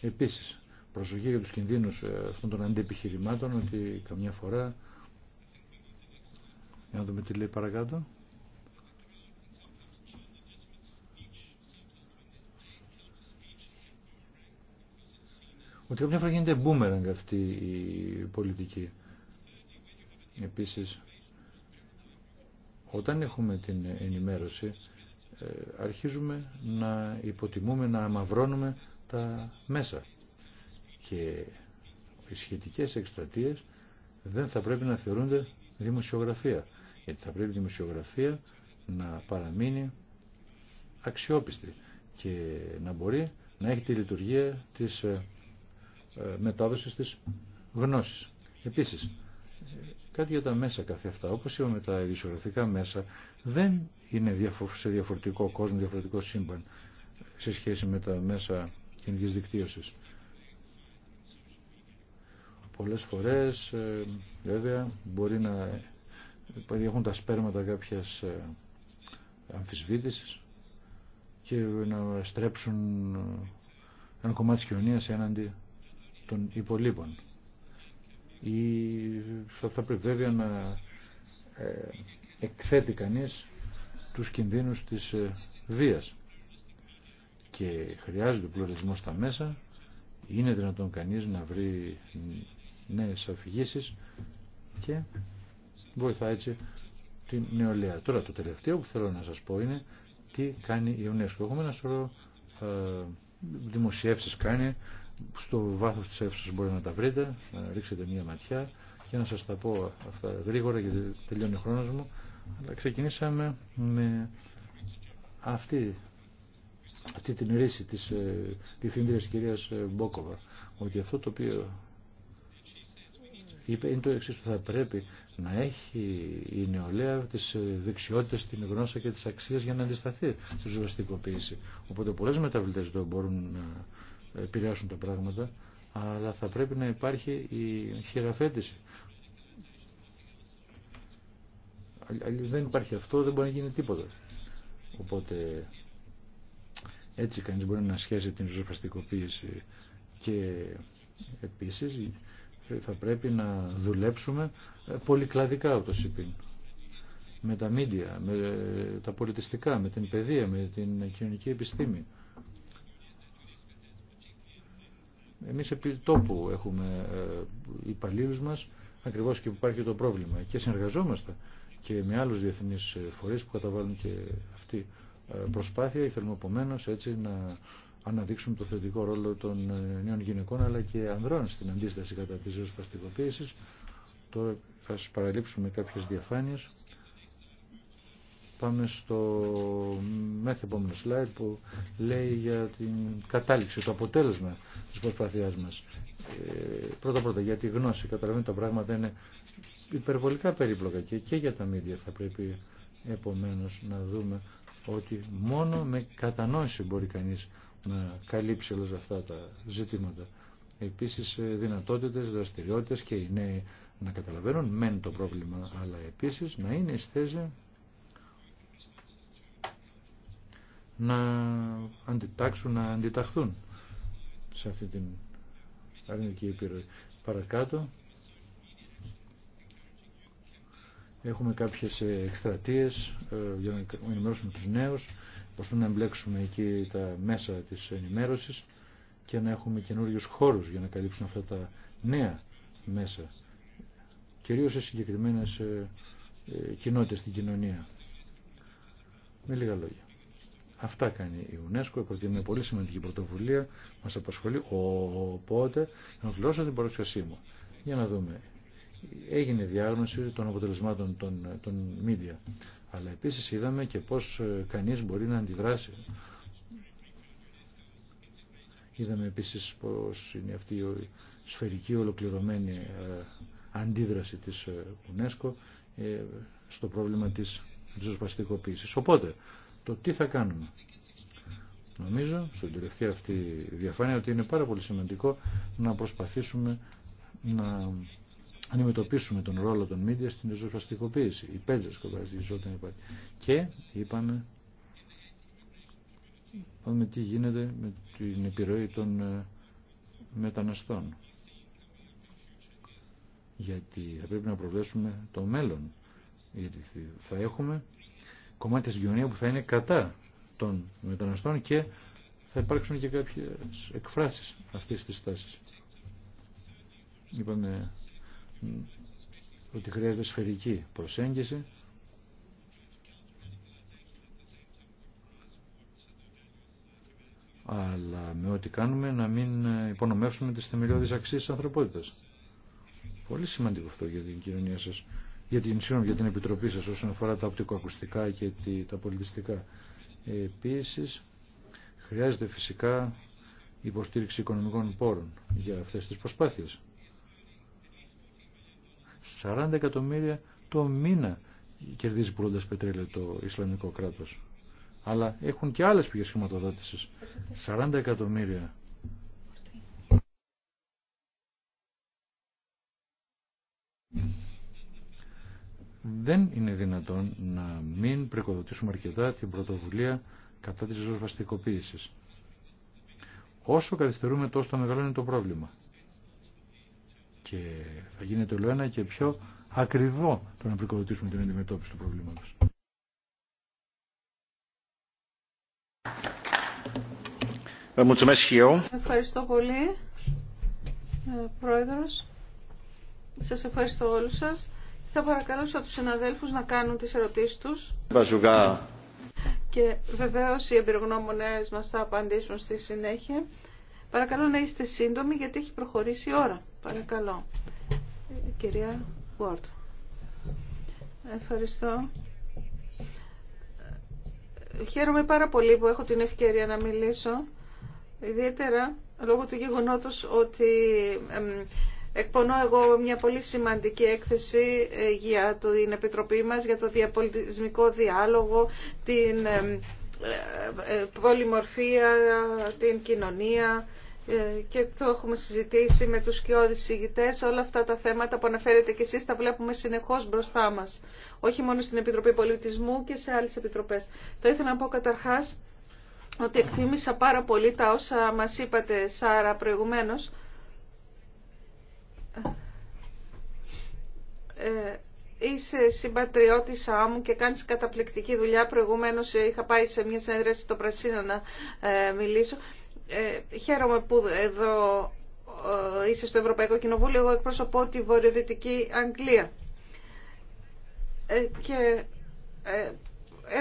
Επίσης, προσοχή για τους κινδύνους ε, αυτών των αντιεπιχειρημάτων ότι καμιά φορά για να δούμε τι λέει παρακάτω. Ότι κάποια φορά γίνεται boomerang αυτή η πολιτική. Επίσης, όταν έχουμε την ενημέρωση, ε, αρχίζουμε να υποτιμούμε, να αμαυρώνουμε τα μέσα. Και οι σχετικές εκστρατείες δεν θα πρέπει να θεωρούνται δημοσιογραφία. Γιατί θα πρέπει η δημοσιογραφία να παραμείνει αξιόπιστη και να μπορεί να έχει τη λειτουργία της ε, ε, μετάδοσης της γνώσης. Επίσης, κάτι για τα μέσα καθε αυτά. Όπως είπαμε τα ειδησιογραφικά μέσα δεν είναι σε διαφορετικό κόσμο, διαφορετικό σύμπαν σε σχέση με τα μέσα κοινωνικής δικτύωσης. Πολλές φορές ε, βέβαια μπορεί να έχουν τα σπέρματα κάποιας ε, αμφισβήτησης και να στρέψουν ε, ένα κομμάτι της κοινωνίας έναντι των υπολείπων ή θα πρέπει βέβαια να ε, εκθέτει κανείς τους κινδύνους της ε, βίας και χρειάζεται πλουρισμός στα μέσα είναι δυνατόν κανείς να βρει νέες αφηγήσεις και βοηθά έτσι την νεολαία. Τώρα το τελευταίο που θέλω να σας πω είναι τι κάνει η UNESCO. Έχουμε ένα σωρό ε, δημοσιεύσεις κάνει στο βάθος της αίθουσας μπορεί να τα βρείτε, να ρίξετε μία ματιά και να σας τα πω αυτά γρήγορα γιατί τελειώνει ο χρόνος μου. Αλλά ξεκινήσαμε με αυτή, αυτή την ρίση της ε, διευθυντήριας κυρίας ε, Μπόκοβα ότι αυτό το οποίο είπε είναι το εξής που θα πρέπει να έχει η νεολαία τις ε, δεξιότητες, την γνώση και τις αξίες για να αντισταθεί στη ζωαστικοποίηση. Οπότε πολλές μεταβλητές εδώ μπορούν να επηρεάσουν τα πράγματα, αλλά θα πρέπει να υπάρχει η χειραφέτηση. Δεν υπάρχει αυτό, δεν μπορεί να γίνει τίποτα. Οπότε έτσι κανείς μπορεί να σχέσει την ζωοπαστικοποίηση και επίσης θα πρέπει να δουλέψουμε ε, πολυκλαδικά το είπε με τα μίντια, με ε, τα πολιτιστικά, με την παιδεία, με την κοινωνική επιστήμη. Εμείς επί τόπου έχουμε ε, υπαλλήλου μας, ακριβώς και που υπάρχει το πρόβλημα. Και συνεργαζόμαστε και με άλλους διεθνείς ε, φορείς που καταβάλουν και αυτή ε, προσπάθεια. Θέλουμε επομένω έτσι να αναδείξουμε το θετικό ρόλο των νέων γυναικών αλλά και ανδρών στην αντίσταση κατά της ζωοσπαστικοποίηση. Τώρα θα σας παραλείψουμε κάποιες διαφάνειες. Πάμε στο επόμενο slide που λέει για την κατάληξη, το αποτέλεσμα της προσπαθειάς μας. Πρώτα-πρώτα, ε, για τη γνώση. Καταλαβαίνετε, τα πράγματα είναι υπερβολικά περίπλοκα και, και για τα μίδια θα πρέπει επομένως να δούμε ότι μόνο με κατανόηση μπορεί κανείς να καλύψει όλα αυτά τα ζητήματα. Επίσης ε, δυνατότητες, δραστηριότητες και οι νέοι να καταλαβαίνουν μεν το πρόβλημα αλλά επίσης να είναι στέζε. να αντιτάξουν, να αντιταχθούν σε αυτή την αρνητική επιρροή. Παρακάτω έχουμε κάποιες εκστρατείες ε, για να ενημερώσουμε τους νέους, ώστε να εμπλέξουμε εκεί τα μέσα της ενημέρωσης και να έχουμε καινούριου χώρους για να καλύψουν αυτά τα νέα μέσα, κυρίως σε συγκεκριμένες ε, ε, κοινότητες στην κοινωνία. Με λίγα λόγια. Αυτά κάνει η UNESCO, είναι μια πολύ σημαντική πρωτοβουλία, μας απασχολεί, οπότε να δηλώσω την παρουσίασή μου. Για να δούμε. Έγινε διάγνωση των αποτελεσμάτων των, των αλλά επίσης είδαμε και πώς ε, κανείς μπορεί να αντιδράσει. Είδαμε επίσης πώς είναι αυτή η σφαιρική ολοκληρωμένη ε, αντίδραση της ε, UNESCO στο πρόβλημα της ριζοσπαστικοποίησης. Οπότε, το τι θα κάνουμε. Νομίζω, στον τελευταία αυτή διαφάνεια, ότι είναι πάρα πολύ σημαντικό να προσπαθήσουμε να αντιμετωπίσουμε τον ρόλο των μίντια στην ριζοσπαστικοποίηση. Οι πέντζα σκοπάζεται υπάρχει. Και είπαμε, πάμε τι γίνεται με την επιρροή των ε, μεταναστών. Γιατί θα πρέπει να προβλέψουμε το μέλλον. Γιατί θα έχουμε κομμάτι της κοινωνία που θα είναι κατά των μεταναστών και θα υπάρξουν και κάποιες εκφράσεις αυτής της τάσης. Είπαμε ότι χρειάζεται σφαιρική προσέγγιση αλλά με ό,τι κάνουμε να μην υπονομεύσουμε τις θεμελιώδεις αξίες της ανθρωπότητας. Πολύ σημαντικό αυτό για την κοινωνία σας για την, σύνομαι, για την Επιτροπή σας όσον αφορά τα οπτικοακουστικά και τα πολιτιστικά. Επίση, χρειάζεται φυσικά υποστήριξη οικονομικών πόρων για αυτές τις προσπάθειες. 40 εκατομμύρια το μήνα κερδίζει πουλώντας πετρέλαιο το Ισλαμικό κράτος. Αλλά έχουν και άλλες πηγές χρηματοδότησης. 40 εκατομμύρια δεν είναι δυνατόν να μην πρικοδοτήσουμε αρκετά την πρωτοβουλία κατά της ζωσβαστικοποίησης. Όσο καθυστερούμε τόσο μεγαλώνει το πρόβλημα. Και θα γίνεται όλο ένα και πιο ακριβό το να πρικοδοτήσουμε την αντιμετώπιση του προβλήματος. Ε, ευχαριστώ πολύ, ε, Πρόεδρος. Σας ευχαριστώ όλους σας. Θα παρακαλούσα τους συναδέλφους να κάνουν τις ερωτήσεις τους. Και βεβαίως οι εμπειρογνώμονες μας θα απαντήσουν στη συνέχεια. Παρακαλώ να είστε σύντομοι γιατί έχει προχωρήσει η ώρα. Παρακαλώ. Ε, κυρία Βόρτ. Ευχαριστώ. Ε, χαίρομαι πάρα πολύ που έχω την ευκαιρία να μιλήσω, ιδιαίτερα λόγω του γεγονότος ότι Εκπονώ εγώ μια πολύ σημαντική έκθεση ε, για την Επιτροπή μας, για το διαπολιτισμικό διάλογο, την ε, ε, πολυμορφία, την κοινωνία και το έχουμε συζητήσει με τους σκιώδεις συγητές. Όλα αυτά τα θέματα που αναφέρετε και εσείς τα βλέπουμε συνεχώς μπροστά μας. Όχι μόνο στην Επιτροπή Πολιτισμού και σε άλλες επιτροπές. Θα ήθελα να πω καταρχάς ότι εκτίμησα πάρα πολύ τα όσα μας είπατε Σάρα προηγουμένως ε, είσαι συμπατριώτησά μου και κάνεις καταπληκτική δουλειά. Προηγουμένως ε, είχα πάει σε μια συνέντευξη στο Πρασίνο να ε, μιλήσω. Ε, χαίρομαι που εδώ ε, είσαι στο Ευρωπαϊκό Κοινοβούλιο. Εγώ εκπροσωπώ τη Βορειοδυτική Αγγλία. και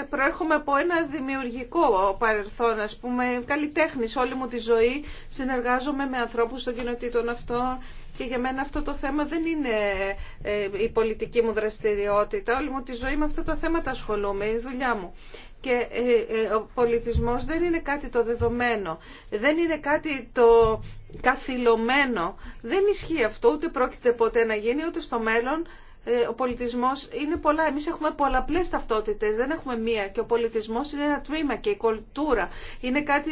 προέρχομαι από ένα δημιουργικό παρελθόν, ας πούμε, καλλιτέχνης όλη μου τη ζωή. Συνεργάζομαι με ανθρώπους των κοινοτήτων αυτών και για μένα αυτό το θέμα δεν είναι ε, η πολιτική μου δραστηριότητα. Όλη μου τη ζωή με θέμα τα ασχολούμαι, η δουλειά μου. Και ε, ε, ο πολιτισμός δεν είναι κάτι το δεδομένο, δεν είναι κάτι το καθυλωμένο. Δεν ισχύει αυτό, ούτε πρόκειται ποτέ να γίνει, ούτε στο μέλλον ο πολιτισμός είναι πολλά. Εμείς έχουμε πολλαπλές ταυτότητες, δεν έχουμε μία. Και ο πολιτισμός είναι ένα τμήμα και η κουλτούρα. Είναι κάτι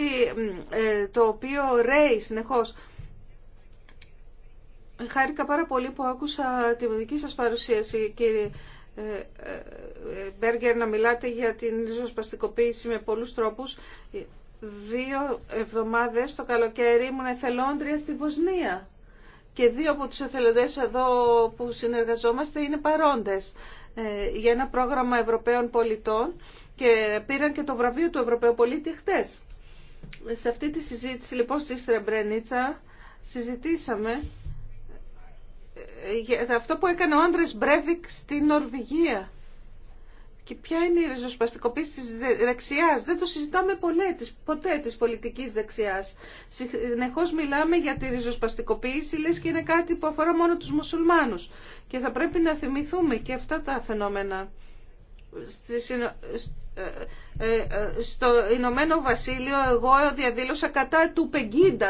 το οποίο ρέει συνεχώς. Χάρηκα πάρα πολύ που άκουσα τη δική σας παρουσίαση, κύριε ε, ε, Μπέργκερ, να μιλάτε για την ριζοσπαστικοποίηση με πολλούς τρόπους. Δύο εβδομάδες το καλοκαίρι ήμουν εθελόντρια στη Βοσνία και δύο από τους εθελοντές εδώ που συνεργαζόμαστε είναι παρόντες ε, για ένα πρόγραμμα Ευρωπαίων πολιτών και πήραν και το βραβείο του Ευρωπαίου πολίτη χτες. Σε αυτή τη συζήτηση λοιπόν στη Στρεμπρενίτσα συζητήσαμε ε, αυτό που έκανε ο Άντρες Μπρέβικ στην Νορβηγία. Και ποια είναι η ριζοσπαστικοποίηση της δεξιάς. Δεν το συζητάμε ποτέ της πολιτικής δεξιάς. Συνεχώ μιλάμε για τη ριζοσπαστικοποίηση, λες και είναι κάτι που αφορά μόνο τους μουσουλμάνους. Και θα πρέπει να θυμηθούμε και αυτά τα φαινόμενα. Ε, ε, στο Ηνωμένο Βασίλειο εγώ διαδήλωσα κατά του 50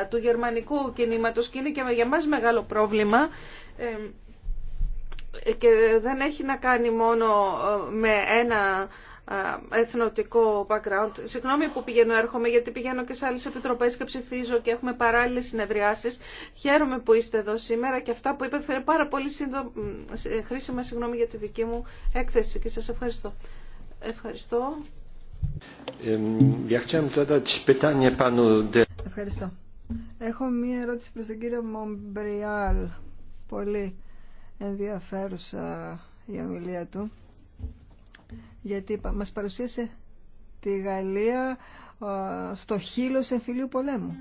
του γερμανικού κινήματος και είναι και για μας μεγάλο πρόβλημα και δεν έχει να κάνει μόνο ε, με ένα ε, εθνοτικό background. Συγγνώμη που πηγαίνω, έρχομαι, γιατί πηγαίνω και σε άλλες επιτροπές και ψηφίζω και έχουμε παράλληλες συνεδριάσεις. Χαίρομαι που είστε εδώ σήμερα και αυτά που είπατε θα είναι πάρα πολύ χρήσιμα συγγνώμη, για τη δική μου έκθεση και σας ευχαριστώ. Ευχαριστώ. Ευχαριστώ. Έχω μία ερώτηση προς τον κύριο Μομπριάλ. Πολύ ενδιαφέρουσα η ομιλία του γιατί μας παρουσίασε τη Γαλλία στο χείλο εμφυλίου πολέμου.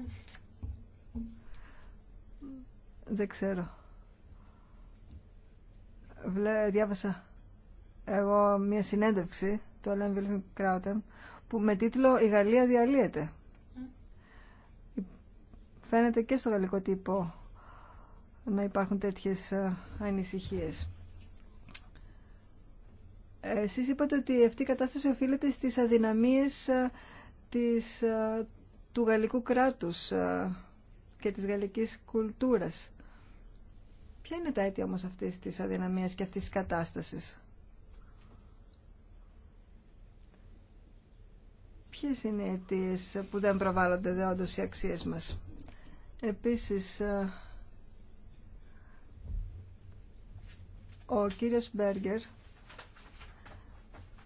Δεν ξέρω. διάβασα εγώ μια συνέντευξη του Αλέν Βίλφιν που με τίτλο «Η Γαλλία διαλύεται». Φαίνεται και στο γαλλικό τύπο να υπάρχουν τέτοιες ε, ανησυχίες. Εσείς είπατε ότι αυτή η κατάσταση οφείλεται στις αδυναμίες ε, της, ε, του γαλλικού κράτους και της γαλλικής κουλτούρας. Ποια είναι τα αίτια όμως αυτής της αδυναμίας και αυτής της κατάστασης. Ποιες είναι οι αιτίες που δεν προβάλλονται δεόντως οι αξίες μας. Επίσης, Ο κύριος Μπέργκερ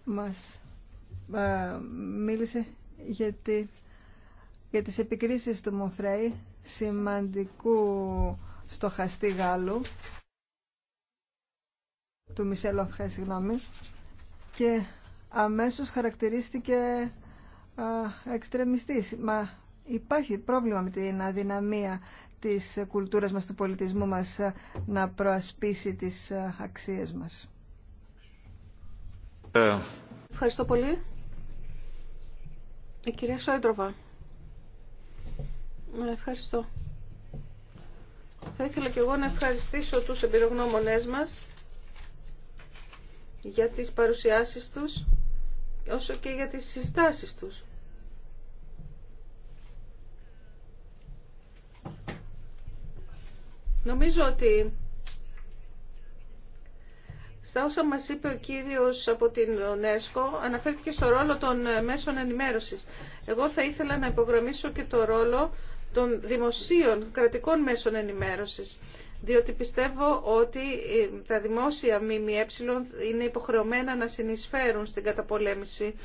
μας ε, μίλησε για, για τις επικρίσεις του Μοφρέη σημαντικού στοχαστή Γάλλου του Μισελ Οφχέ, συγγνώμη και αμέσως χαρακτηρίστηκε ε, εξτρεμιστής. Μα υπάρχει πρόβλημα με την αδυναμία της κουλτούρας μας, του πολιτισμού μας να προασπίσει τις αξίες μας. Ευχαριστώ πολύ. Η κυρία Σόιντροβα. Ευχαριστώ. Θα ήθελα και εγώ να ευχαριστήσω τους εμπειρογνώμονές μας για τις παρουσιάσεις τους όσο και για τις συστάσεις τους. Νομίζω ότι στα όσα μας είπε ο κύριος από την UNESCO αναφέρθηκε στο ρόλο των μέσων ενημέρωσης. Εγώ θα ήθελα να υπογραμμίσω και το ρόλο των δημοσίων κρατικών μέσων ενημέρωσης. Διότι πιστεύω ότι ε, τα δημόσια ΜΜΕ είναι υποχρεωμένα να συνεισφέρουν στην καταπολέμηση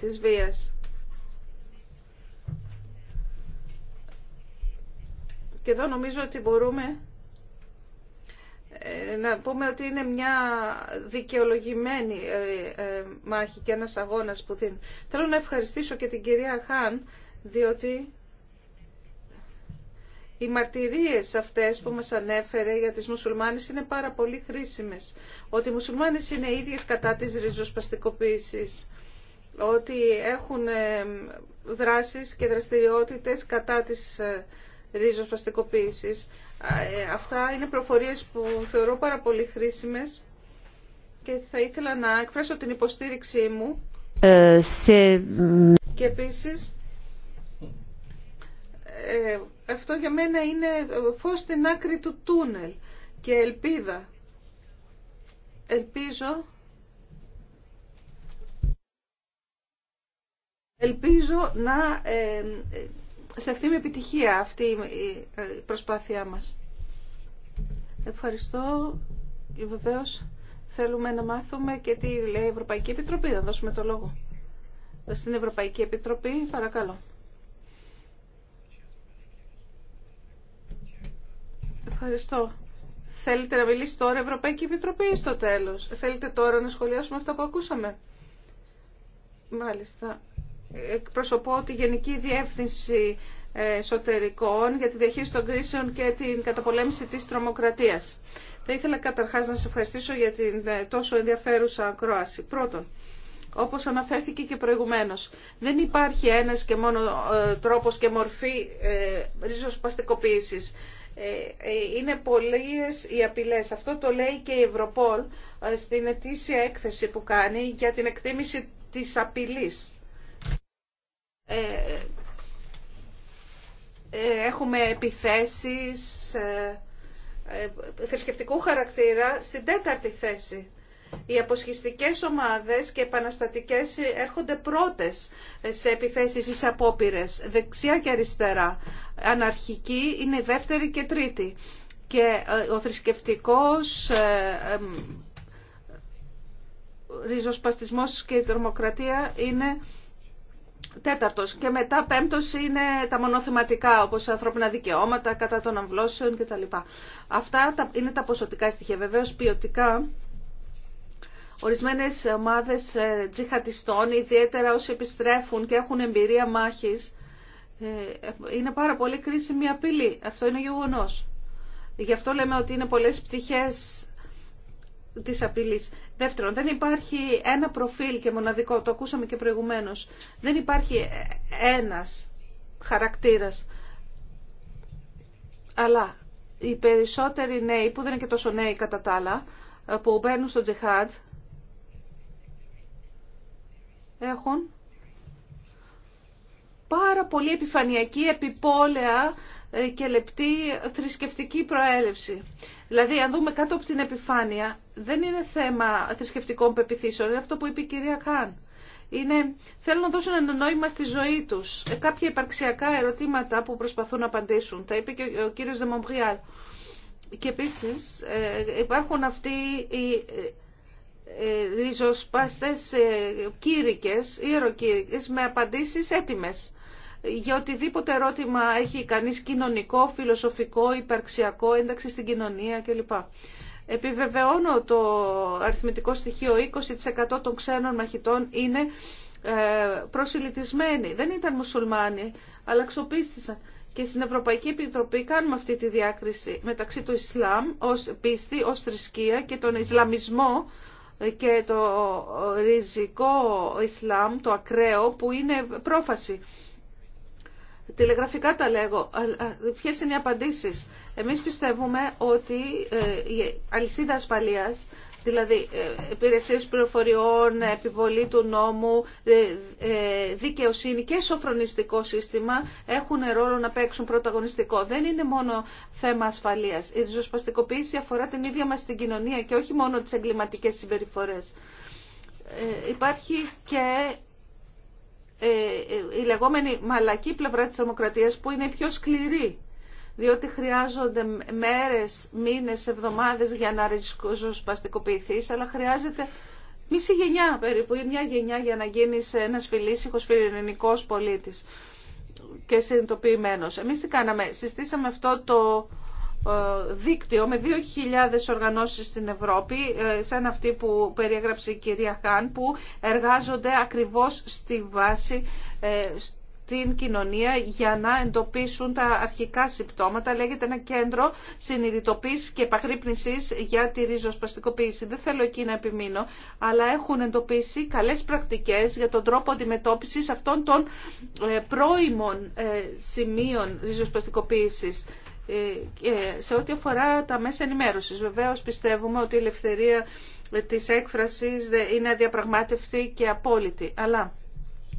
της βίας. Και εδώ νομίζω ότι μπορούμε ε, να πούμε ότι είναι μια δικαιολογημένη ε, ε, μάχη και ένας αγώνας που δίνει. Θέλω να ευχαριστήσω και την κυρία Χάν, διότι οι μαρτυρίες αυτές που μας ανέφερε για τις μουσουλμάνες είναι πάρα πολύ χρήσιμες. Ότι οι μουσουλμάνες είναι ίδιες κατά της ριζοσπαστικοποίησης. Ότι έχουν δράσεις και δραστηριότητες κατά της ριζοσπαστικοποίησης. Ε, αυτά είναι προφορίες που θεωρώ πάρα πολύ χρήσιμες και θα ήθελα να εκφράσω την υποστήριξή μου. Ε, σε... Και επίσης, ε, αυτό για μένα είναι φως στην άκρη του τούνελ και ελπίδα. Ελπίζω Ελπίζω να ε, σε αυτή με επιτυχία αυτή η προσπάθειά μας. Ευχαριστώ. Βεβαίω θέλουμε να μάθουμε και τι λέει η Ευρωπαϊκή Επιτροπή. Να δώσουμε το λόγο. Στην Ευρωπαϊκή Επιτροπή, παρακαλώ. Ευχαριστώ. Θέλετε να μιλήσει τώρα η Ευρωπαϊκή Επιτροπή ή στο τέλος. Θέλετε τώρα να σχολιάσουμε αυτά που ακούσαμε. Μάλιστα εκπροσωπώ τη Γενική Διεύθυνση ε, Εσωτερικών για τη διαχείριση των κρίσεων και την καταπολέμηση της τρομοκρατίας. Θα ήθελα καταρχάς να σας ευχαριστήσω για την ε, τόσο ενδιαφέρουσα ακρόαση. Πρώτον, όπως αναφέρθηκε και προηγουμένως, δεν υπάρχει ένας και μόνο ε, τρόπος και μορφή ριζοσπαστικοποίησης. Είναι πολλές οι απειλές. Αυτό το λέει και η Ευρωπόλ στην ετήσια έκθεση που κάνει για την εκτίμηση της απειλής ε, ε, έχουμε επιθέσεις ε, θρησκευτικού χαρακτήρα στην τέταρτη θέση. Οι αποσχιστικές ομάδες και επαναστατικές έρχονται πρώτες σε επιθέσεις ή απόπειρες, δεξιά και αριστερά. Αναρχική είναι η δεύτερη και αριστερα αναρχικη ειναι δευτερη και τριτη Και ο θρησκευτικός ριζοσπαστισμός και η τρομοκρατία είναι Τέταρτος και μετά πέμπτος είναι τα μονοθεματικά όπως ανθρώπινα δικαιώματα, κατά των αμβλώσεων κτλ. Αυτά είναι τα ποσοτικά στοιχεία. Βεβαίως ποιοτικά ορισμένες ομάδες ε, τζιχατιστών, ιδιαίτερα όσοι επιστρέφουν και έχουν εμπειρία μάχης, ε, είναι πάρα πολύ κρίσιμη απειλή. Αυτό είναι γεγονός. Γι' αυτό λέμε ότι είναι πολλές πτυχές Δεύτερον, δεν υπάρχει ένα προφίλ και μοναδικό, το ακούσαμε και προηγουμένως. Δεν υπάρχει ένας χαρακτήρας. Αλλά οι περισσότεροι νέοι, που δεν είναι και τόσο νέοι κατά τα άλλα, που μπαίνουν στο τζιχάντ, έχουν πάρα πολύ επιφανειακή, επιπόλαια ε, και λεπτή θρησκευτική προέλευση. Δηλαδή, αν δούμε κάτω από την επιφάνεια, δεν είναι θέμα θρησκευτικών πεπιθήσεων, είναι αυτό που είπε η κυρία Καν. Είναι, θέλουν να δώσουν ένα νόημα στη ζωή τους. Ε, κάποια υπαρξιακά ερωτήματα που προσπαθούν να απαντήσουν. Τα είπε και ο κύριος Δεμομπριάλ. Και επίσης ε, υπάρχουν αυτοί οι ριζοσπαστές κήρυκες, ιεροκήρυκες, με απαντήσεις έτοιμες για οτιδήποτε ερώτημα έχει κανείς κοινωνικό, φιλοσοφικό, υπαρξιακό, ένταξη στην κοινωνία κλπ. Επιβεβαιώνω το αριθμητικό στοιχείο 20% των ξένων μαχητών είναι ε, προσιλητισμένοι. Δεν ήταν μουσουλμάνοι, αλλά ξοπίστησαν. Και στην Ευρωπαϊκή Επιτροπή κάνουμε αυτή τη διάκριση μεταξύ του Ισλάμ ως πίστη, ως θρησκεία και τον Ισλαμισμό και το ριζικό Ισλάμ, το ακραίο, που είναι πρόφαση. Τηλεγραφικά τα λέγω. Ποιε είναι οι απαντήσεις. Εμείς πιστεύουμε ότι ε, η αλυσίδα ασφαλείας, δηλαδή ε, υπηρεσίε πληροφοριών, επιβολή του νόμου, ε, δικαιοσύνη και σοφρονιστικό σύστημα έχουν ρόλο να παίξουν πρωταγωνιστικό. Δεν είναι μόνο θέμα ασφαλείας. Η ριζοσπαστικοποίηση αφορά την ίδια μας την κοινωνία και όχι μόνο τις εγκληματικέ συμπεριφορές. Υπάρχει και ε, ε, η λεγόμενη μαλακή πλευρά της δημοκρατίας που είναι η πιο σκληρή διότι χρειάζονται μέρες, μήνες, εβδομάδες για να ριζοσπαστικοποιηθείς, αλλά χρειάζεται μισή γενιά περίπου ή μια γενιά για να γίνεις ένας φιλήσυχος φιλελληνικός πολίτης και συνειδητοποιημένος. Εμείς τι κάναμε, συστήσαμε αυτό το ε, δίκτυο με 2.000 οργανώσεις στην Ευρώπη, ε, σαν αυτή που περιέγραψε η κυρία Χάν, που εργάζονται ακριβώς στη βάση ε, στην κοινωνία για να εντοπίσουν τα αρχικά συμπτώματα. Λέγεται ένα κέντρο συνειδητοποίηση και επαγρύπνηση για τη ριζοσπαστικοποίηση. Δεν θέλω εκεί να επιμείνω, αλλά έχουν εντοπίσει καλές πρακτικές για τον τρόπο αντιμετώπισης αυτών των πρώιμων σημείων ριζοσπαστικοποίηση. Ε, σε ό,τι αφορά τα μέσα ενημέρωσης. Βεβαίως πιστεύουμε ότι η ελευθερία της έκφρασης είναι αδιαπραγμάτευτη και απόλυτη. Αλλά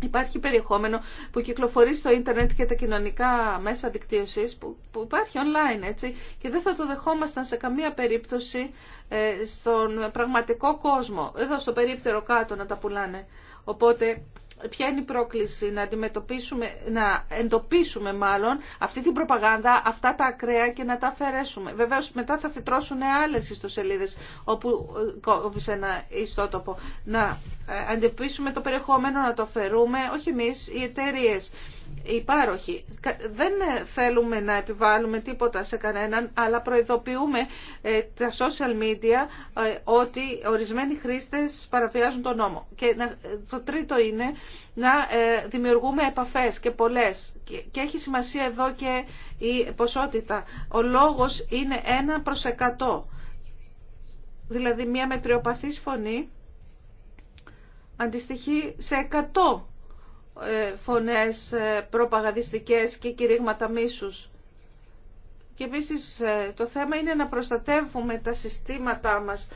Υπάρχει περιεχόμενο που κυκλοφορεί στο ίντερνετ και τα κοινωνικά μέσα δικτύωσης που, υπάρχει online έτσι και δεν θα το δεχόμασταν σε καμία περίπτωση ε, στον πραγματικό κόσμο, εδώ στο περίπτερο κάτω να τα πουλάνε. Οπότε Ποια είναι η πρόκληση να αντιμετωπίσουμε, να εντοπίσουμε μάλλον αυτή την προπαγάνδα, αυτά τα ακραία και να τα αφαιρέσουμε. Βεβαίω μετά θα φυτρώσουν άλλε ιστοσελίδε όπου ε, κόβει ένα ιστότοπο. Να αντιμετωπίσουμε ε, το περιεχόμενο, να το αφαιρούμε, όχι εμεί, οι εταιρείε οι Δεν ε, θέλουμε να επιβάλλουμε τίποτα σε κανέναν, αλλά προειδοποιούμε ε, τα social media ε, ότι ορισμένοι χρήστες παραβιάζουν τον νόμο. Και το τρίτο είναι να δημιουργούμε επαφές και πολλές. Και έχει σημασία εδώ και η ποσότητα. Ο λόγος είναι ένα προς εκατό. Δηλαδή μια μετριοπαθής φωνή αντιστοιχεί σε 100 ε, φωνές ε, προπαγανδιστικές και κηρύγματα μίσους. Και επίσης ε, το θέμα είναι να προστατεύουμε τα συστήματά μας.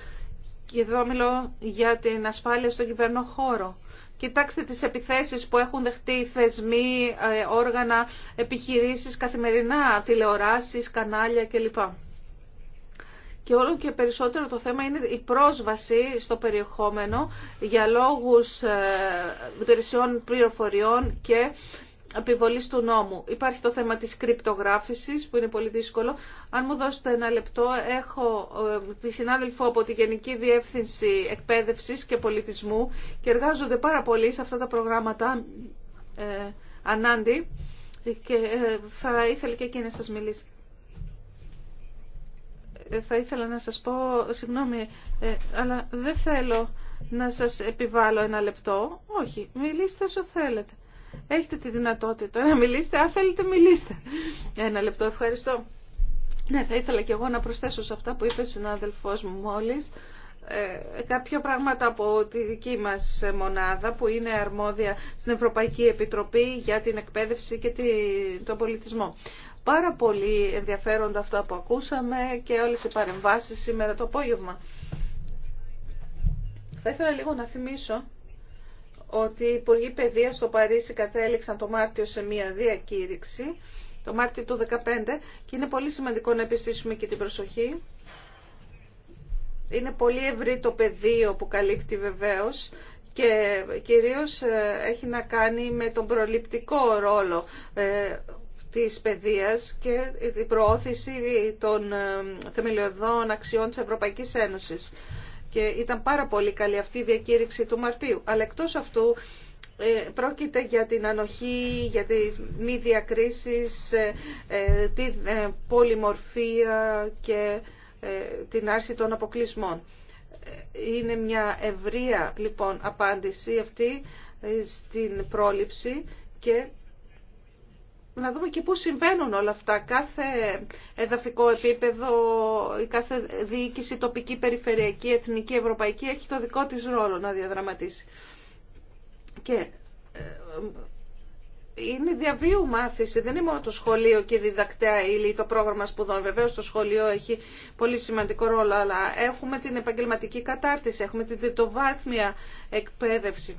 Και εδώ μιλώ για την ασφάλεια στον κυβερνό χώρο. Κοιτάξτε τις επιθέσεις που έχουν δεχτεί θεσμοί, όργανα, επιχειρήσεις καθημερινά, τηλεοράσεις, κανάλια κλπ και όλο και περισσότερο το θέμα είναι η πρόσβαση στο περιεχόμενο για λόγους ε, υπηρεσιών πληροφοριών και επιβολής του νόμου. Υπάρχει το θέμα της κρυπτογράφησης που είναι πολύ δύσκολο. Αν μου δώσετε ένα λεπτό, έχω ε, τη συνάδελφο από τη Γενική Διεύθυνση Εκπαίδευσης και Πολιτισμού και εργάζονται πάρα πολύ σε αυτά τα προγράμματα ε, ανάντι και θα ήθελε και εκείνη να σας μιλήσει θα ήθελα να σας πω, συγγνώμη, ε, αλλά δεν θέλω να σας επιβάλλω ένα λεπτό. Όχι, μιλήστε όσο θέλετε. Έχετε τη δυνατότητα να μιλήσετε, αν θέλετε μιλήστε. Ένα λεπτό, ευχαριστώ. Ναι, θα ήθελα και εγώ να προσθέσω σε αυτά που είπε ο αδελφός μου μόλις ε, κάποια πράγματα από τη δική μας μονάδα που είναι αρμόδια στην Ευρωπαϊκή Επιτροπή για την εκπαίδευση και τον πολιτισμό. Πάρα πολύ ενδιαφέροντα αυτά που ακούσαμε και όλες οι παρεμβάσεις σήμερα το απόγευμα. Θα ήθελα λίγο να θυμίσω ότι οι Υπουργοί Παιδείας στο Παρίσι κατέληξαν το Μάρτιο σε μία διακήρυξη, το Μάρτιο του 2015, και είναι πολύ σημαντικό να επιστήσουμε και την προσοχή. Είναι πολύ ευρύ το πεδίο που καλύπτει βεβαίως και κυρίως ε, έχει να κάνει με τον προληπτικό ρόλο ε, της παιδείας και η προώθηση των ε, θεμελιωδών αξιών της Ευρωπαϊκής Ένωσης. Και ήταν πάρα πολύ καλή αυτή η διακήρυξη του Μαρτίου. Αλλά εκτός αυτού ε, πρόκειται για την ανοχή, για τη μη διακρίσεις, ε, την πολυμορφία και την άρση των αποκλεισμών. Είναι μια ευρεία λοιπόν απάντηση αυτή στην πρόληψη και να δούμε και πού συμβαίνουν όλα αυτά. Κάθε εδαφικό επίπεδο, η κάθε διοίκηση, τοπική, περιφερειακή, εθνική, ευρωπαϊκή έχει το δικό της ρόλο να διαδραματίσει. Και ε, είναι διαβίου μάθηση, δεν είναι μόνο το σχολείο και η διδακτέα ή το πρόγραμμα σπουδών. Βεβαίω το σχολείο έχει πολύ σημαντικό ρόλο, αλλά έχουμε την επαγγελματική κατάρτιση, έχουμε την διτοβάθμια εκπαίδευση.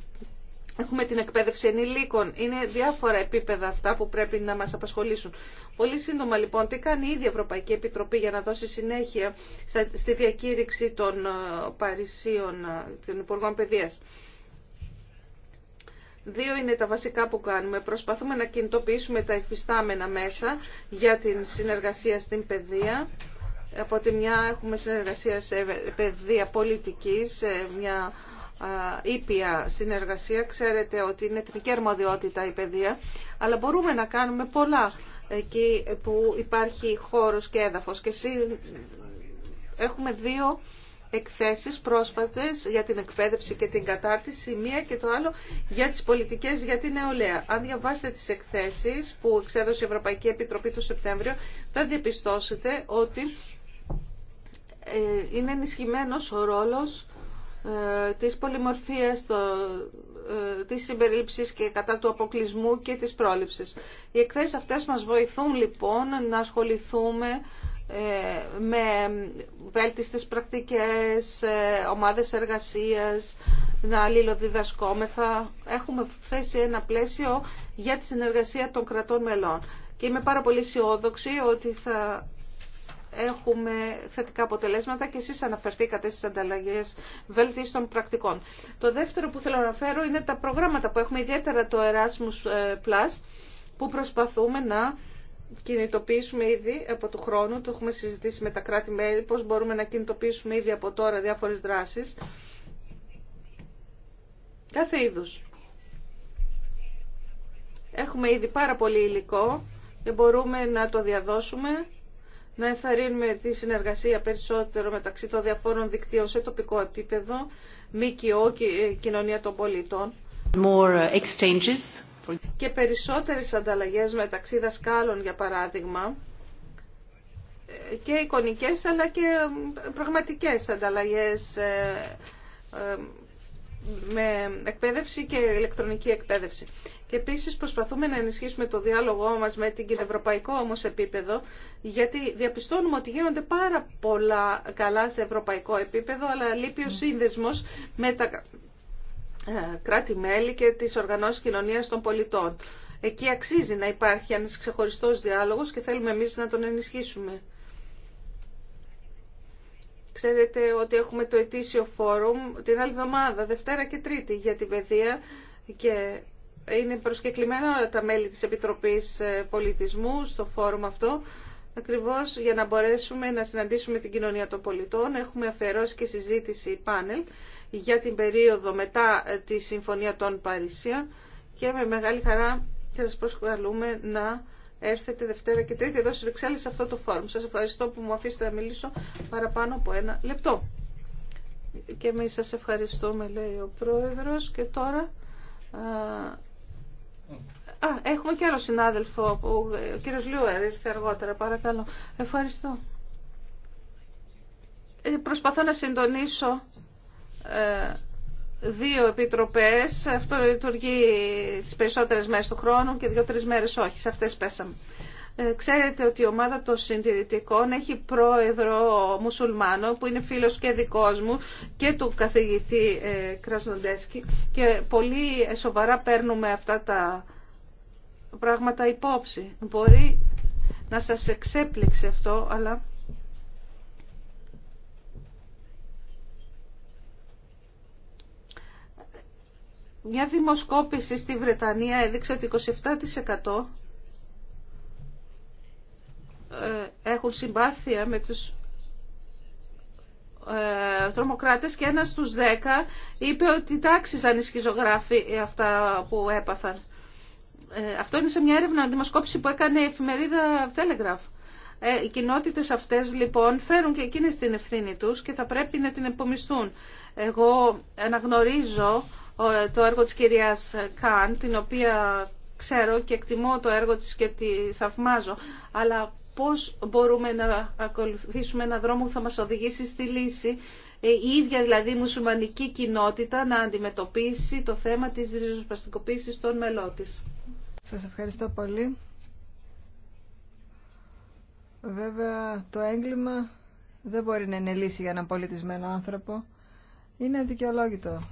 Έχουμε την εκπαίδευση ενηλίκων. Είναι διάφορα επίπεδα αυτά που πρέπει να μας απασχολήσουν. Πολύ σύντομα λοιπόν, τι κάνει η ίδια Ευρωπαϊκή Επιτροπή για να δώσει συνέχεια στη διακήρυξη των ε, Παρισίων, ε, των Υπουργών Παιδείας. Δύο είναι τα βασικά που κάνουμε. Προσπαθούμε να κινητοποιήσουμε τα εφιστάμενα μέσα για την συνεργασία στην παιδεία. Από τη μια έχουμε συνεργασία σε παιδεία πολιτικής, μια ήπια συνεργασία. Ξέρετε ότι είναι εθνική αρμοδιότητα η παιδεία, αλλά μπορούμε να κάνουμε πολλά εκεί που υπάρχει χώρος και έδαφος. Και εσύ έχουμε δύο εκθέσεις πρόσφατες για την εκπαίδευση και την κατάρτιση, μία και το άλλο για τις πολιτικές για την νεολαία. Αν διαβάσετε τις εκθέσεις που εξέδωσε η Ευρωπαϊκή Επιτροπή το Σεπτέμβριο, θα διαπιστώσετε ότι ε, είναι ενισχυμένος ο ρόλος ε, της πολυμορφίας, το, ε, της συμπερίληψης και κατά του αποκλεισμού και της πρόληψης. Οι εκθέσεις αυτές μας βοηθούν λοιπόν να ασχοληθούμε ε, με βέλτιστες πρακτικές, ομάδες εργασίας, να αλληλοδιδασκόμεθα. Έχουμε θέσει ένα πλαίσιο για τη συνεργασία των κρατών μελών. Και είμαι πάρα πολύ αισιόδοξη ότι θα έχουμε θετικά αποτελέσματα και εσείς αναφερθήκατε στις ανταλλαγές των πρακτικών. Το δεύτερο που θέλω να αναφέρω είναι τα προγράμματα που έχουμε, ιδιαίτερα το Erasmus ε, Plus, που προσπαθούμε να κινητοποιήσουμε ήδη από του χρόνου, το έχουμε συζητήσει με τα κράτη-μέλη, πώς μπορούμε να κινητοποιήσουμε ήδη από τώρα διάφορες δράσεις. Κάθε είδους. Έχουμε ήδη πάρα πολύ υλικό και μπορούμε να το διαδώσουμε να ενθαρρύνουμε τη συνεργασία περισσότερο μεταξύ των διαφόρων δικτύων σε τοπικό επίπεδο, ΜΚΟ και ε, κοινωνία των πολιτών. Ε, και περισσότερες ανταλλαγές μεταξύ δασκάλων, για παράδειγμα, ε, και εικονικές αλλά και πραγματικές ανταλλαγές με εκπαίδευση και ηλεκτρονική εκπαίδευση. Και επίσης προσπαθούμε να ενισχύσουμε το διάλογό μας με την ευρωπαϊκό όμω επίπεδο, γιατί διαπιστώνουμε ότι γίνονται πάρα πολλά καλά σε ευρωπαϊκό επίπεδο, αλλά λείπει ο σύνδεσμος με τα ε, κράτη-μέλη και τις οργανώσεις κοινωνίας των πολιτών. Εκεί αξίζει να υπάρχει ένα ξεχωριστό διάλογο και θέλουμε εμεί να τον ενισχύσουμε. Ξέρετε ότι έχουμε το ετήσιο φόρουμ την άλλη εβδομάδα, Δευτέρα και Τρίτη για την παιδεία και είναι προσκεκλημένα όλα τα μέλη της Επιτροπής ε, Πολιτισμού στο φόρουμ αυτό. Ακριβώς για να μπορέσουμε να συναντήσουμε την κοινωνία των πολιτών έχουμε αφιερώσει και συζήτηση πάνελ για την περίοδο μετά ε, τη Συμφωνία των Παρισίων και με μεγάλη χαρά θα σας προσκαλούμε να έρθετε Δευτέρα και Τρίτη εδώ στις Βρυξέλλες σε αυτό το φόρουμ. Σας ευχαριστώ που μου αφήσετε να μιλήσω παραπάνω από ένα λεπτό. Και εμείς σας ευχαριστούμε, λέει ο Πρόεδρος. Και τώρα... Α, έχουμε και άλλο συνάδελφο, ο κύριος Λιούερ ήρθε αργότερα, παρακαλώ. Ευχαριστώ. Ε, προσπαθώ να συντονίσω ε, δύο επιτροπές, αυτό λειτουργεί τις περισσότερες μέρες του χρόνου και δύο-τρεις μέρες όχι, σε αυτές πέσαμε. Ε, ξέρετε ότι η ομάδα των συντηρητικών έχει πρόεδρο μουσουλμάνο που είναι φίλος και δικός μου και του καθηγητή ε, Κρασνοντέσκη και πολύ σοβαρά παίρνουμε αυτά τα πράγματα υπόψη. Μπορεί να σας εξέπληξε αυτό αλλά Μια δημοσκόπηση στη Βρετανία έδειξε ότι 27% ε, έχουν συμπάθεια με τους ε, τρομοκράτες και ένας στους 10 είπε ότι τάξιζαν οι σχιζογράφοι αυτά που έπαθαν. Ε, αυτό είναι σε μια έρευνα δημοσκόπηση που έκανε η εφημερίδα Telegraph. Οι κοινότητες αυτές λοιπόν φέρουν και εκείνες την ευθύνη τους και θα πρέπει να την επομισθούν. Εγώ αναγνωρίζω το έργο της κυρίας Καν, την οποία ξέρω και εκτιμώ το έργο της και τη θαυμάζω, αλλά πώς μπορούμε να ακολουθήσουμε ένα δρόμο που θα μας οδηγήσει στη λύση, ε, η ίδια δηλαδή η μουσουλμανική κοινότητα να αντιμετωπίσει το θέμα της ριζοσπαστικοποίησης των μελών της. Σας ευχαριστώ πολύ. Βέβαια το έγκλημα δεν μπορεί να είναι λύση για έναν πολιτισμένο άνθρωπο. Είναι δικαιολόγητο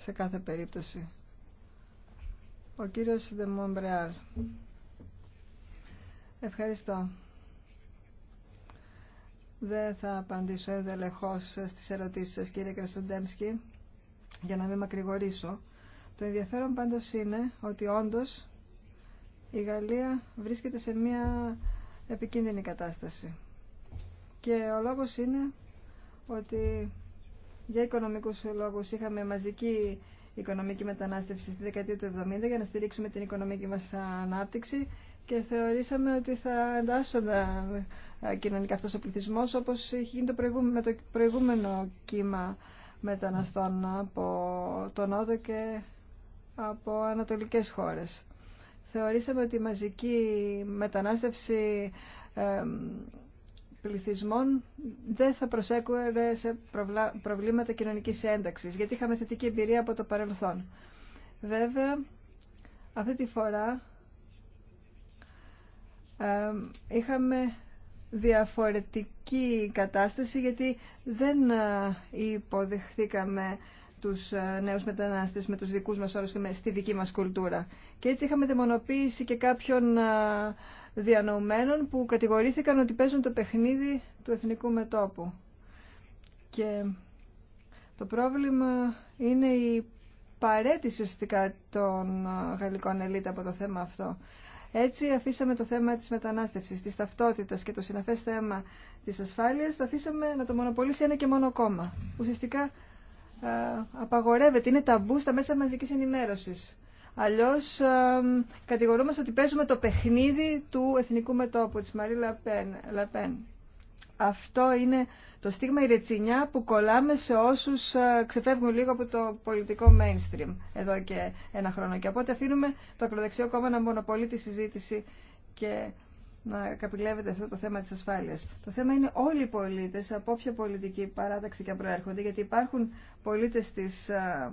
σε κάθε περίπτωση. Ο κύριος Δεμομπρεάλ. Ευχαριστώ. Δεν θα απαντήσω ενδελεχώς στις ερωτήσεις σας κύριε Κρασοντέμσκι για να μην μακρηγορήσω. Το ενδιαφέρον πάντως είναι ότι όντως η Γαλλία βρίσκεται σε μια επικίνδυνη κατάσταση. Και ο λόγος είναι ότι για οικονομικούς λόγους είχαμε μαζική οικονομική μετανάστευση στη δεκαετία του 70 για να στηρίξουμε την οικονομική μας ανάπτυξη και θεωρήσαμε ότι θα εντάσσονταν ε, κοινωνικά αυτό ο πληθυσμό όπως είχε γίνει το με το προηγούμενο κύμα μεταναστών από τον Νότο και από ανατολικές χώρες. Θεωρήσαμε ότι η μαζική μετανάστευση ε, πληθυσμών δεν θα προσέκουε σε προβλήματα κοινωνικής ένταξης, γιατί είχαμε θετική εμπειρία από το παρελθόν. Βέβαια, αυτή τη φορά είχαμε διαφορετική κατάσταση, γιατί δεν ε, υποδεχθήκαμε τους ε, νέους μετανάστες με τους δικούς μας όρους και στη δική μας κουλτούρα. Και έτσι είχαμε δαιμονοποίηση και κάποιων ε, διανοουμένων που κατηγορήθηκαν ότι παίζουν το παιχνίδι του εθνικού μετόπου. Και το πρόβλημα είναι η παρέτηση ουσιαστικά των ε, γαλλικών ελίτ από το θέμα αυτό. Έτσι αφήσαμε το θέμα της μετανάστευσης, της ταυτότητας και το συναφές θέμα της ασφάλειας, το αφήσαμε να το μονοπολίσει ένα και μόνο κόμμα. Ουσιαστικά ε, απαγορεύεται, είναι ταμπού στα μέσα μαζικής ενημέρωσης. Αλλιώς κατηγορούμαστε ότι παίζουμε το παιχνίδι του εθνικού μετώπου της Μαρή Λαπέν. Αυτό είναι το στίγμα η ρετσινιά που κολλάμε σε όσους ε, ξεφεύγουν λίγο από το πολιτικό mainstream εδώ και ένα χρόνο. Και οπότε αφήνουμε το ακροδεξιό κόμμα να μονοπολεί τη συζήτηση και να καπηλεύεται αυτό το θέμα της ασφάλειας. Το θέμα είναι όλοι οι πολίτες, από όποια πολιτική παράταξη και προέρχονται, γιατί υπάρχουν πολίτες της ε,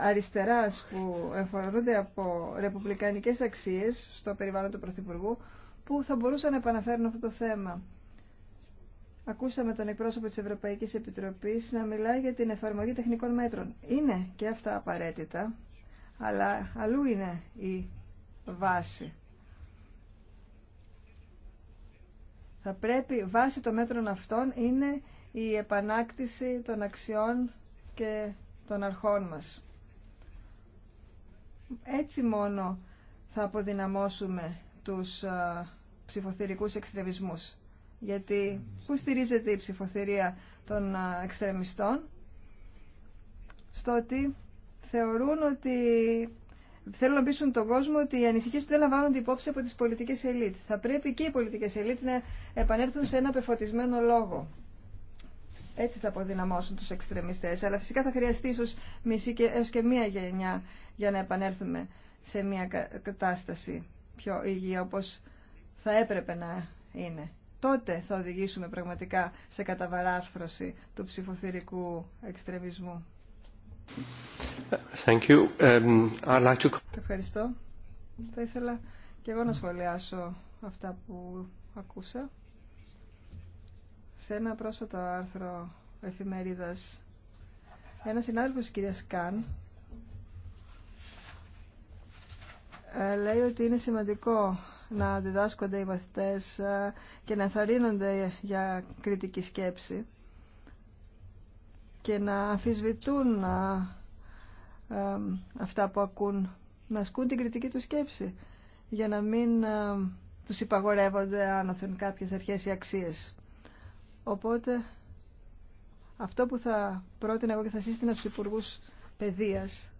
αριστεράς που εφορούνται από ρεπουμπλικανικές αξίες στο περιβάλλον του Πρωθυπουργού που θα μπορούσαν να επαναφέρουν αυτό το θέμα. Ακούσαμε τον εκπρόσωπο της Ευρωπαϊκής Επιτροπής να μιλάει για την εφαρμογή τεχνικών μέτρων. Είναι και αυτά απαραίτητα, αλλά αλλού είναι η βάση. Θα πρέπει, βάση των μέτρων αυτών είναι η επανάκτηση των αξιών και των αρχών μας. Έτσι μόνο θα αποδυναμώσουμε τους ε, ψηφοθερικούς εξτρεμισμούς. Γιατί πού στηρίζεται η ψηφοθερία των ε, εξτρεμιστών στο ότι θεωρούν ότι θέλουν να πείσουν τον κόσμο ότι οι ανησυχίες του δεν λαμβάνονται υπόψη από τις πολιτικές ελίτ. Θα πρέπει και οι πολιτικές ελίτ να επανέλθουν σε ένα πεφωτισμένο λόγο. Έτσι θα αποδυναμώσουν τους εξτρεμιστές. Αλλά φυσικά θα χρειαστεί ίσως μισή και έως και μία γενιά για να επανέλθουμε σε μία κατάσταση πιο υγιή όπως θα έπρεπε να είναι. Τότε θα οδηγήσουμε πραγματικά σε καταβαράρθρωση του ψηφοθυρικού εξτρεμισμού. Thank you. Um, like to... Ευχαριστώ. Θα ήθελα και εγώ να σχολιάσω αυτά που ακούσα. Σε ένα πρόσφατο άρθρο εφημερίδας, ένα συνάδελφος τη κυρίας Καν ε, λέει ότι είναι σημαντικό να διδάσκονται οι μαθητές ε, και να θαρρύνονται για κριτική σκέψη και να αμφισβητούν ε, αυτά που ακούν, να ασκούν την κριτική του σκέψη για να μην τους υπαγορεύονται άνωθεν κάποιες αρχές ή αξίες. Οπότε αυτό που θα πρότεινα εγώ και θα σύστηνα στους υπουργού παιδείας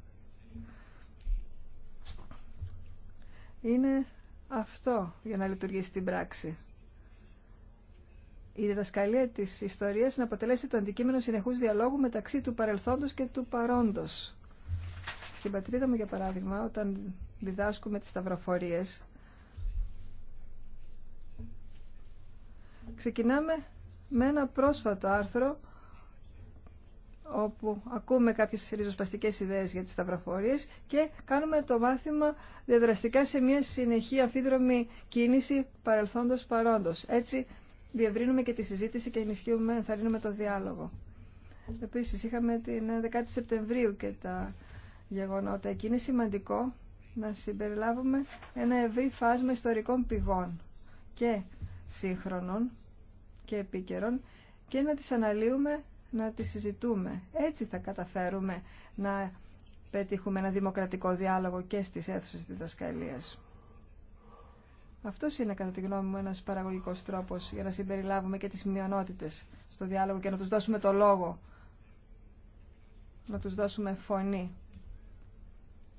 είναι αυτό για να λειτουργήσει την πράξη. Η διδασκαλία της ιστορίας να αποτελέσει το αντικείμενο συνεχούς διαλόγου μεταξύ του παρελθόντος και του παρόντος. Στην πατρίδα μου, για παράδειγμα, όταν διδάσκουμε τις σταυροφορίες, ξεκινάμε με ένα πρόσφατο άρθρο όπου ακούμε κάποιες ριζοσπαστικές ιδέες για τις σταυροφορίες και κάνουμε το μάθημα διαδραστικά σε μια συνεχή αμφίδρομη κίνηση παρελθόντος παρόντος. Έτσι διευρύνουμε και τη συζήτηση και ενισχύουμε, ενθαρρύνουμε το διάλογο. Επίσης είχαμε την 10η Σεπτεμβρίου και τα γεγονότα. Εκεί είναι σημαντικό να συμπεριλάβουμε ένα ευρύ φάσμα ιστορικών πηγών και σύγχρονων και επίκαιρων και να τις αναλύουμε, να τις συζητούμε. Έτσι θα καταφέρουμε να πετύχουμε ένα δημοκρατικό διάλογο και στις αίθουσες διδασκαλίας. Αυτό είναι, κατά τη γνώμη μου, ένας παραγωγικός τρόπος για να συμπεριλάβουμε και τις μειονότητες στο διάλογο και να τους δώσουμε το λόγο, να τους δώσουμε φωνή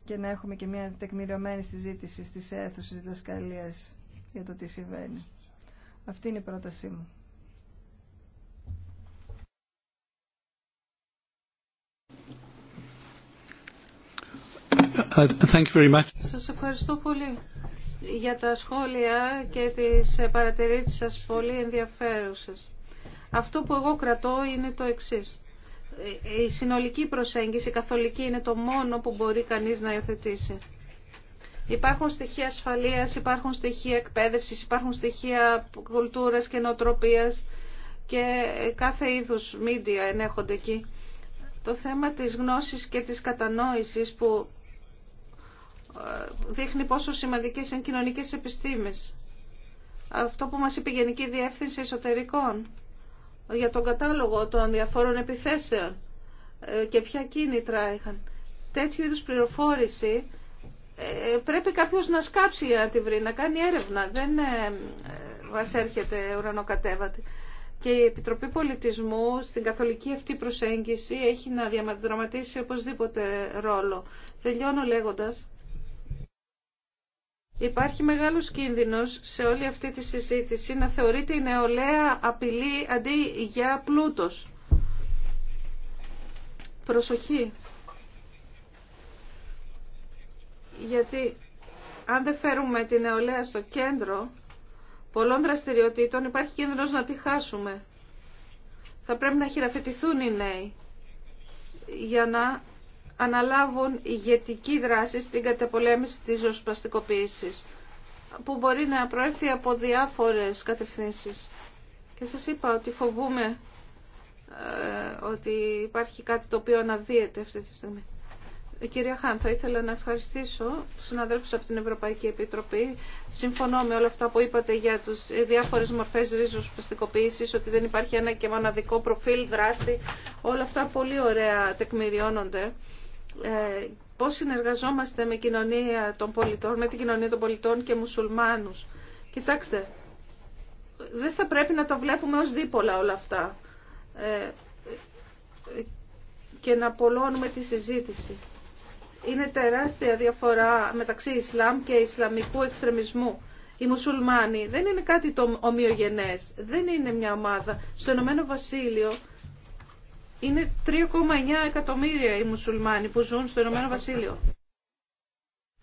και να έχουμε και μια τεκμηριωμένη συζήτηση στις αίθουσες διδασκαλίας για το τι συμβαίνει. Αυτή είναι η πρότασή μου. Uh, thank Σας ευχαριστώ πολύ για τα σχόλια και τις παρατηρήσεις σας πολύ ενδιαφέρουσες. Αυτό που εγώ κρατώ είναι το εξής. Η συνολική προσέγγιση, η καθολική, είναι το μόνο που μπορεί κανείς να υιοθετήσει. Υπάρχουν στοιχεία ασφαλείας, υπάρχουν στοιχεία εκπαίδευσης, υπάρχουν στοιχεία κουλτούρας και νοοτροπίας και κάθε είδους μίντια ενέχονται εκεί. Το θέμα της γνώσης και της κατανόησης που δείχνει πόσο σημαντικές είναι κοινωνικές επιστήμες. Αυτό που μας είπε η Γενική Διεύθυνση Εσωτερικών για τον κατάλογο των διαφόρων επιθέσεων ε, και ποια κίνητρα είχαν. Τέτοιου είδους πληροφόρηση ε, πρέπει κάποιος να σκάψει για να τη βρει, να κάνει έρευνα. Δεν ε, μα έρχεται ουρανοκατέβατη. Και η Επιτροπή Πολιτισμού στην καθολική αυτή προσέγγιση έχει να διαδραματίσει οπωσδήποτε ρόλο. Τελειώνω λέγοντας Υπάρχει μεγάλος κίνδυνος σε όλη αυτή τη συζήτηση να θεωρείται η νεολαία απειλή αντί για πλούτος. Προσοχή. Γιατί αν δεν φέρουμε τη νεολαία στο κέντρο πολλών δραστηριοτήτων υπάρχει κίνδυνος να τη χάσουμε. Θα πρέπει να χειραφετηθούν οι νέοι για να αναλάβουν ηγετική δράση στην καταπολέμηση της ζωσπαστικοποίησης που μπορεί να προέρχεται από διάφορες κατευθύνσεις. Και σας είπα ότι φοβούμε ε, ότι υπάρχει κάτι το οποίο αναδύεται αυτή τη στιγμή. Ε, κυρία Χάν, θα ήθελα να ευχαριστήσω του συναδέλφου από την Ευρωπαϊκή Επιτροπή. Συμφωνώ με όλα αυτά που είπατε για τι διάφορε μορφέ ρίζοσπαστικοποίηση, ότι δεν υπάρχει ένα και μοναδικό προφίλ δράση. Όλα αυτά πολύ ωραία τεκμηριώνονται ε, πώς συνεργαζόμαστε με, κοινωνία των πολιτών, με την κοινωνία των πολιτών και μουσουλμάνους. Κοιτάξτε, δεν θα πρέπει να τα βλέπουμε ως δίπολα όλα αυτά ε, και να πολλώνουμε τη συζήτηση. Είναι τεράστια διαφορά μεταξύ Ισλάμ και Ισλαμικού εξτρεμισμού. Οι μουσουλμάνοι δεν είναι κάτι το ομοιογενές, δεν είναι μια ομάδα. Στο Ηνωμένο Βασίλειο είναι 3,9 εκατομμύρια οι μουσουλμάνοι που ζουν στο Ηνωμένο Βασίλειο.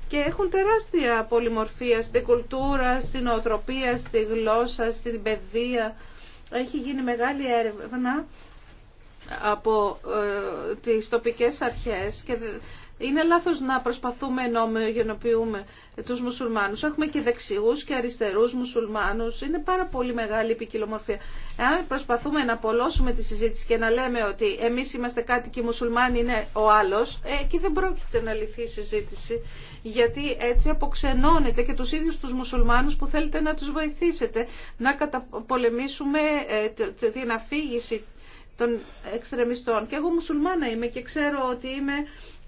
Και έχουν τεράστια πολυμορφία στην κουλτούρα, στην οτροπία, στη γλώσσα, στην παιδεία. Έχει γίνει μεγάλη έρευνα από ε, τις τοπικές αρχές και είναι λάθος να προσπαθούμε να ομοιογενοποιούμε τους μουσουλμάνους. Έχουμε και δεξιούς και αριστερούς μουσουλμάνους. Είναι πάρα πολύ μεγάλη η ποικιλομορφία. Αν προσπαθούμε να απολώσουμε τη συζήτηση και να λέμε ότι εμείς είμαστε κάτι και οι μουσουλμάνοι είναι ο άλλος, ε, εκεί δεν πρόκειται να λυθεί η συζήτηση. Γιατί έτσι αποξενώνετε και τους ίδιους τους μουσουλμάνους που θέλετε να τους βοηθήσετε να καταπολεμήσουμε ε, την αφήγηση των εξτρεμιστών. Και εγώ μουσουλμάνα είμαι και ξέρω ότι είμαι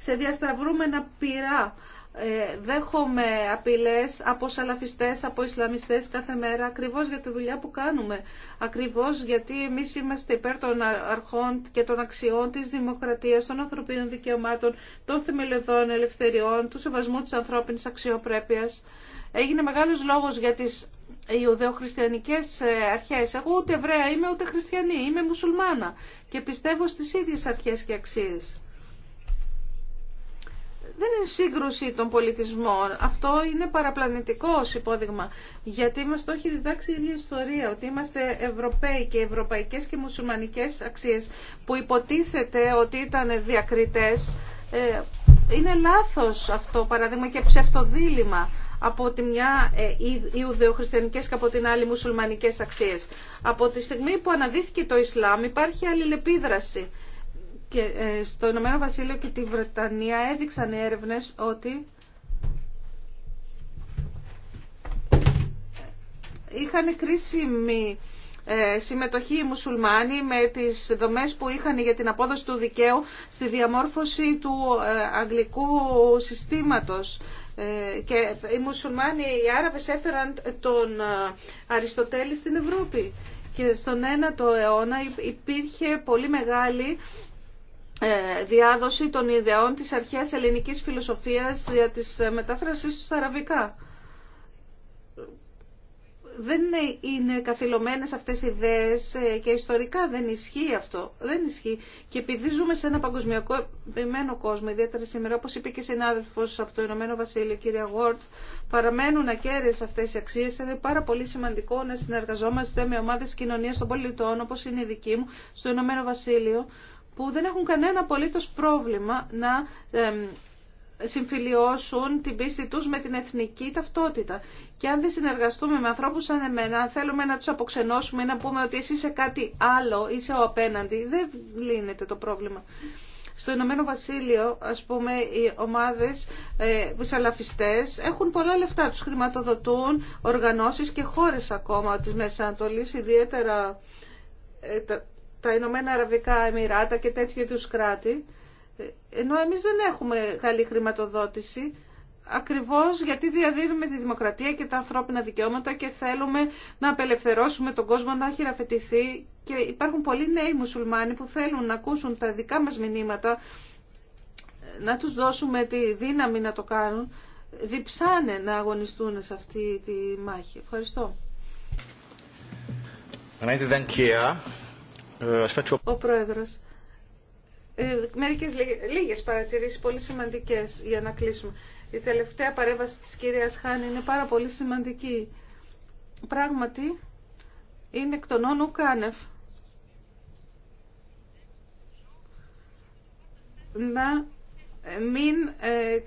σε διασταυρούμενα πυρά. Ε, δέχομαι απειλές από σαλαφιστές, από Ισλαμιστές κάθε μέρα, ακριβώς για τη δουλειά που κάνουμε. Ακριβώς γιατί εμείς είμαστε υπέρ των αρχών και των αξιών της δημοκρατίας, των ανθρωπίνων δικαιωμάτων, των θεμελιωδών ελευθεριών, του σεβασμού της ανθρώπινης αξιοπρέπειας. Έγινε μεγάλος λόγος για τις ιουδεοχριστιανικές ε, αρχές. Εγώ ούτε Εβραία είμαι, ούτε χριστιανή, είμαι μουσουλμάνα και πιστεύω στις ίδιες αρχές και αξίες δεν είναι σύγκρουση των πολιτισμών. Αυτό είναι παραπλανητικό ως υπόδειγμα. Γιατί μας το έχει διδάξει η ίδια ιστορία, ότι είμαστε Ευρωπαίοι και ευρωπαϊκές και μουσουλμανικές αξίες που υποτίθεται ότι ήταν διακριτές. Ε, είναι λάθος αυτό παράδειγμα και ψευτοδήλημα από τη μια ε, Ιουδεοχριστιανικές και από την άλλη μουσουλμανικές αξίες. Από τη στιγμή που αναδύθηκε το Ισλάμ υπάρχει αλληλεπίδραση και ε, στο Ηνωμένο Βασίλειο και τη Βρετανία έδειξαν οι έρευνες ότι είχαν κρίσιμη ε, συμμετοχή οι μουσουλμάνοι με τις δομές που είχαν για την απόδοση του δικαίου στη διαμόρφωση του ε, αγγλικού συστήματος. και οι μουσουλμάνοι, οι Άραβες έφεραν τον Αριστοτέλη στην Ευρώπη. Και στον 9ο αιώνα υπήρχε πολύ μεγάλη ε, διάδοση των ιδεών της αρχαίας ελληνικής φιλοσοφίας για τις ε, μετάφρασεις στα αραβικά. Δεν είναι καθυλωμένες αυτές οι ιδέες ε, και ιστορικά δεν ισχύει αυτό. Δεν ισχύει. Και επειδή ζούμε σε ένα παγκοσμιακό κόσμο, ιδιαίτερα σήμερα, όπως είπε και συνάδελφος από το Ηνωμένο Βασίλειο, κυρία Γόρτ, παραμένουν ακέραιες αυτές οι αξίες. Είναι πάρα πολύ σημαντικό να συνεργαζόμαστε με ομάδες κοινωνίας των πολιτών, όπως είναι η δική μου, στο Ηνωμένο Βασίλειο, που δεν έχουν κανένα απολύτως πρόβλημα να συμφιλιώσουν την πίστη τους με την εθνική ταυτότητα. Και αν δεν συνεργαστούμε με ανθρώπους σαν εμένα, αν θέλουμε να τους αποξενώσουμε ή να πούμε ότι εσύ είσαι κάτι άλλο, είσαι ο απέναντι, δεν λύνεται το πρόβλημα. Στο Ηνωμένο Βασίλειο, ας πούμε, οι ομάδες ε, σαλαφιστές έχουν πολλά λεφτά. Τους χρηματοδοτούν οργανώσεις και χώρες ακόμα της Μέσης Ανατολής, ιδιαίτερα ε, τα Ηνωμένα Αραβικά Εμμυράτα και τέτοιου είδου κράτη, ενώ εμείς δεν έχουμε καλή χρηματοδότηση, ακριβώς γιατί διαδίδουμε τη δημοκρατία και τα ανθρώπινα δικαιώματα και θέλουμε να απελευθερώσουμε τον κόσμο να χειραφετηθεί και υπάρχουν πολλοί νέοι μουσουλμάνοι που θέλουν να ακούσουν τα δικά μας μηνύματα, να τους δώσουμε τη δύναμη να το κάνουν, διψάνε να αγωνιστούν σε αυτή τη μάχη. Ευχαριστώ. Ε, Ο Πρόεδρος. Ε, μερικές λίγες παρατηρήσεις πολύ σημαντικές για να κλείσουμε. Η τελευταία παρέμβαση της κυρίας Χάνη είναι πάρα πολύ σημαντική. Πράγματι, είναι εκ των όνων Να ε, μην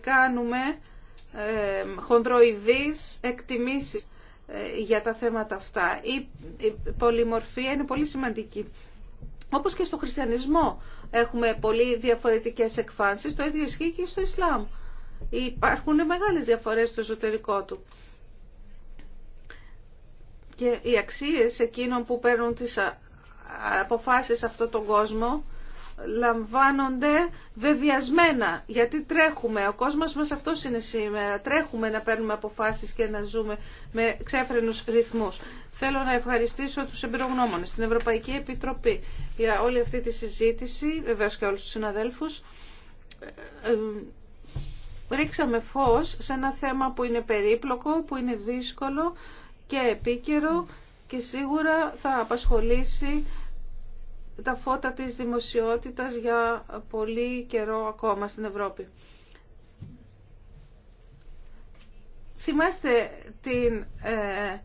κάνουμε ε, χονδροειδείς εκτιμήσεις για τα θέματα αυτά. η πολυμορφία είναι πολύ σημαντική όπως και στο χριστιανισμό έχουμε πολύ διαφορετικές εκφάνσεις, το ίδιο ισχύει και στο Ισλάμ. Υπάρχουν μεγάλες διαφορές στο εσωτερικό του. Και οι αξίες εκείνων που παίρνουν τις αποφάσεις σε αυτόν τον κόσμο λαμβάνονται βεβιασμένα, γιατί τρέχουμε. Ο κόσμος μας αυτό είναι σήμερα. Τρέχουμε να παίρνουμε αποφάσεις και να ζούμε με ξέφρενους ρυθμούς. Θέλω να ευχαριστήσω τους εμπειρογνώμονες, στην Ευρωπαϊκή Επιτροπή για όλη αυτή τη συζήτηση, βεβαίως και όλους τους συναδέλφους. Ε, ε, ρίξαμε φως σε ένα θέμα που είναι περίπλοκο, που είναι δύσκολο και επίκαιρο και σίγουρα θα απασχολήσει τα φώτα της δημοσιότητας για πολύ καιρό ακόμα στην Ευρώπη. Θυμάστε την ε,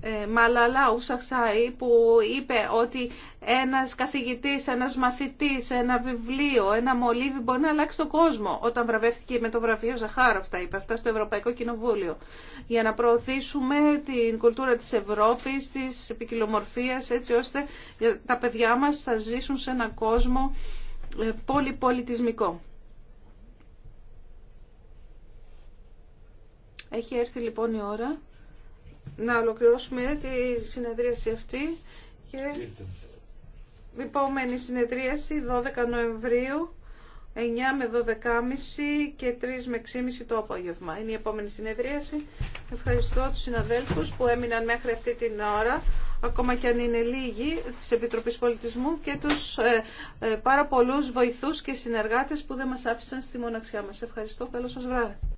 ε, Μαλαλάου Σαχσάη που είπε ότι ένας καθηγητής, ένας μαθητής, ένα βιβλίο, ένα μολύβι μπορεί να αλλάξει τον κόσμο όταν βραβεύτηκε με το βραβείο Ζαχάρα αυτά είπε αυτά στο Ευρωπαϊκό Κοινοβούλιο για να προωθήσουμε την κουλτούρα της Ευρώπης, της επικοινωμορφίας, έτσι ώστε τα παιδιά μας θα ζήσουν σε έναν κόσμο ε, πολυπολιτισμικό. Έχει έρθει λοιπόν η ώρα να ολοκληρώσουμε τη συνεδρίαση αυτή και η επόμενη συνεδρίαση 12 Νοεμβρίου 9 με 12.30 και 3 με 6.30 το απόγευμα. Είναι η επόμενη συνεδρίαση. Ευχαριστώ τους συναδέλφους που έμειναν μέχρι αυτή την ώρα, ακόμα και αν είναι λίγοι, της Επιτροπής Πολιτισμού και τους ε, ε, πάρα πολλούς βοηθούς και συνεργάτες που δεν μας άφησαν στη μοναξιά μας. Ευχαριστώ. Καλό σας βράδυ.